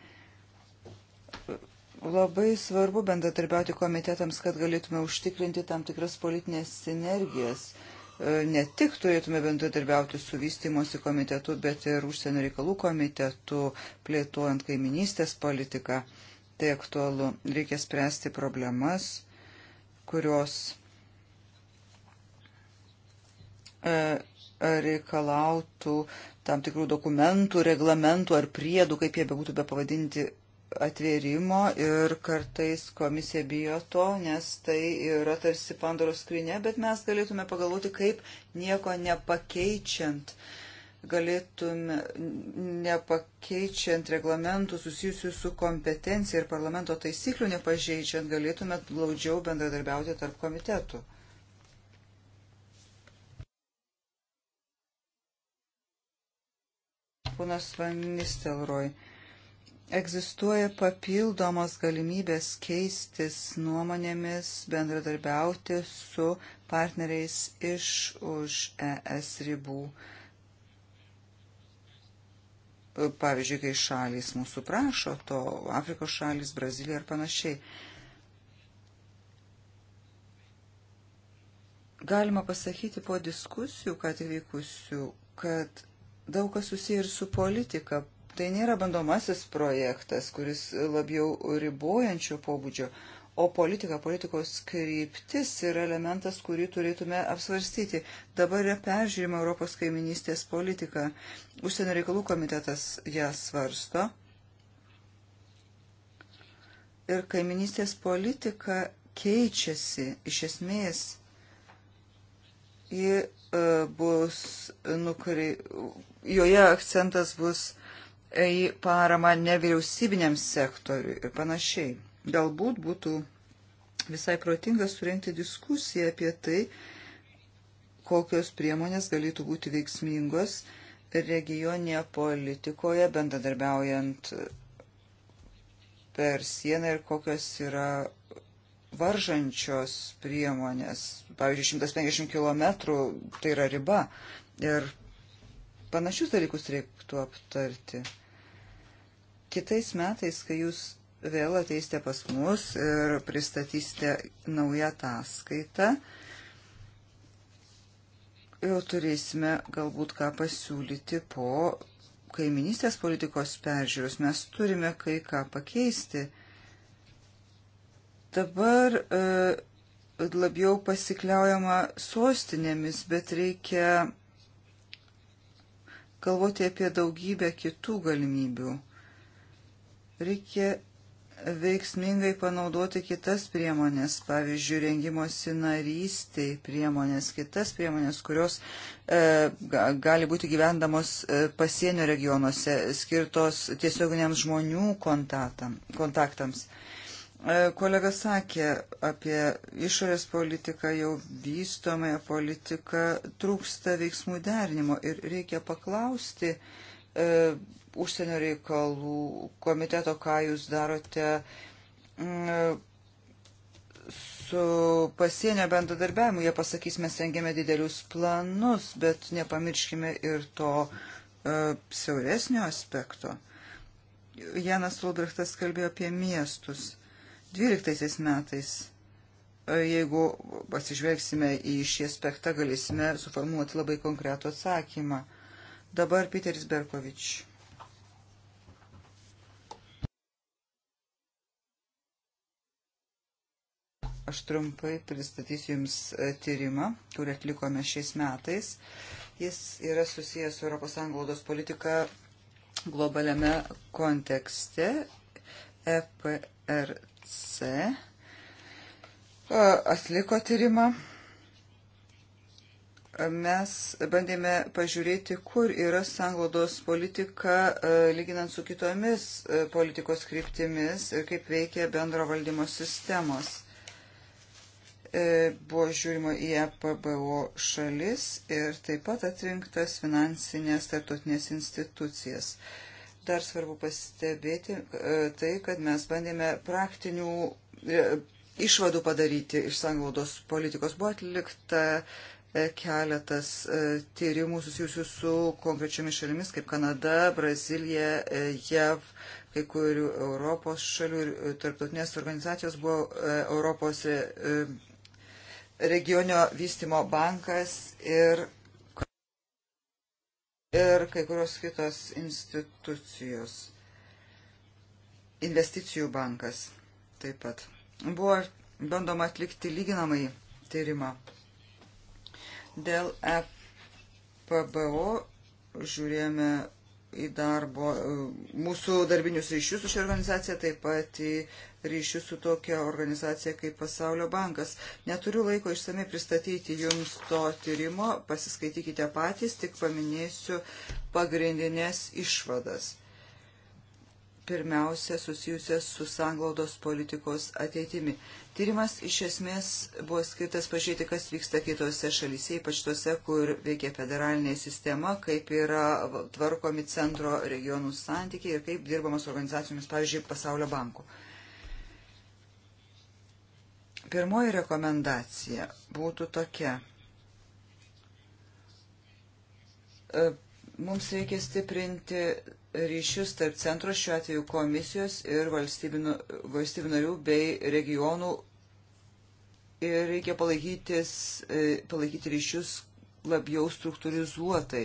Labai svarbu bendradarbiauti komitetams, kad galėtume užtikrinti tam tikras politinės sinergijas. Uh, E, ne tik turėtume bendradarbiauti su vystimosi komitetu, bet ir užsienio reikalų komitetu, plėtojant kaiminystės politiką. Tai aktualu. Reikia spręsti problemas, kurios e, reikalautų tam tikrų dokumentų, reglamentų ar priedų, kaip jie bebūtų bepavadinti, atvėrimo ir kartais komisija bijo to, nes tai yra tarsi Pandoros skrinė, bet mes galėtume pagalvoti, kaip nieko nepakeičiant, galėtume nepakeičiant reglamentų susijusių su kompetencija ir parlamento taisyklių nepažeidžiant, galėtume glaudžiau bendradarbiauti tarp komitetų. Ponas Vanistelroj egzistuoja papildomos galimybės keistis nuomonėmis, bendradarbiauti su partneriais iš už ES ribų. Pavyzdžiui, kai šalys mūsų prašo to, Afrikos šalys, Brazilija ir panašiai. Galima pasakyti po diskusijų, kad vykusių, kad daug kas susiję ir su politika, Tai nėra bandomasis projektas, kuris labiau ribojančių pobūdžio, o politika, politikos kryptis yra elementas, kurį turėtume apsvarstyti. Dabar yra peržiūrima Europos kaiminystės politika. Užsienio reikalų komitetas ją svarsto. Ir kaiminystės politika keičiasi iš esmės. Ji, uh, bus nukri... Joje akcentas bus į paramą nevyriausybiniam sektoriui ir panašiai. Galbūt būtų visai protinga surinkti diskusiją apie tai, kokios priemonės galėtų būti veiksmingos regioninėje politikoje, bendradarbiaujant per sieną ir kokios yra varžančios priemonės. Pavyzdžiui, 150 km tai yra riba ir panašius dalykus reiktų aptarti kitais metais, kai jūs vėl ateisite pas mus ir pristatysite naują ataskaitą, jau turėsime galbūt ką pasiūlyti po kaiminystės politikos peržiūros. Mes turime kai ką pakeisti. Dabar e, labiau pasikliaujama sostinėmis, bet reikia galvoti apie daugybę kitų galimybių. Reikia veiksmingai panaudoti kitas priemonės, pavyzdžiui, rengimosi narystiai priemonės, kitas priemonės, kurios e, gali būti gyvendamos e, pasienio regionuose, skirtos tiesioginiams žmonių kontaktam, kontaktams. E, kolega sakė apie išorės politiką, jau vystomąją politiką, trūksta veiksmų derinimo ir reikia paklausti, e, užsienio reikalų komiteto, ką jūs darote mm, su pasienio bendradarbiavimu. Jie pasakys, mes rengėme didelius planus, bet nepamirškime ir to e, siauresnio aspekto. Janas Ulbrichtas kalbėjo apie miestus. 12 metais e, jeigu pasižvelgsime į šį aspektą, galėsime suformuoti labai konkretų atsakymą. Dabar Piteris Berkovič. Aš trumpai pristatysiu Jums e, tyrimą, kurį atlikome šiais metais. Jis yra susijęs su Europos Anglodos politika globaliame kontekste. EPRC e, atliko tyrimą. Mes bandėme pažiūrėti, kur yra sanglodos politika, e, lyginant su kitomis politikos kryptimis ir kaip veikia bendro valdymo sistemos. E, buvo žiūrima į EPBO šalis ir taip pat atrinktas finansinės tarptautinės institucijas. Dar svarbu pastebėti e, tai, kad mes bandėme praktinių e, išvadų padaryti iš sanglaudos politikos. Buvo atlikta keletas tyrimų susijusių su konkrečiomis šalimis, kaip Kanada, Brazilija, JAV, kai kurių Europos šalių ir tarptautinės organizacijos buvo Europos regionio vystimo bankas ir, ir kai kurios kitos institucijos. Investicijų bankas taip pat. Buvo bandoma atlikti lyginamai tyrimą dėl EPBO žiūrėjome į darbo, e, mūsų darbinius ryšius su šia organizacija, taip pat į ryšius su tokia organizacija kaip Pasaulio bankas. Neturiu laiko išsamei pristatyti jums to tyrimo, pasiskaitykite patys, tik paminėsiu pagrindinės išvadas pirmiausia susijusias su sanglaudos politikos ateitimi. Tyrimas iš esmės buvo skirtas pažiūrėti, kas vyksta kitose šalyse, ypač tose, kur veikia federalinė sistema, kaip yra tvarkomi centro regionų santykiai ir kaip dirbamas organizacijomis, pavyzdžiui, pasaulio bankų. Pirmoji rekomendacija būtų tokia. E, mums reikia stiprinti ryšius tarp centro, šiuo atveju komisijos ir valstybių narių bei regionų. Ir reikia e, palaikyti ryšius labiau struktūrizuotai.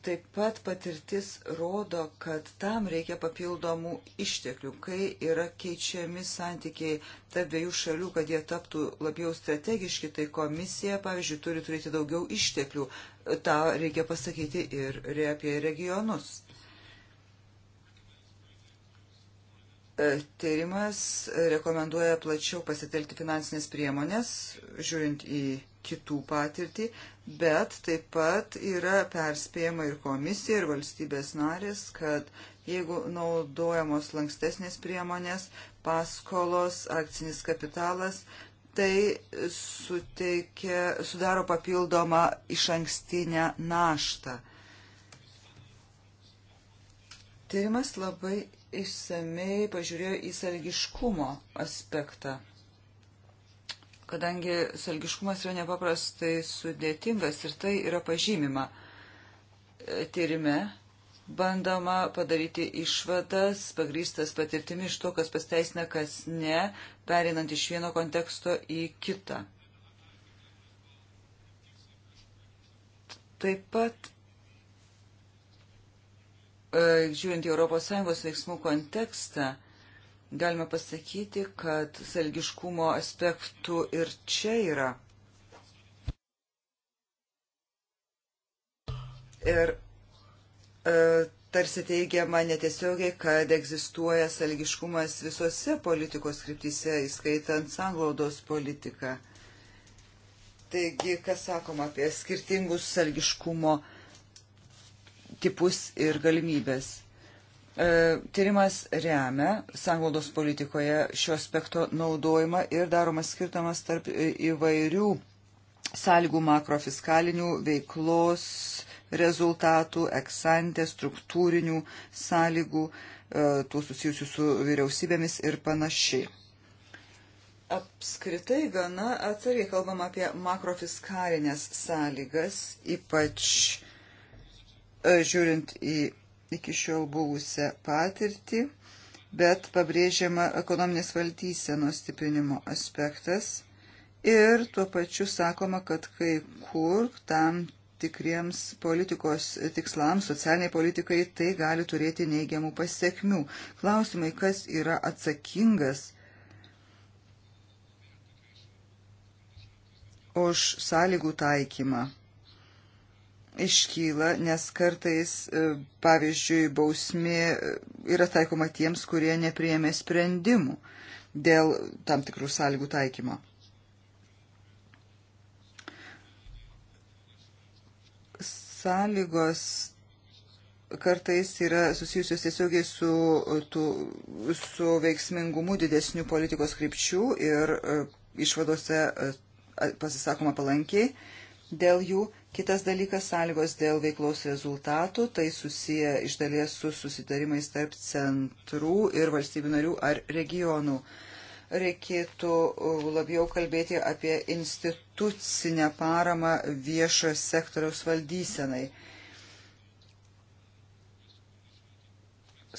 Taip pat patirtis rodo, kad tam reikia papildomų išteklių, kai yra keičiami santykiai tarp dviejų šalių, kad jie taptų labiau strategiški, tai komisija, pavyzdžiui, turi turėti daugiau išteklių. Ta reikia pasakyti ir apie regionus. E, tyrimas rekomenduoja plačiau pasitelkti finansinės priemonės, žiūrint į kitų patirtį, bet taip pat yra perspėjama ir komisija, ir valstybės narės, kad jeigu naudojamos lankstesnės priemonės, paskolos, akcinis kapitalas, tai suteikia, sudaro papildomą iš ankstinę naštą. Tyrimas labai išsamei pažiūrėjo į salgiškumo aspektą kadangi salgiškumas yra nepaprastai sudėtingas ir tai yra pažymima e, tyrime. Bandoma padaryti išvadas, pagrystas patirtimi iš to, kas pasteisina, kas ne, perinant iš vieno konteksto į kitą. Taip pat e, žiūrint į ES veiksmų kontekstą, galime pasakyti, kad salgiškumo aspektų ir čia yra. Ir e, tarsi teigiama netiesiogiai, kad egzistuoja salgiškumas visose politikos kryptyse, įskaitant sanglaudos politiką. Taigi, kas sakoma apie skirtingus salgiškumo tipus ir galimybės? E, tyrimas remia sanglaudos politikoje šio aspekto naudojimą ir daromas skirtumas tarp e, įvairių sąlygų makrofiskalinių veiklos rezultatų, eksantė, struktūrinių sąlygų, e, tų susijusių su vyriausybėmis ir panašiai. Apskritai gana atsargiai kalbam apie makrofiskalinės sąlygas, ypač žiūrint į iki šiol buvusią patirtį, bet pabrėžiama ekonominės valdysenos stiprinimo aspektas ir tuo pačiu sakoma, kad kai kur tam tikriems politikos tikslams, socialiniai politikai, tai gali turėti neigiamų pasiekmių. Klausimai, kas yra atsakingas už sąlygų taikymą iškyla, nes kartais, e, pavyzdžiui, bausmė e, yra taikoma tiems, kurie nepriėmė sprendimų dėl tam tikrų sąlygų taikymo. Sąlygos kartais yra susijusios tiesiogiai su, tu, su veiksmingumu didesnių politikos krypčių ir e, išvadose pasisakoma palankiai dėl jų Kitas dalykas - sąlygos dėl veiklos rezultatų, tai susiję iš dalies su susitarimais tarp centrų ir valstybių narių ar regionų. Reikėtų uh, labiau kalbėti apie institucinę paramą viešo sektoriaus valdysenai.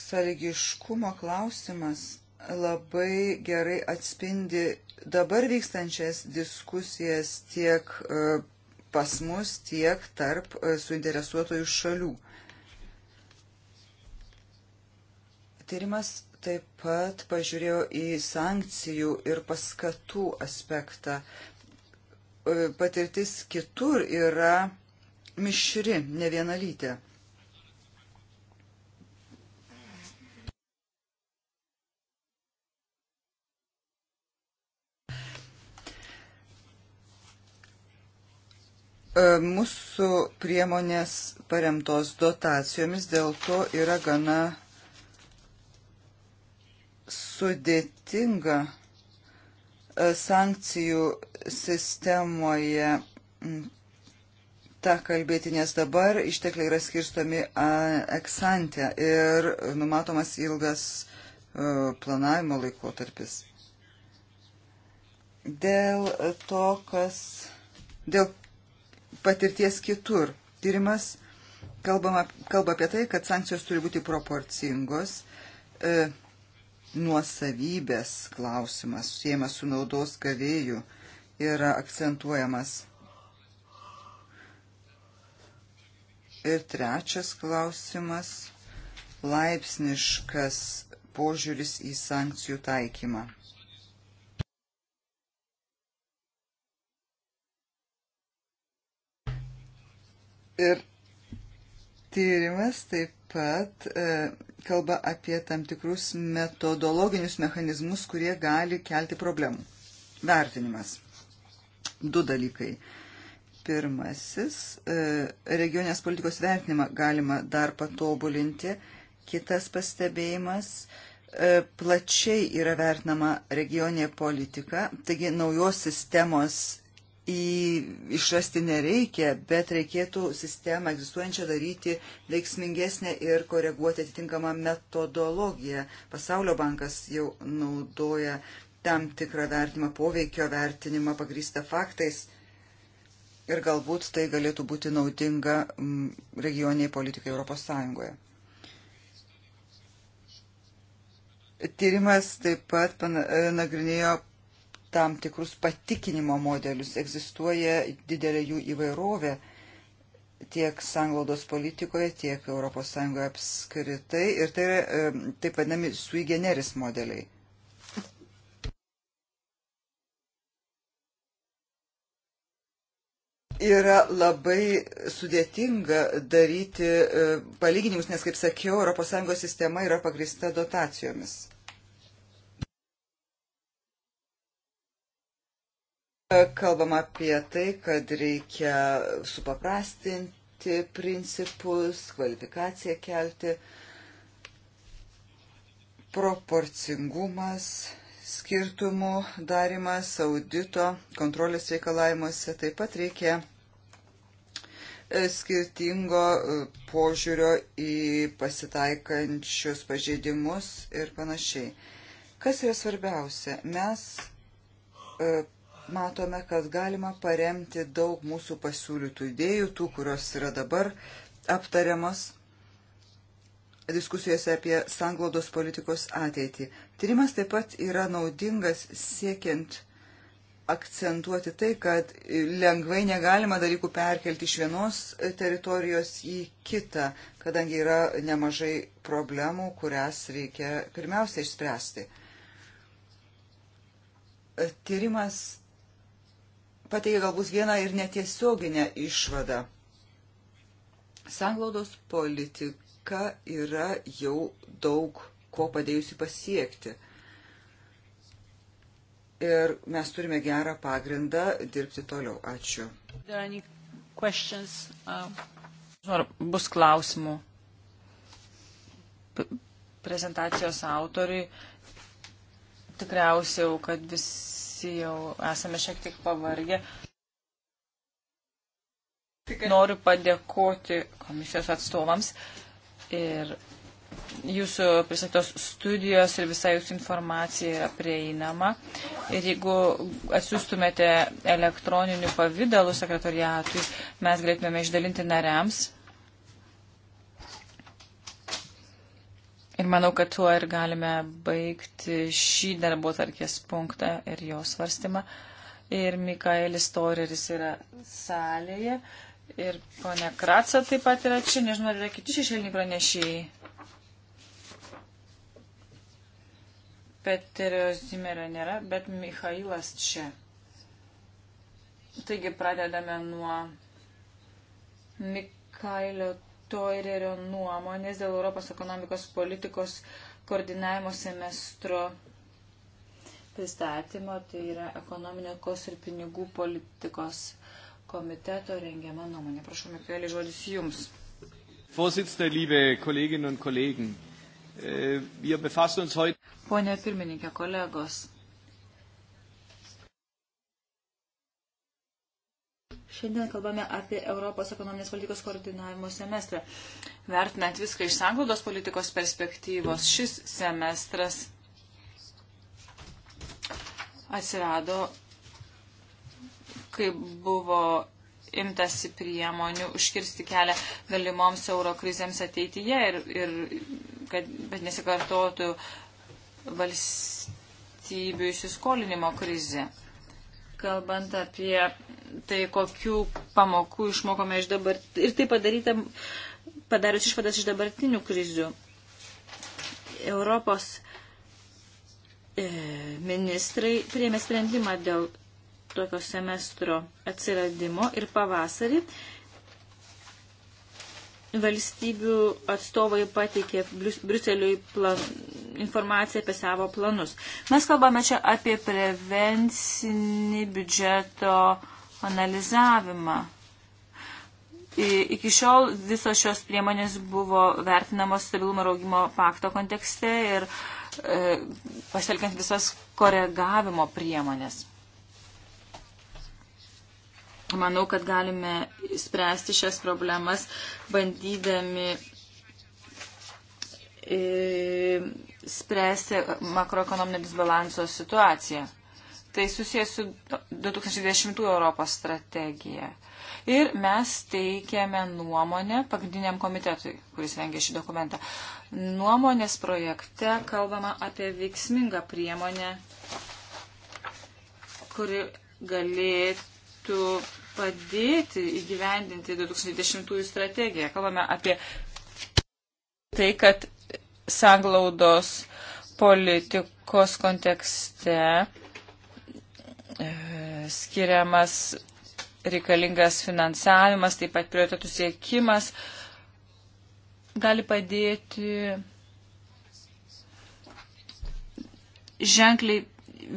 Sąlygiškumo klausimas labai gerai atspindi dabar vykstančias diskusijas tiek uh, pas mus, tiek tarp e, suinteresuotojų šalių. Tyrimas taip pat pažiūrėjo į sankcijų ir paskatų aspektą. E, patirtis kitur yra mišri, nevienalytė. E, mūsų priemonės paremtos dotacijomis dėl to yra gana sudėtinga e, sankcijų sistemoje tą kalbėti, nes dabar ištekliai yra skirstomi eksantė ir numatomas ilgas e, planavimo laikotarpis. Dėl to, kas, dėl patirties kitur. Tyrimas kalbama, kalba apie tai, kad sankcijos turi būti proporcingos, e, nuosavybės klausimas, siejamas su naudos gavėju, yra akcentuojamas. Ir trečias klausimas - laipsniškas požiūris į sankcijų taikymą. Ir tyrimas taip pat e, kalba apie tam tikrus metodologinius mechanizmus, kurie gali kelti problemų. Vertinimas. Du dalykai. Pirmasis, e, regionės politikos vertinimą galima dar patobulinti. Kitas pastebėjimas, e, plačiai yra vertinama regionė politika, taigi naujos sistemos į išrasti nereikia, bet reikėtų sistemą egzistuojančią daryti veiksmingesnę ir koreguoti atitinkamą metodologiją. Pasaulio bankas jau naudoja tam tikrą vertinimą, poveikio vertinimą pagrįstą faktais ir galbūt tai galėtų būti naudinga mm, regioniai politikai Europos Sąjungoje. Tyrimas taip pat e, nagrinėjo tam tikrus patikinimo modelius. Egzistuoja didelė jų įvairovė tiek sanglaudos politikoje, tiek ES apskritai ir tai yra taip vadinami sui generis modeliai. Yra labai sudėtinga daryti palyginimus, nes, kaip sakiau, ES sistema yra pagrista dotacijomis. Kalbam apie tai, kad reikia supaprastinti principus, kvalifikaciją kelti, proporcingumas, skirtumų darimas, audito, kontrolės reikalavimuose. Taip pat reikia e, skirtingo e, požiūrio į pasitaikančius pažeidimus ir panašiai. Kas yra svarbiausia? Mes e, matome, kad galima paremti daug mūsų pasiūlytų idėjų, tų, kurios yra dabar aptariamos diskusijose apie sanglaudos politikos ateitį. Tyrimas taip pat yra naudingas siekiant akcentuoti tai, kad lengvai negalima dalykų perkelti iš vienos teritorijos į kitą, kadangi yra nemažai problemų, kurias reikia pirmiausia išspręsti. Tyrimas pateikė galbūt vieną ir netiesioginę išvadą. Sanglaudos politika yra jau daug ko padėjusi pasiekti. Ir mes turime gerą pagrindą dirbti toliau. Ačiū. Uh, ar bus klausimų prezentacijos autoriui? Tikriausiai, kad visi visi jau esame šiek tiek pavargę. Noriu padėkoti komisijos atstovams ir jūsų pristatytos studijos ir visa jūsų informacija yra prieinama. Ir jeigu atsiųstumėte elektroniniu pavydalu sekretoriatui, mes galėtumėme išdalinti nariams Ir manau, kad tuo ir galime baigti šį darbo tarkės punktą ir jo svarstymą. Ir Mikaelis Toreris yra salėje. Ir ponia Kratsa taip pat yra čia. Nežinau, ar yra kiti šešėliniai pranešėjai. Peterio Zimerio nėra, bet Mikhailas čia. Taigi pradedame nuo Mikailio Toirerio nuomonės dėl Europos ekonomikos politikos koordinavimo semestro pristatymo, tai yra ekonomikos ir pinigų politikos komiteto rengiama nuomonė. Prašau, Mikaeli, žodis jums. Vorsitzender, liebe Kolleginnen und Kollegen, äh, wir befassen uns heute. Pone pirmininkė, kolegos, Šiandien kalbame apie Europos ekonominės politikos koordinavimo semestrą. Vertinant viską iš sanglaudos politikos perspektyvos, šis semestras atsirado, kai buvo imtasi priemonių užkirsti kelią galimoms euro krizėms ateityje ir, ir kad nesikartotų valstybių įsiskolinimo krizė kalbant apie tai, kokių pamokų išmokome iš dabar ir tai padaryta, padarius išvadas iš dabartinių krizių. Europos e, ministrai priėmė sprendimą dėl tokio semestro atsiradimo ir pavasarį valstybių atstovai pateikė Bruseliui plan, informaciją apie savo planus. Mes kalbame čia apie prevencinį biudžeto analizavimą. Iki šiol visos šios priemonės buvo vertinamos stabilumo raugimo pakto kontekste ir e, pasitelkiant visas koregavimo priemonės. Manau, kad galime spręsti šias problemas, bandydami e, spręsti makroekonominio disbalanso situaciją. Tai susijęs su 2010 Europos strategija. Ir mes teikėme nuomonę pagrindiniam komitetui, kuris rengė šį dokumentą. Nuomonės projekte kalbama apie veiksmingą priemonę, kuri galėtų padėti įgyvendinti 2010 strategiją. Kalbame apie tai, kad sanglaudos politikos kontekste e, skiriamas reikalingas finansavimas, taip pat prioritetų siekimas gali padėti ženkliai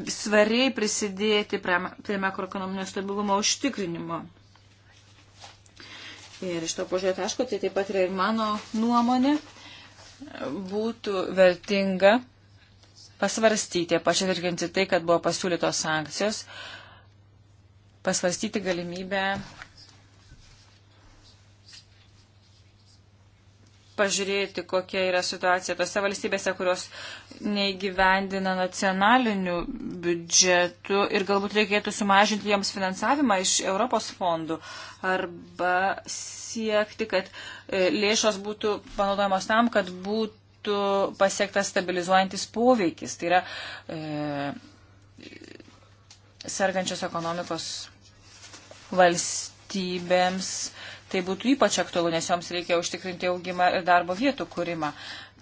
svariai prisidėti prie, prie makroekonominio stabilumo užtikrinimo. Ir iš to požiūrėjo taško, tai taip pat yra ir mano nuomonė, būtų vertinga pasvarstyti, pašvirginti tai, kad buvo pasiūlytos sankcijos, pasvarstyti galimybę pažiūrėti, kokia yra situacija tose valstybėse, kurios neįgyvendina nacionalinių biudžetų ir galbūt reikėtų sumažinti joms finansavimą iš Europos fondų arba siekti, kad e, lėšos būtų panaudojamos tam, kad būtų pasiektas stabilizuojantis poveikis. Tai yra e, sergančios ekonomikos valstybėms Tai būtų ypač aktualu, nes joms reikia užtikrinti augimą ir darbo vietų kūrimą.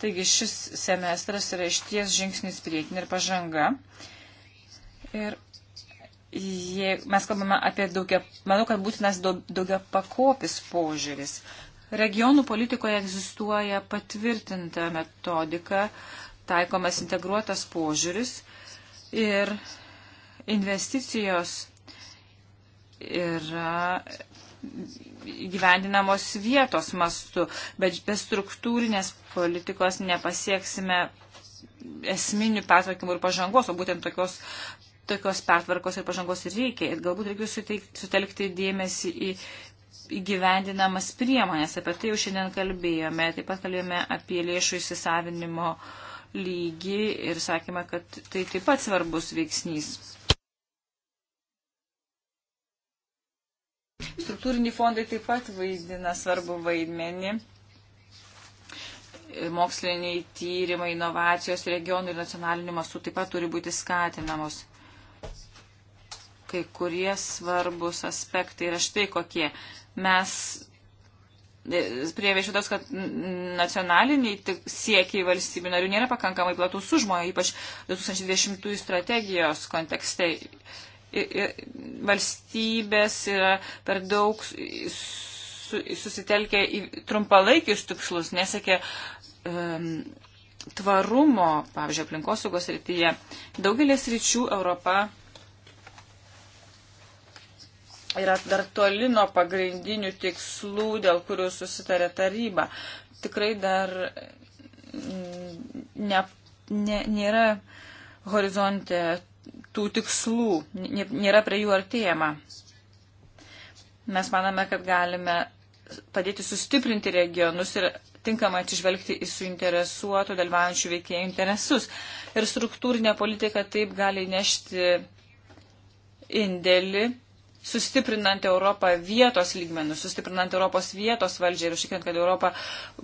Taigi šis semestras yra išties žingsnis priekin ir pažanga. Ir jie, mes kalbame apie daugia, manau, kad būtinas daugia pakopis požiūris. Regionų politikoje egzistuoja patvirtinta metodika, taikomas integruotas požiūris ir investicijos yra gyvendinamos vietos mastu, bet be struktūrinės politikos nepasieksime esminių pertvarkymų ir pažangos, o būtent tokios, tokios pertvarkos ir pažangos ir reikia. Ir galbūt reikia sutelkti dėmesį į įgyvendinamas priemonės. Apie tai jau šiandien kalbėjome. Taip pat kalbėjome apie lėšų įsisavinimo lygį ir sakėme, kad tai taip pat svarbus veiksnys. Struktūriniai fondai taip pat vaidina svarbu vaidmenį. Moksliniai tyrimai, inovacijos regionų ir nacionalinių masų taip pat turi būti skatinamos. Kai kurie svarbus aspektai yra štai kokie. Mes e, priemė šitos, kad nacionaliniai siekiai valstybių narių nėra pakankamai platus užmojo, ypač 2020 strategijos kontekste valstybės yra per daug susitelkę į trumpalaikius tikslus, nesiekia um, tvarumo, pavyzdžiui, aplinkosaugos rytyje. Daugelės ryčių Europa yra dar toli nuo pagrindinių tikslų, dėl kurių susitarė taryba. Tikrai dar mm, ne, ne, nėra horizonte tų tikslų, nėra prie jų artėjama. Mes manome, kad galime padėti sustiprinti regionus ir tinkamai atsižvelgti į suinteresuotų dalyvaujančių veikėjų interesus. Ir struktūrinė politika taip gali nešti indėlį, sustiprinant Europą vietos lygmenų, sustiprinant Europos vietos valdžią ir užtikrinant, kad Europa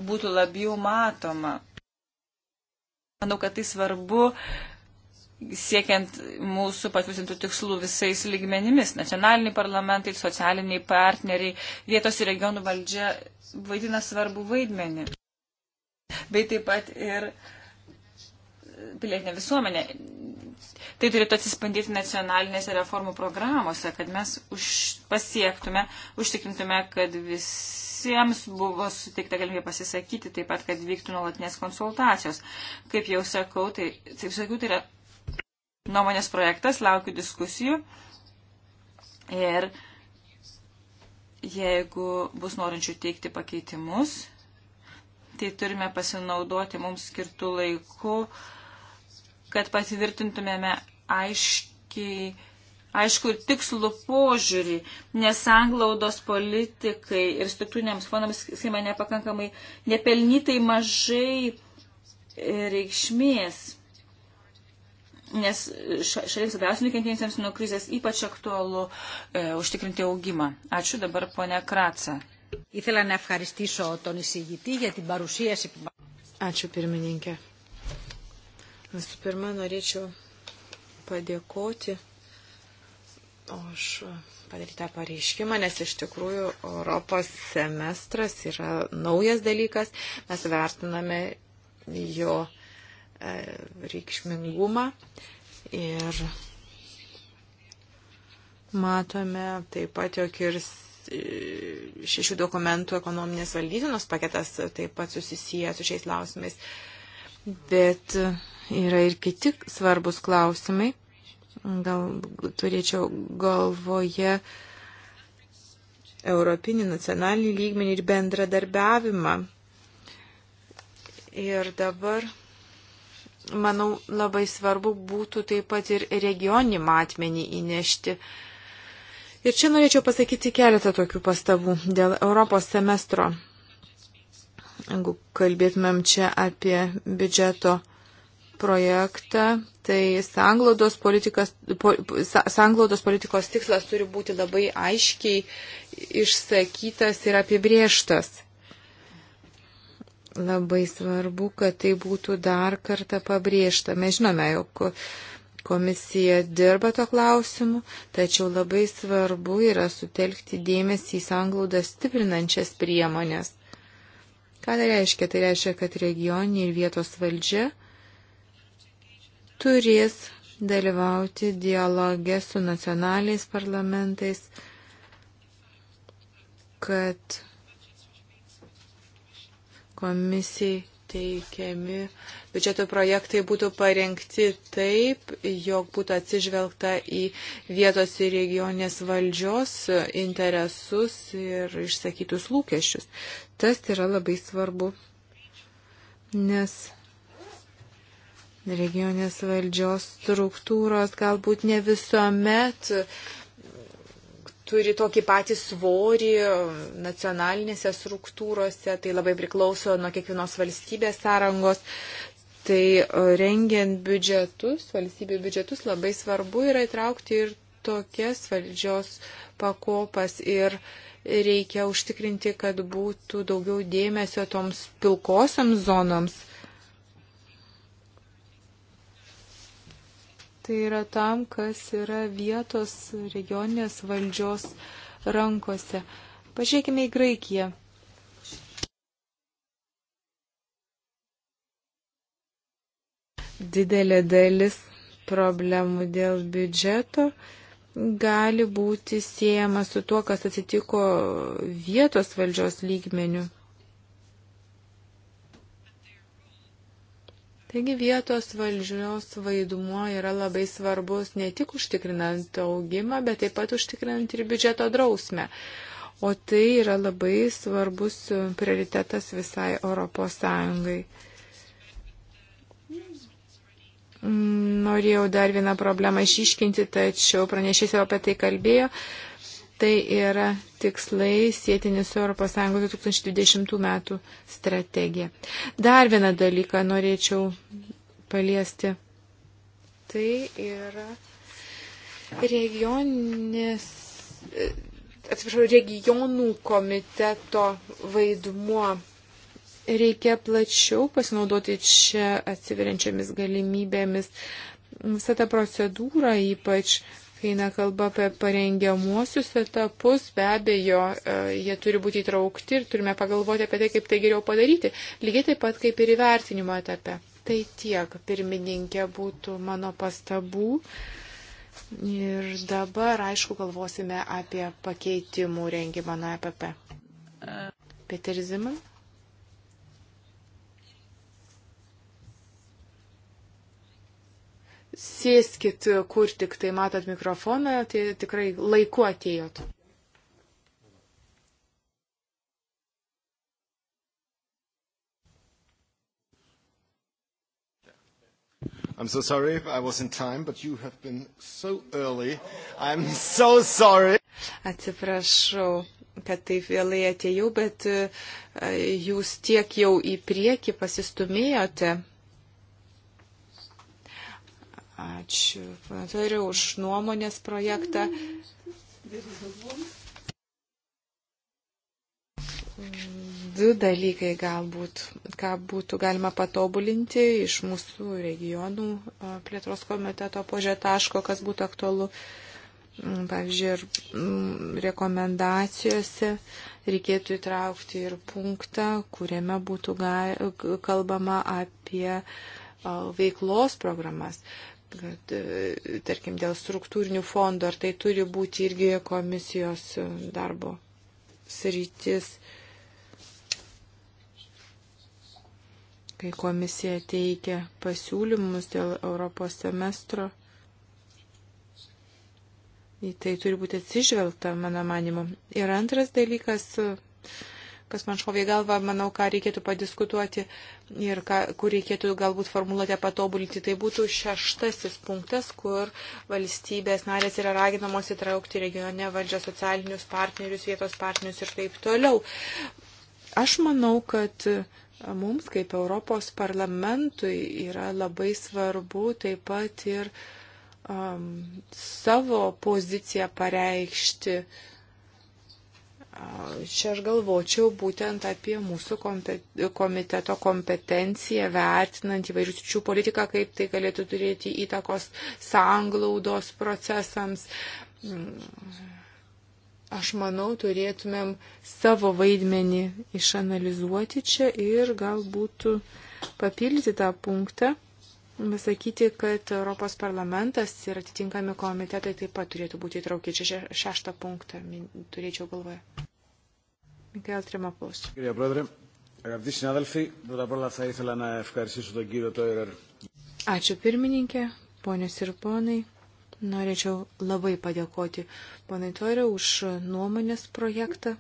būtų labiau matoma. Manau, kad tai svarbu siekiant mūsų patvirtintų tikslų visais lygmenimis. Nacionaliniai parlamentai, socialiniai partneriai, vietos ir regionų valdžia vaidina svarbų vaidmenį. Bei taip pat ir pilietinė visuomenė. Tai turėtų atsispandyti nacionalinėse reformų programuose, kad mes už, pasiektume, užtikrintume, kad visiems buvo suteikta galimybė pasisakyti, taip pat, kad vyktų nuolatinės konsultacijos. Kaip jau sakau, tai, taip sakiau, tai yra nuomonės projektas, laukiu diskusijų. Ir jeigu bus norinčių teikti pakeitimus, tai turime pasinaudoti mums skirtų laikų, kad patvirtintumėme aiškiai, aišku ir tikslų požiūrį, nes anglaudos politikai ir struktūriniams fondams skima nepakankamai, nepelnytai mažai e, reikšmės nes šalims labiausiai nukentėjusiems nuo krizės ypač aktualu e, užtikrinti augimą. Ačiū dabar ponia Kratsa. Ačiū pirmininkė. Visų pirma, norėčiau padėkoti už padarytą pareiškimą, nes iš tikrųjų Europos semestras yra naujas dalykas. Mes vertiname jo E, reikšmingumą ir matome taip pat, jog ir e, šešių dokumentų ekonominės valdysenos paketas taip pat susisijęs su šiais klausimais. Bet yra ir kiti svarbus klausimai. Gal turėčiau galvoje europinį nacionalinį lygmenį ir bendradarbiavimą. Ir dabar manau, labai svarbu būtų taip pat ir regioninį matmenį įnešti. Ir čia norėčiau pasakyti keletą tokių pastabų dėl Europos semestro. Jeigu kalbėtumėm čia apie biudžeto projektą, tai sanglaudos, po, sanglaudos politikos tikslas turi būti labai aiškiai išsakytas ir apibrieštas. Labai svarbu, kad tai būtų dar kartą pabrėžta. Mes žinome, jog komisija dirba to klausimu, tačiau labai svarbu yra sutelkti dėmesį į sanglaudą stiprinančias priemonės. Ką tai reiškia? Tai reiškia, kad regioninė ir vietos valdžia turės dalyvauti dialogė su nacionaliais parlamentais, kad komisijai teikiami biudžeto projektai būtų parengti taip, jog būtų atsižvelgta į vietos ir regionės valdžios interesus ir išsakytus lūkesčius. Tas yra labai svarbu, nes regionės valdžios struktūros galbūt ne visuomet turi tokį patį svorį nacionalinėse struktūrose, tai labai priklauso nuo kiekvienos valstybės sąrangos. Tai e, rengiant biudžetus, valstybių biudžetus, labai svarbu yra įtraukti ir tokias valdžios pakopas ir reikia užtikrinti, kad būtų daugiau dėmesio toms pilkosioms zonoms Tai yra tam, kas yra vietos regioninės valdžios rankose. Pažiūrėkime į Graikiją. Didelė dalis problemų dėl biudžeto gali būti siejama su tuo, kas atsitiko vietos valdžios lygmeniu. Taigi vietos valdžios vaidmuo yra labai svarbus ne tik užtikrinant augimą, bet taip pat užtikrinant ir biudžeto drausmę. O tai yra labai svarbus prioritetas visai Europos Sąjungai. Mm, norėjau dar vieną problemą išiškinti, tačiau pranešys jau apie tai kalbėjo. Tai yra tikslai sėtini su ES 2020 metų strategija. Dar vieną dalyką norėčiau paliesti. Tai yra regioninis, atsiprašau, regionų komiteto vaidmuo reikia plačiau pasinaudoti čia atsiveriančiamis galimybėmis. Visa ta procedūra, ypač Kai nekalba apie parengiamuosius etapus, be abejo, e, jie turi būti įtraukti ir turime pagalvoti apie tai, kaip tai geriau padaryti. Lygiai taip pat kaip ir įvertinimo etape. Tai tiek, pirmininkė, būtų mano pastabų. Ir dabar, aišku, galvosime apie pakeitimų rengimą nuo EPP. Peter Ziman. sėskit, kur tik tai matot mikrofoną, tai tikrai laiku atėjot. I'm so sorry if I was in time, but you have been so early. I'm so sorry. Atsiprašau, kad taip vėlai atėjau, bet e, jūs tiek jau į priekį pasistumėjote. Ačiū, Pantariu, už nuomonės projektą. Du dalykai galbūt, ką būtų galima patobulinti iš mūsų regionų plėtros komiteto požiūrė taško, kas būtų aktualu pavyzdžiui, ir rekomendacijose reikėtų įtraukti ir punktą, kuriame būtų kalbama apie veiklos programas kad, e, tarkim, dėl struktūrinių fondų, ar tai turi būti irgi komisijos e, darbo sritis, kai komisija teikia pasiūlymus dėl Europos semestro. Į tai turi būti atsižvelgta, mano manimu. Ir antras dalykas, kas man šovė galvą, manau, ką reikėtų padiskutuoti ir ką, kur reikėtų galbūt formuluotę patobulinti. Tai būtų šeštasis punktas, kur valstybės narės yra raginamos įtraukti regione valdžią socialinius partnerius, vietos partnerius ir taip toliau. Aš manau, kad mums kaip Europos parlamentui yra labai svarbu taip pat ir um, savo poziciją pareikšti uh, Čia aš galvočiau būtent apie mūsų komiteto kompetenciją, vertinant įvairių sričių politiką, kaip tai galėtų turėti įtakos sanglaudos procesams. Mm. Aš manau, turėtumėm savo vaidmenį išanalizuoti čia ir galbūt papildyti tą punktą pasakyti, kad Europos parlamentas ir atitinkami komitetai taip pat turėtų būti įtraukti. Čia šeštą punktą turėčiau galvoje. Mikael Tremopoulos. Κύριε Πρόεδρε, αγαπητοί συνάδελφοι, πρώτα απ' όλα θα ήθελα να ευχαριστήσω τον κύριο Τόιρερ. Ačiū pirmininkė, ponios ir ponai. Norėčiau labai padėkoti ponai Toirė už nuomonės projektą.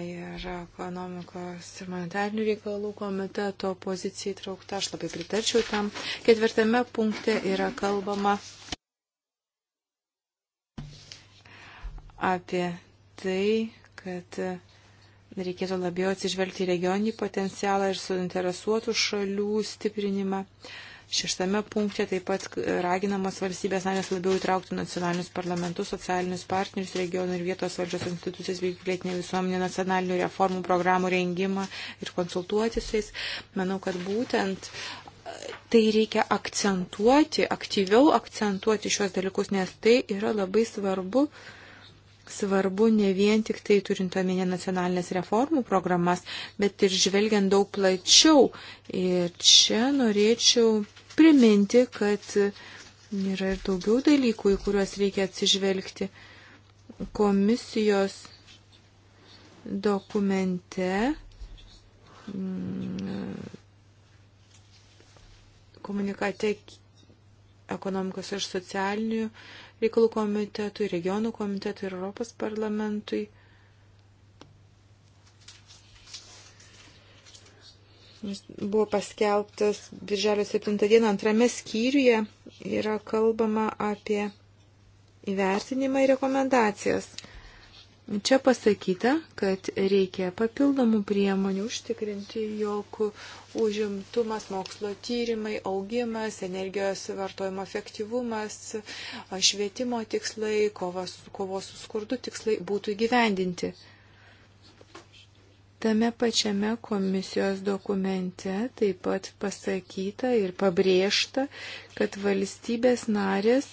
ir ekonomikos ir monetarinių reikalų komiteto pozicija įtraukta. Aš labai pritarčiau tam. Ketvirtame punkte yra kalbama apie tai, kad reikėtų labiau atsižvelgti regioninį potencialą ir suinteresuotų šalių stiprinimą. Uh, Šeštame punkte taip pat raginamos valstybės narės labiau įtraukti nacionalinius parlamentus, socialinius partnerius, regionų ir vietos valdžios institucijas bei pilietinę visuomenę nacionalinių reformų programų rengimą ir konsultuoti su jais. Manau, kad būtent e, tai reikia akcentuoti, aktyviau akcentuoti šios dalykus, nes tai yra labai svarbu uh, svarbu ne vien tik tai turint omenyje nacionalinės reformų programas, bet ir žvelgiant daug plačiau. Ir čia norėčiau priminti, kad yra ir daugiau dalykų, į kuriuos reikia atsižvelgti. Komisijos dokumente mm, komunikate ekonomikos ir socialinių reikalų komitetui, regionų komitetui ir Europos parlamentui. Jis buvo paskelbtas birželio 7 dieną antrame skyriuje yra kalbama apie įvertinimą ir rekomendacijas. Čia pasakyta, kad reikia papildomų priemonių užtikrinti, jog užimtumas, mokslo tyrimai, augimas, energijos vartojimo efektyvumas, švietimo tikslai, kovos, kovos su skurdu tikslai būtų įgyvendinti. Tame pačiame komisijos dokumente taip pat pasakyta ir pabrėžta, kad valstybės narės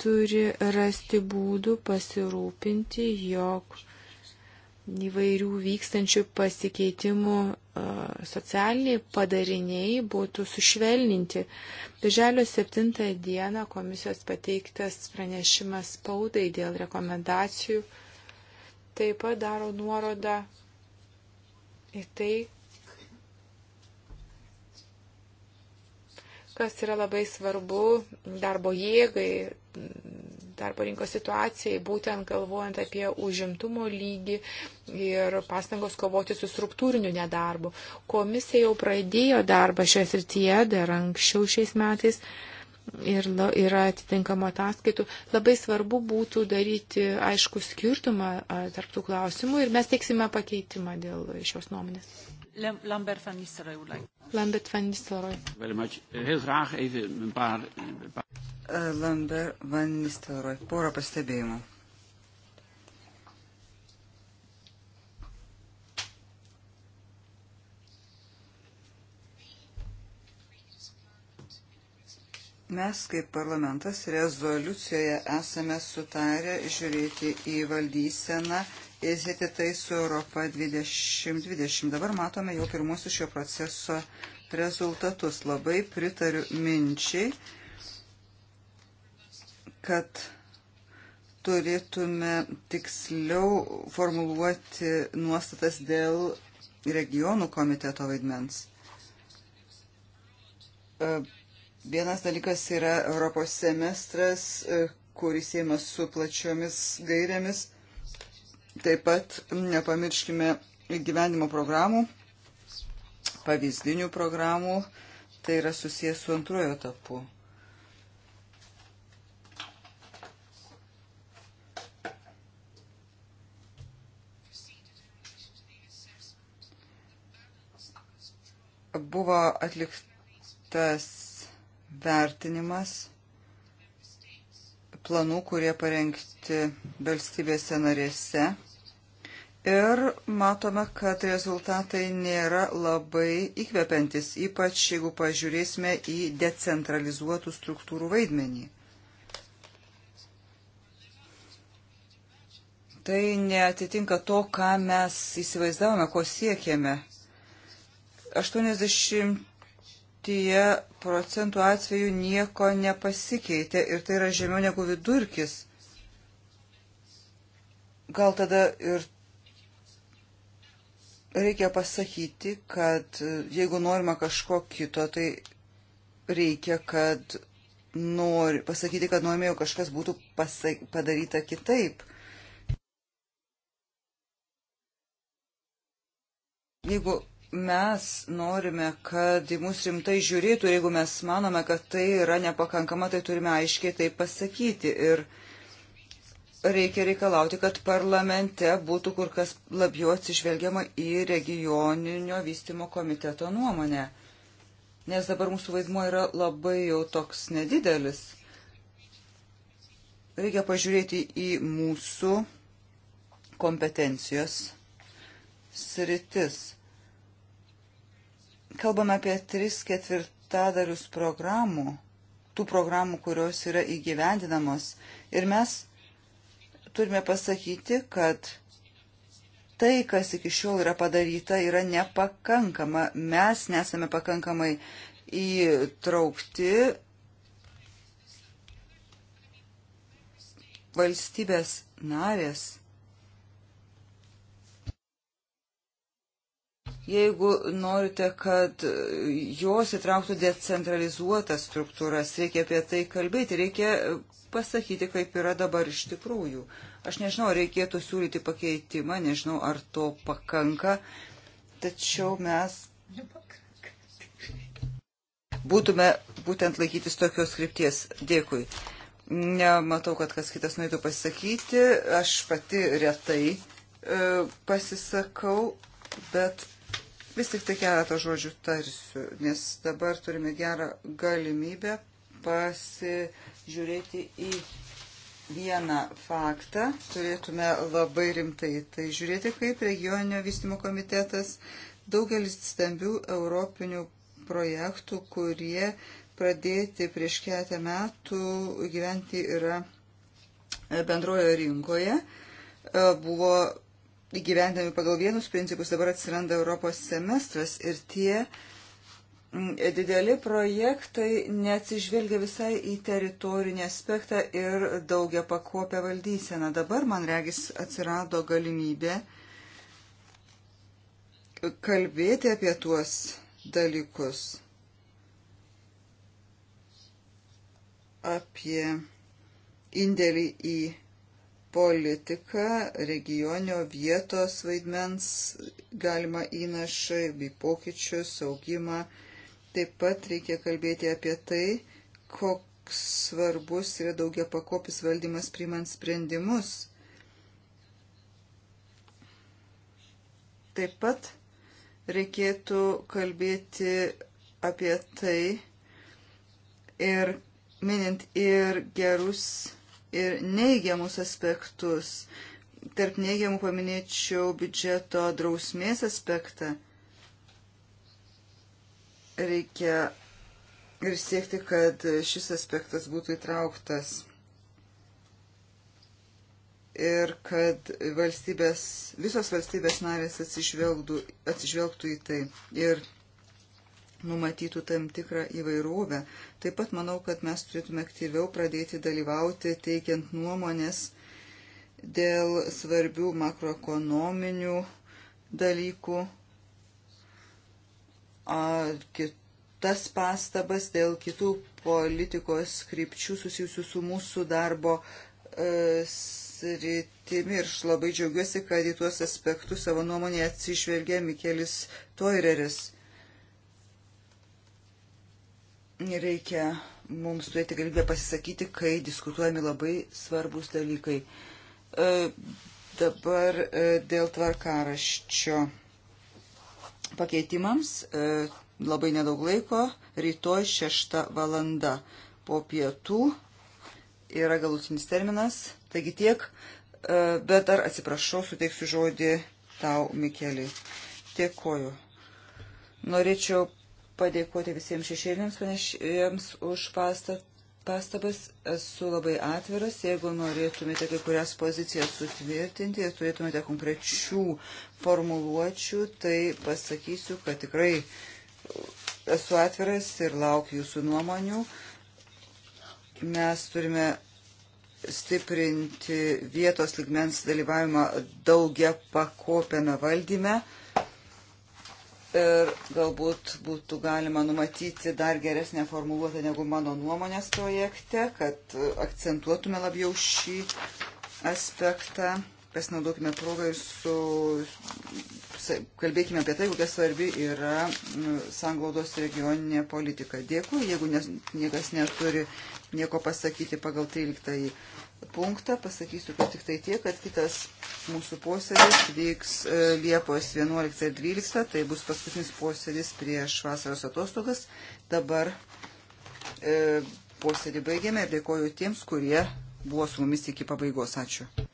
turi rasti būdų pasirūpinti, jog įvairių vykstančių pasikeitimų socialiniai padariniai būtų sušvelninti. Birželio 7 dieną komisijos pateiktas pranešimas spaudai dėl rekomendacijų taip pat daro nuorodą į tai, kas yra labai svarbu darbo jėgai, darbo rinkos situacijai, būtent galvojant apie užimtumo lygį ir pastangos kovoti su struktūriniu nedarbu. Komisija jau pradėjo darbą šioje srityje dar anksčiau šiais metais. Ir yra atitinkama ataskaitų. Labai svarbu būtų daryti aišku skirtumą tarptų klausimų ir mes teiksime pakeitimą dėl šios nuomonės. Lambert van Nistelrooy would like. Lambert van Nistelrooy. Very much. Eh, heel graag even een paar... Eh, een paar... Eh, Lambert van Nistelrooy. Porą pastebėjimų. Mes kaip parlamentas rezoliucijoje esame sutarę žiūrėti į valdyseną sėti tai su Europa 2020. Dabar matome jau pirmuosius šio proceso rezultatus. Labai pritariu minčiai, kad turėtume tiksliau formuluoti nuostatas dėl regionų komiteto vaidmens. E, vienas dalykas yra Europos semestras, e, kuris siemas su plačiomis gairėmis Taip pat nepamirškime gyvenimo programų, pavyzdinių programų, tai yra susijęs su antrojo etapu. Buvo atliktas vertinimas planų, kurie parengti valstybėse narėse Ir matome, kad rezultatai nėra labai įkvepiantis, ypač jeigu pažiūrėsime į decentralizuotų struktūrų vaidmenį. Tai netitinka to, ką mes įsivaizdavome, ko siekėme. 80 procentų atvejų nieko nepasikeitė ir tai yra žemiau negu vidurkis. Gal tada ir reikia pasakyti, kad e, jeigu norima kažko kito, tai reikia, kad nori, pasakyti, kad norime, jog kažkas būtų pasak, padaryta kitaip. Jeigu mes norime, kad į mus rimtai žiūrėtų, jeigu mes manome, kad tai yra nepakankama, tai turime aiškiai tai pasakyti. Ir reikia reikalauti, kad parlamente būtų kur kas labiau atsižvelgiama į regioninio vystimo komiteto nuomonę. Nes dabar mūsų vaidmuo yra labai jau toks nedidelis. Reikia pažiūrėti į mūsų kompetencijos sritis. Kalbame apie tris ketvirtadalius programų, tų programų, kurios yra įgyvendinamos. Ir mes turime pasakyti, kad tai, kas iki šiol yra padaryta, yra nepakankama. Mes nesame pakankamai įtraukti valstybės narės Jeigu norite, kad jos įtrauktų decentralizuotas struktūras, reikia apie tai kalbėti, reikia pasakyti, kaip yra dabar iš tikrųjų. Aš nežinau, reikėtų siūlyti pakeitimą, nežinau, ar to pakanka, tačiau mes būtume būtent laikytis tokios krypties. Dėkui. Nematau, kad kas kitas norėtų pasakyti. Aš pati retai e, pasisakau, bet Vis tik tai keletą žodžių tarsiu, nes dabar turime gerą galimybę pasižiūrėti į vieną faktą. Turėtume labai rimtai tai žiūrėti, kaip regioninio vystimo komitetas daugelis stambių europinių projektų, kurie pradėti prieš keletą metų gyventi yra bendrojo rinkoje, buvo įgyvendami pagal vienus principus, dabar atsiranda Europos semestras ir tie mm, dideli projektai neatsižvelgia visai į teritorinį aspektą ir daugia pakopę valdyseną. Dabar, man regis, atsirado galimybė kalbėti apie tuos dalykus. Apie indėlį į politiką, regionio vietos vaidmens galima įnašai bei pokyčius, augimą. Taip pat reikia kalbėti apie tai, koks svarbus yra daugia pakopis valdymas priimant sprendimus. Taip pat reikėtų kalbėti apie tai ir minint ir gerus ir neigiamus aspektus. Tarp neigiamų paminėčiau biudžeto drausmės aspektą. Reikia ir siekti, kad šis aspektas būtų įtrauktas ir kad valstybės, visos valstybės narės atsižvelgtų, atsižvelgtų į tai. Ir numatytų tam tikrą įvairovę. Taip pat manau, kad mes turėtume aktyviau pradėti dalyvauti, teikiant nuomonės dėl svarbių makroekonominių dalykų, ar kitas pastabas dėl kitų politikos krypčių susijusių su mūsų darbo e, sritimi. Ir aš labai džiaugiuosi, kad į tuos aspektus savo nuomonėje atsižvelgia Mikelis Toireris reikia mums turėti galimybę pasisakyti, kai diskutuojami labai svarbus dalykai. E, dabar e, dėl tvarkaraščio pakeitimams e, labai nedaug laiko, rytoj 6 valanda po pietų yra galutinis terminas, taigi tiek, e, bet dar atsiprašau, suteiksiu žodį tau, Mikeliai. Dėkoju. Norėčiau padėkoti visiems šešėlėms panešėjams už pastat, pastabas. Esu labai atviras. Jeigu norėtumėte kai kurias pozicijas sutvirtinti ir turėtumėte konkrečių formuluočių, tai pasakysiu, kad tikrai esu atviras ir laukiu jūsų nuomonių. Mes turime stiprinti vietos ligmens dalyvavimą daugia pakopiame valdyme ir galbūt būtų galima numatyti dar geresnę formuluotę negu mano nuomonės projekte, kad akcentuotume labiau šį aspektą. Pasinaudokime progą ir su, kalbėkime apie tai, kokia svarbi yra sanglaudos regioninė politika. Dėkui, jeigu nes, niekas neturi nieko pasakyti pagal 13 punktą. Pasakysiu, kad tik tai tiek, kad kitas mūsų posėdis vyks e, Liepos 11 ir 12. Tai bus paskutinis posėdis prieš vasaros atostogas. Dabar e, posėdį baigėme ir dėkoju tiems, kurie buvo su mumis iki pabaigos. Ačiū.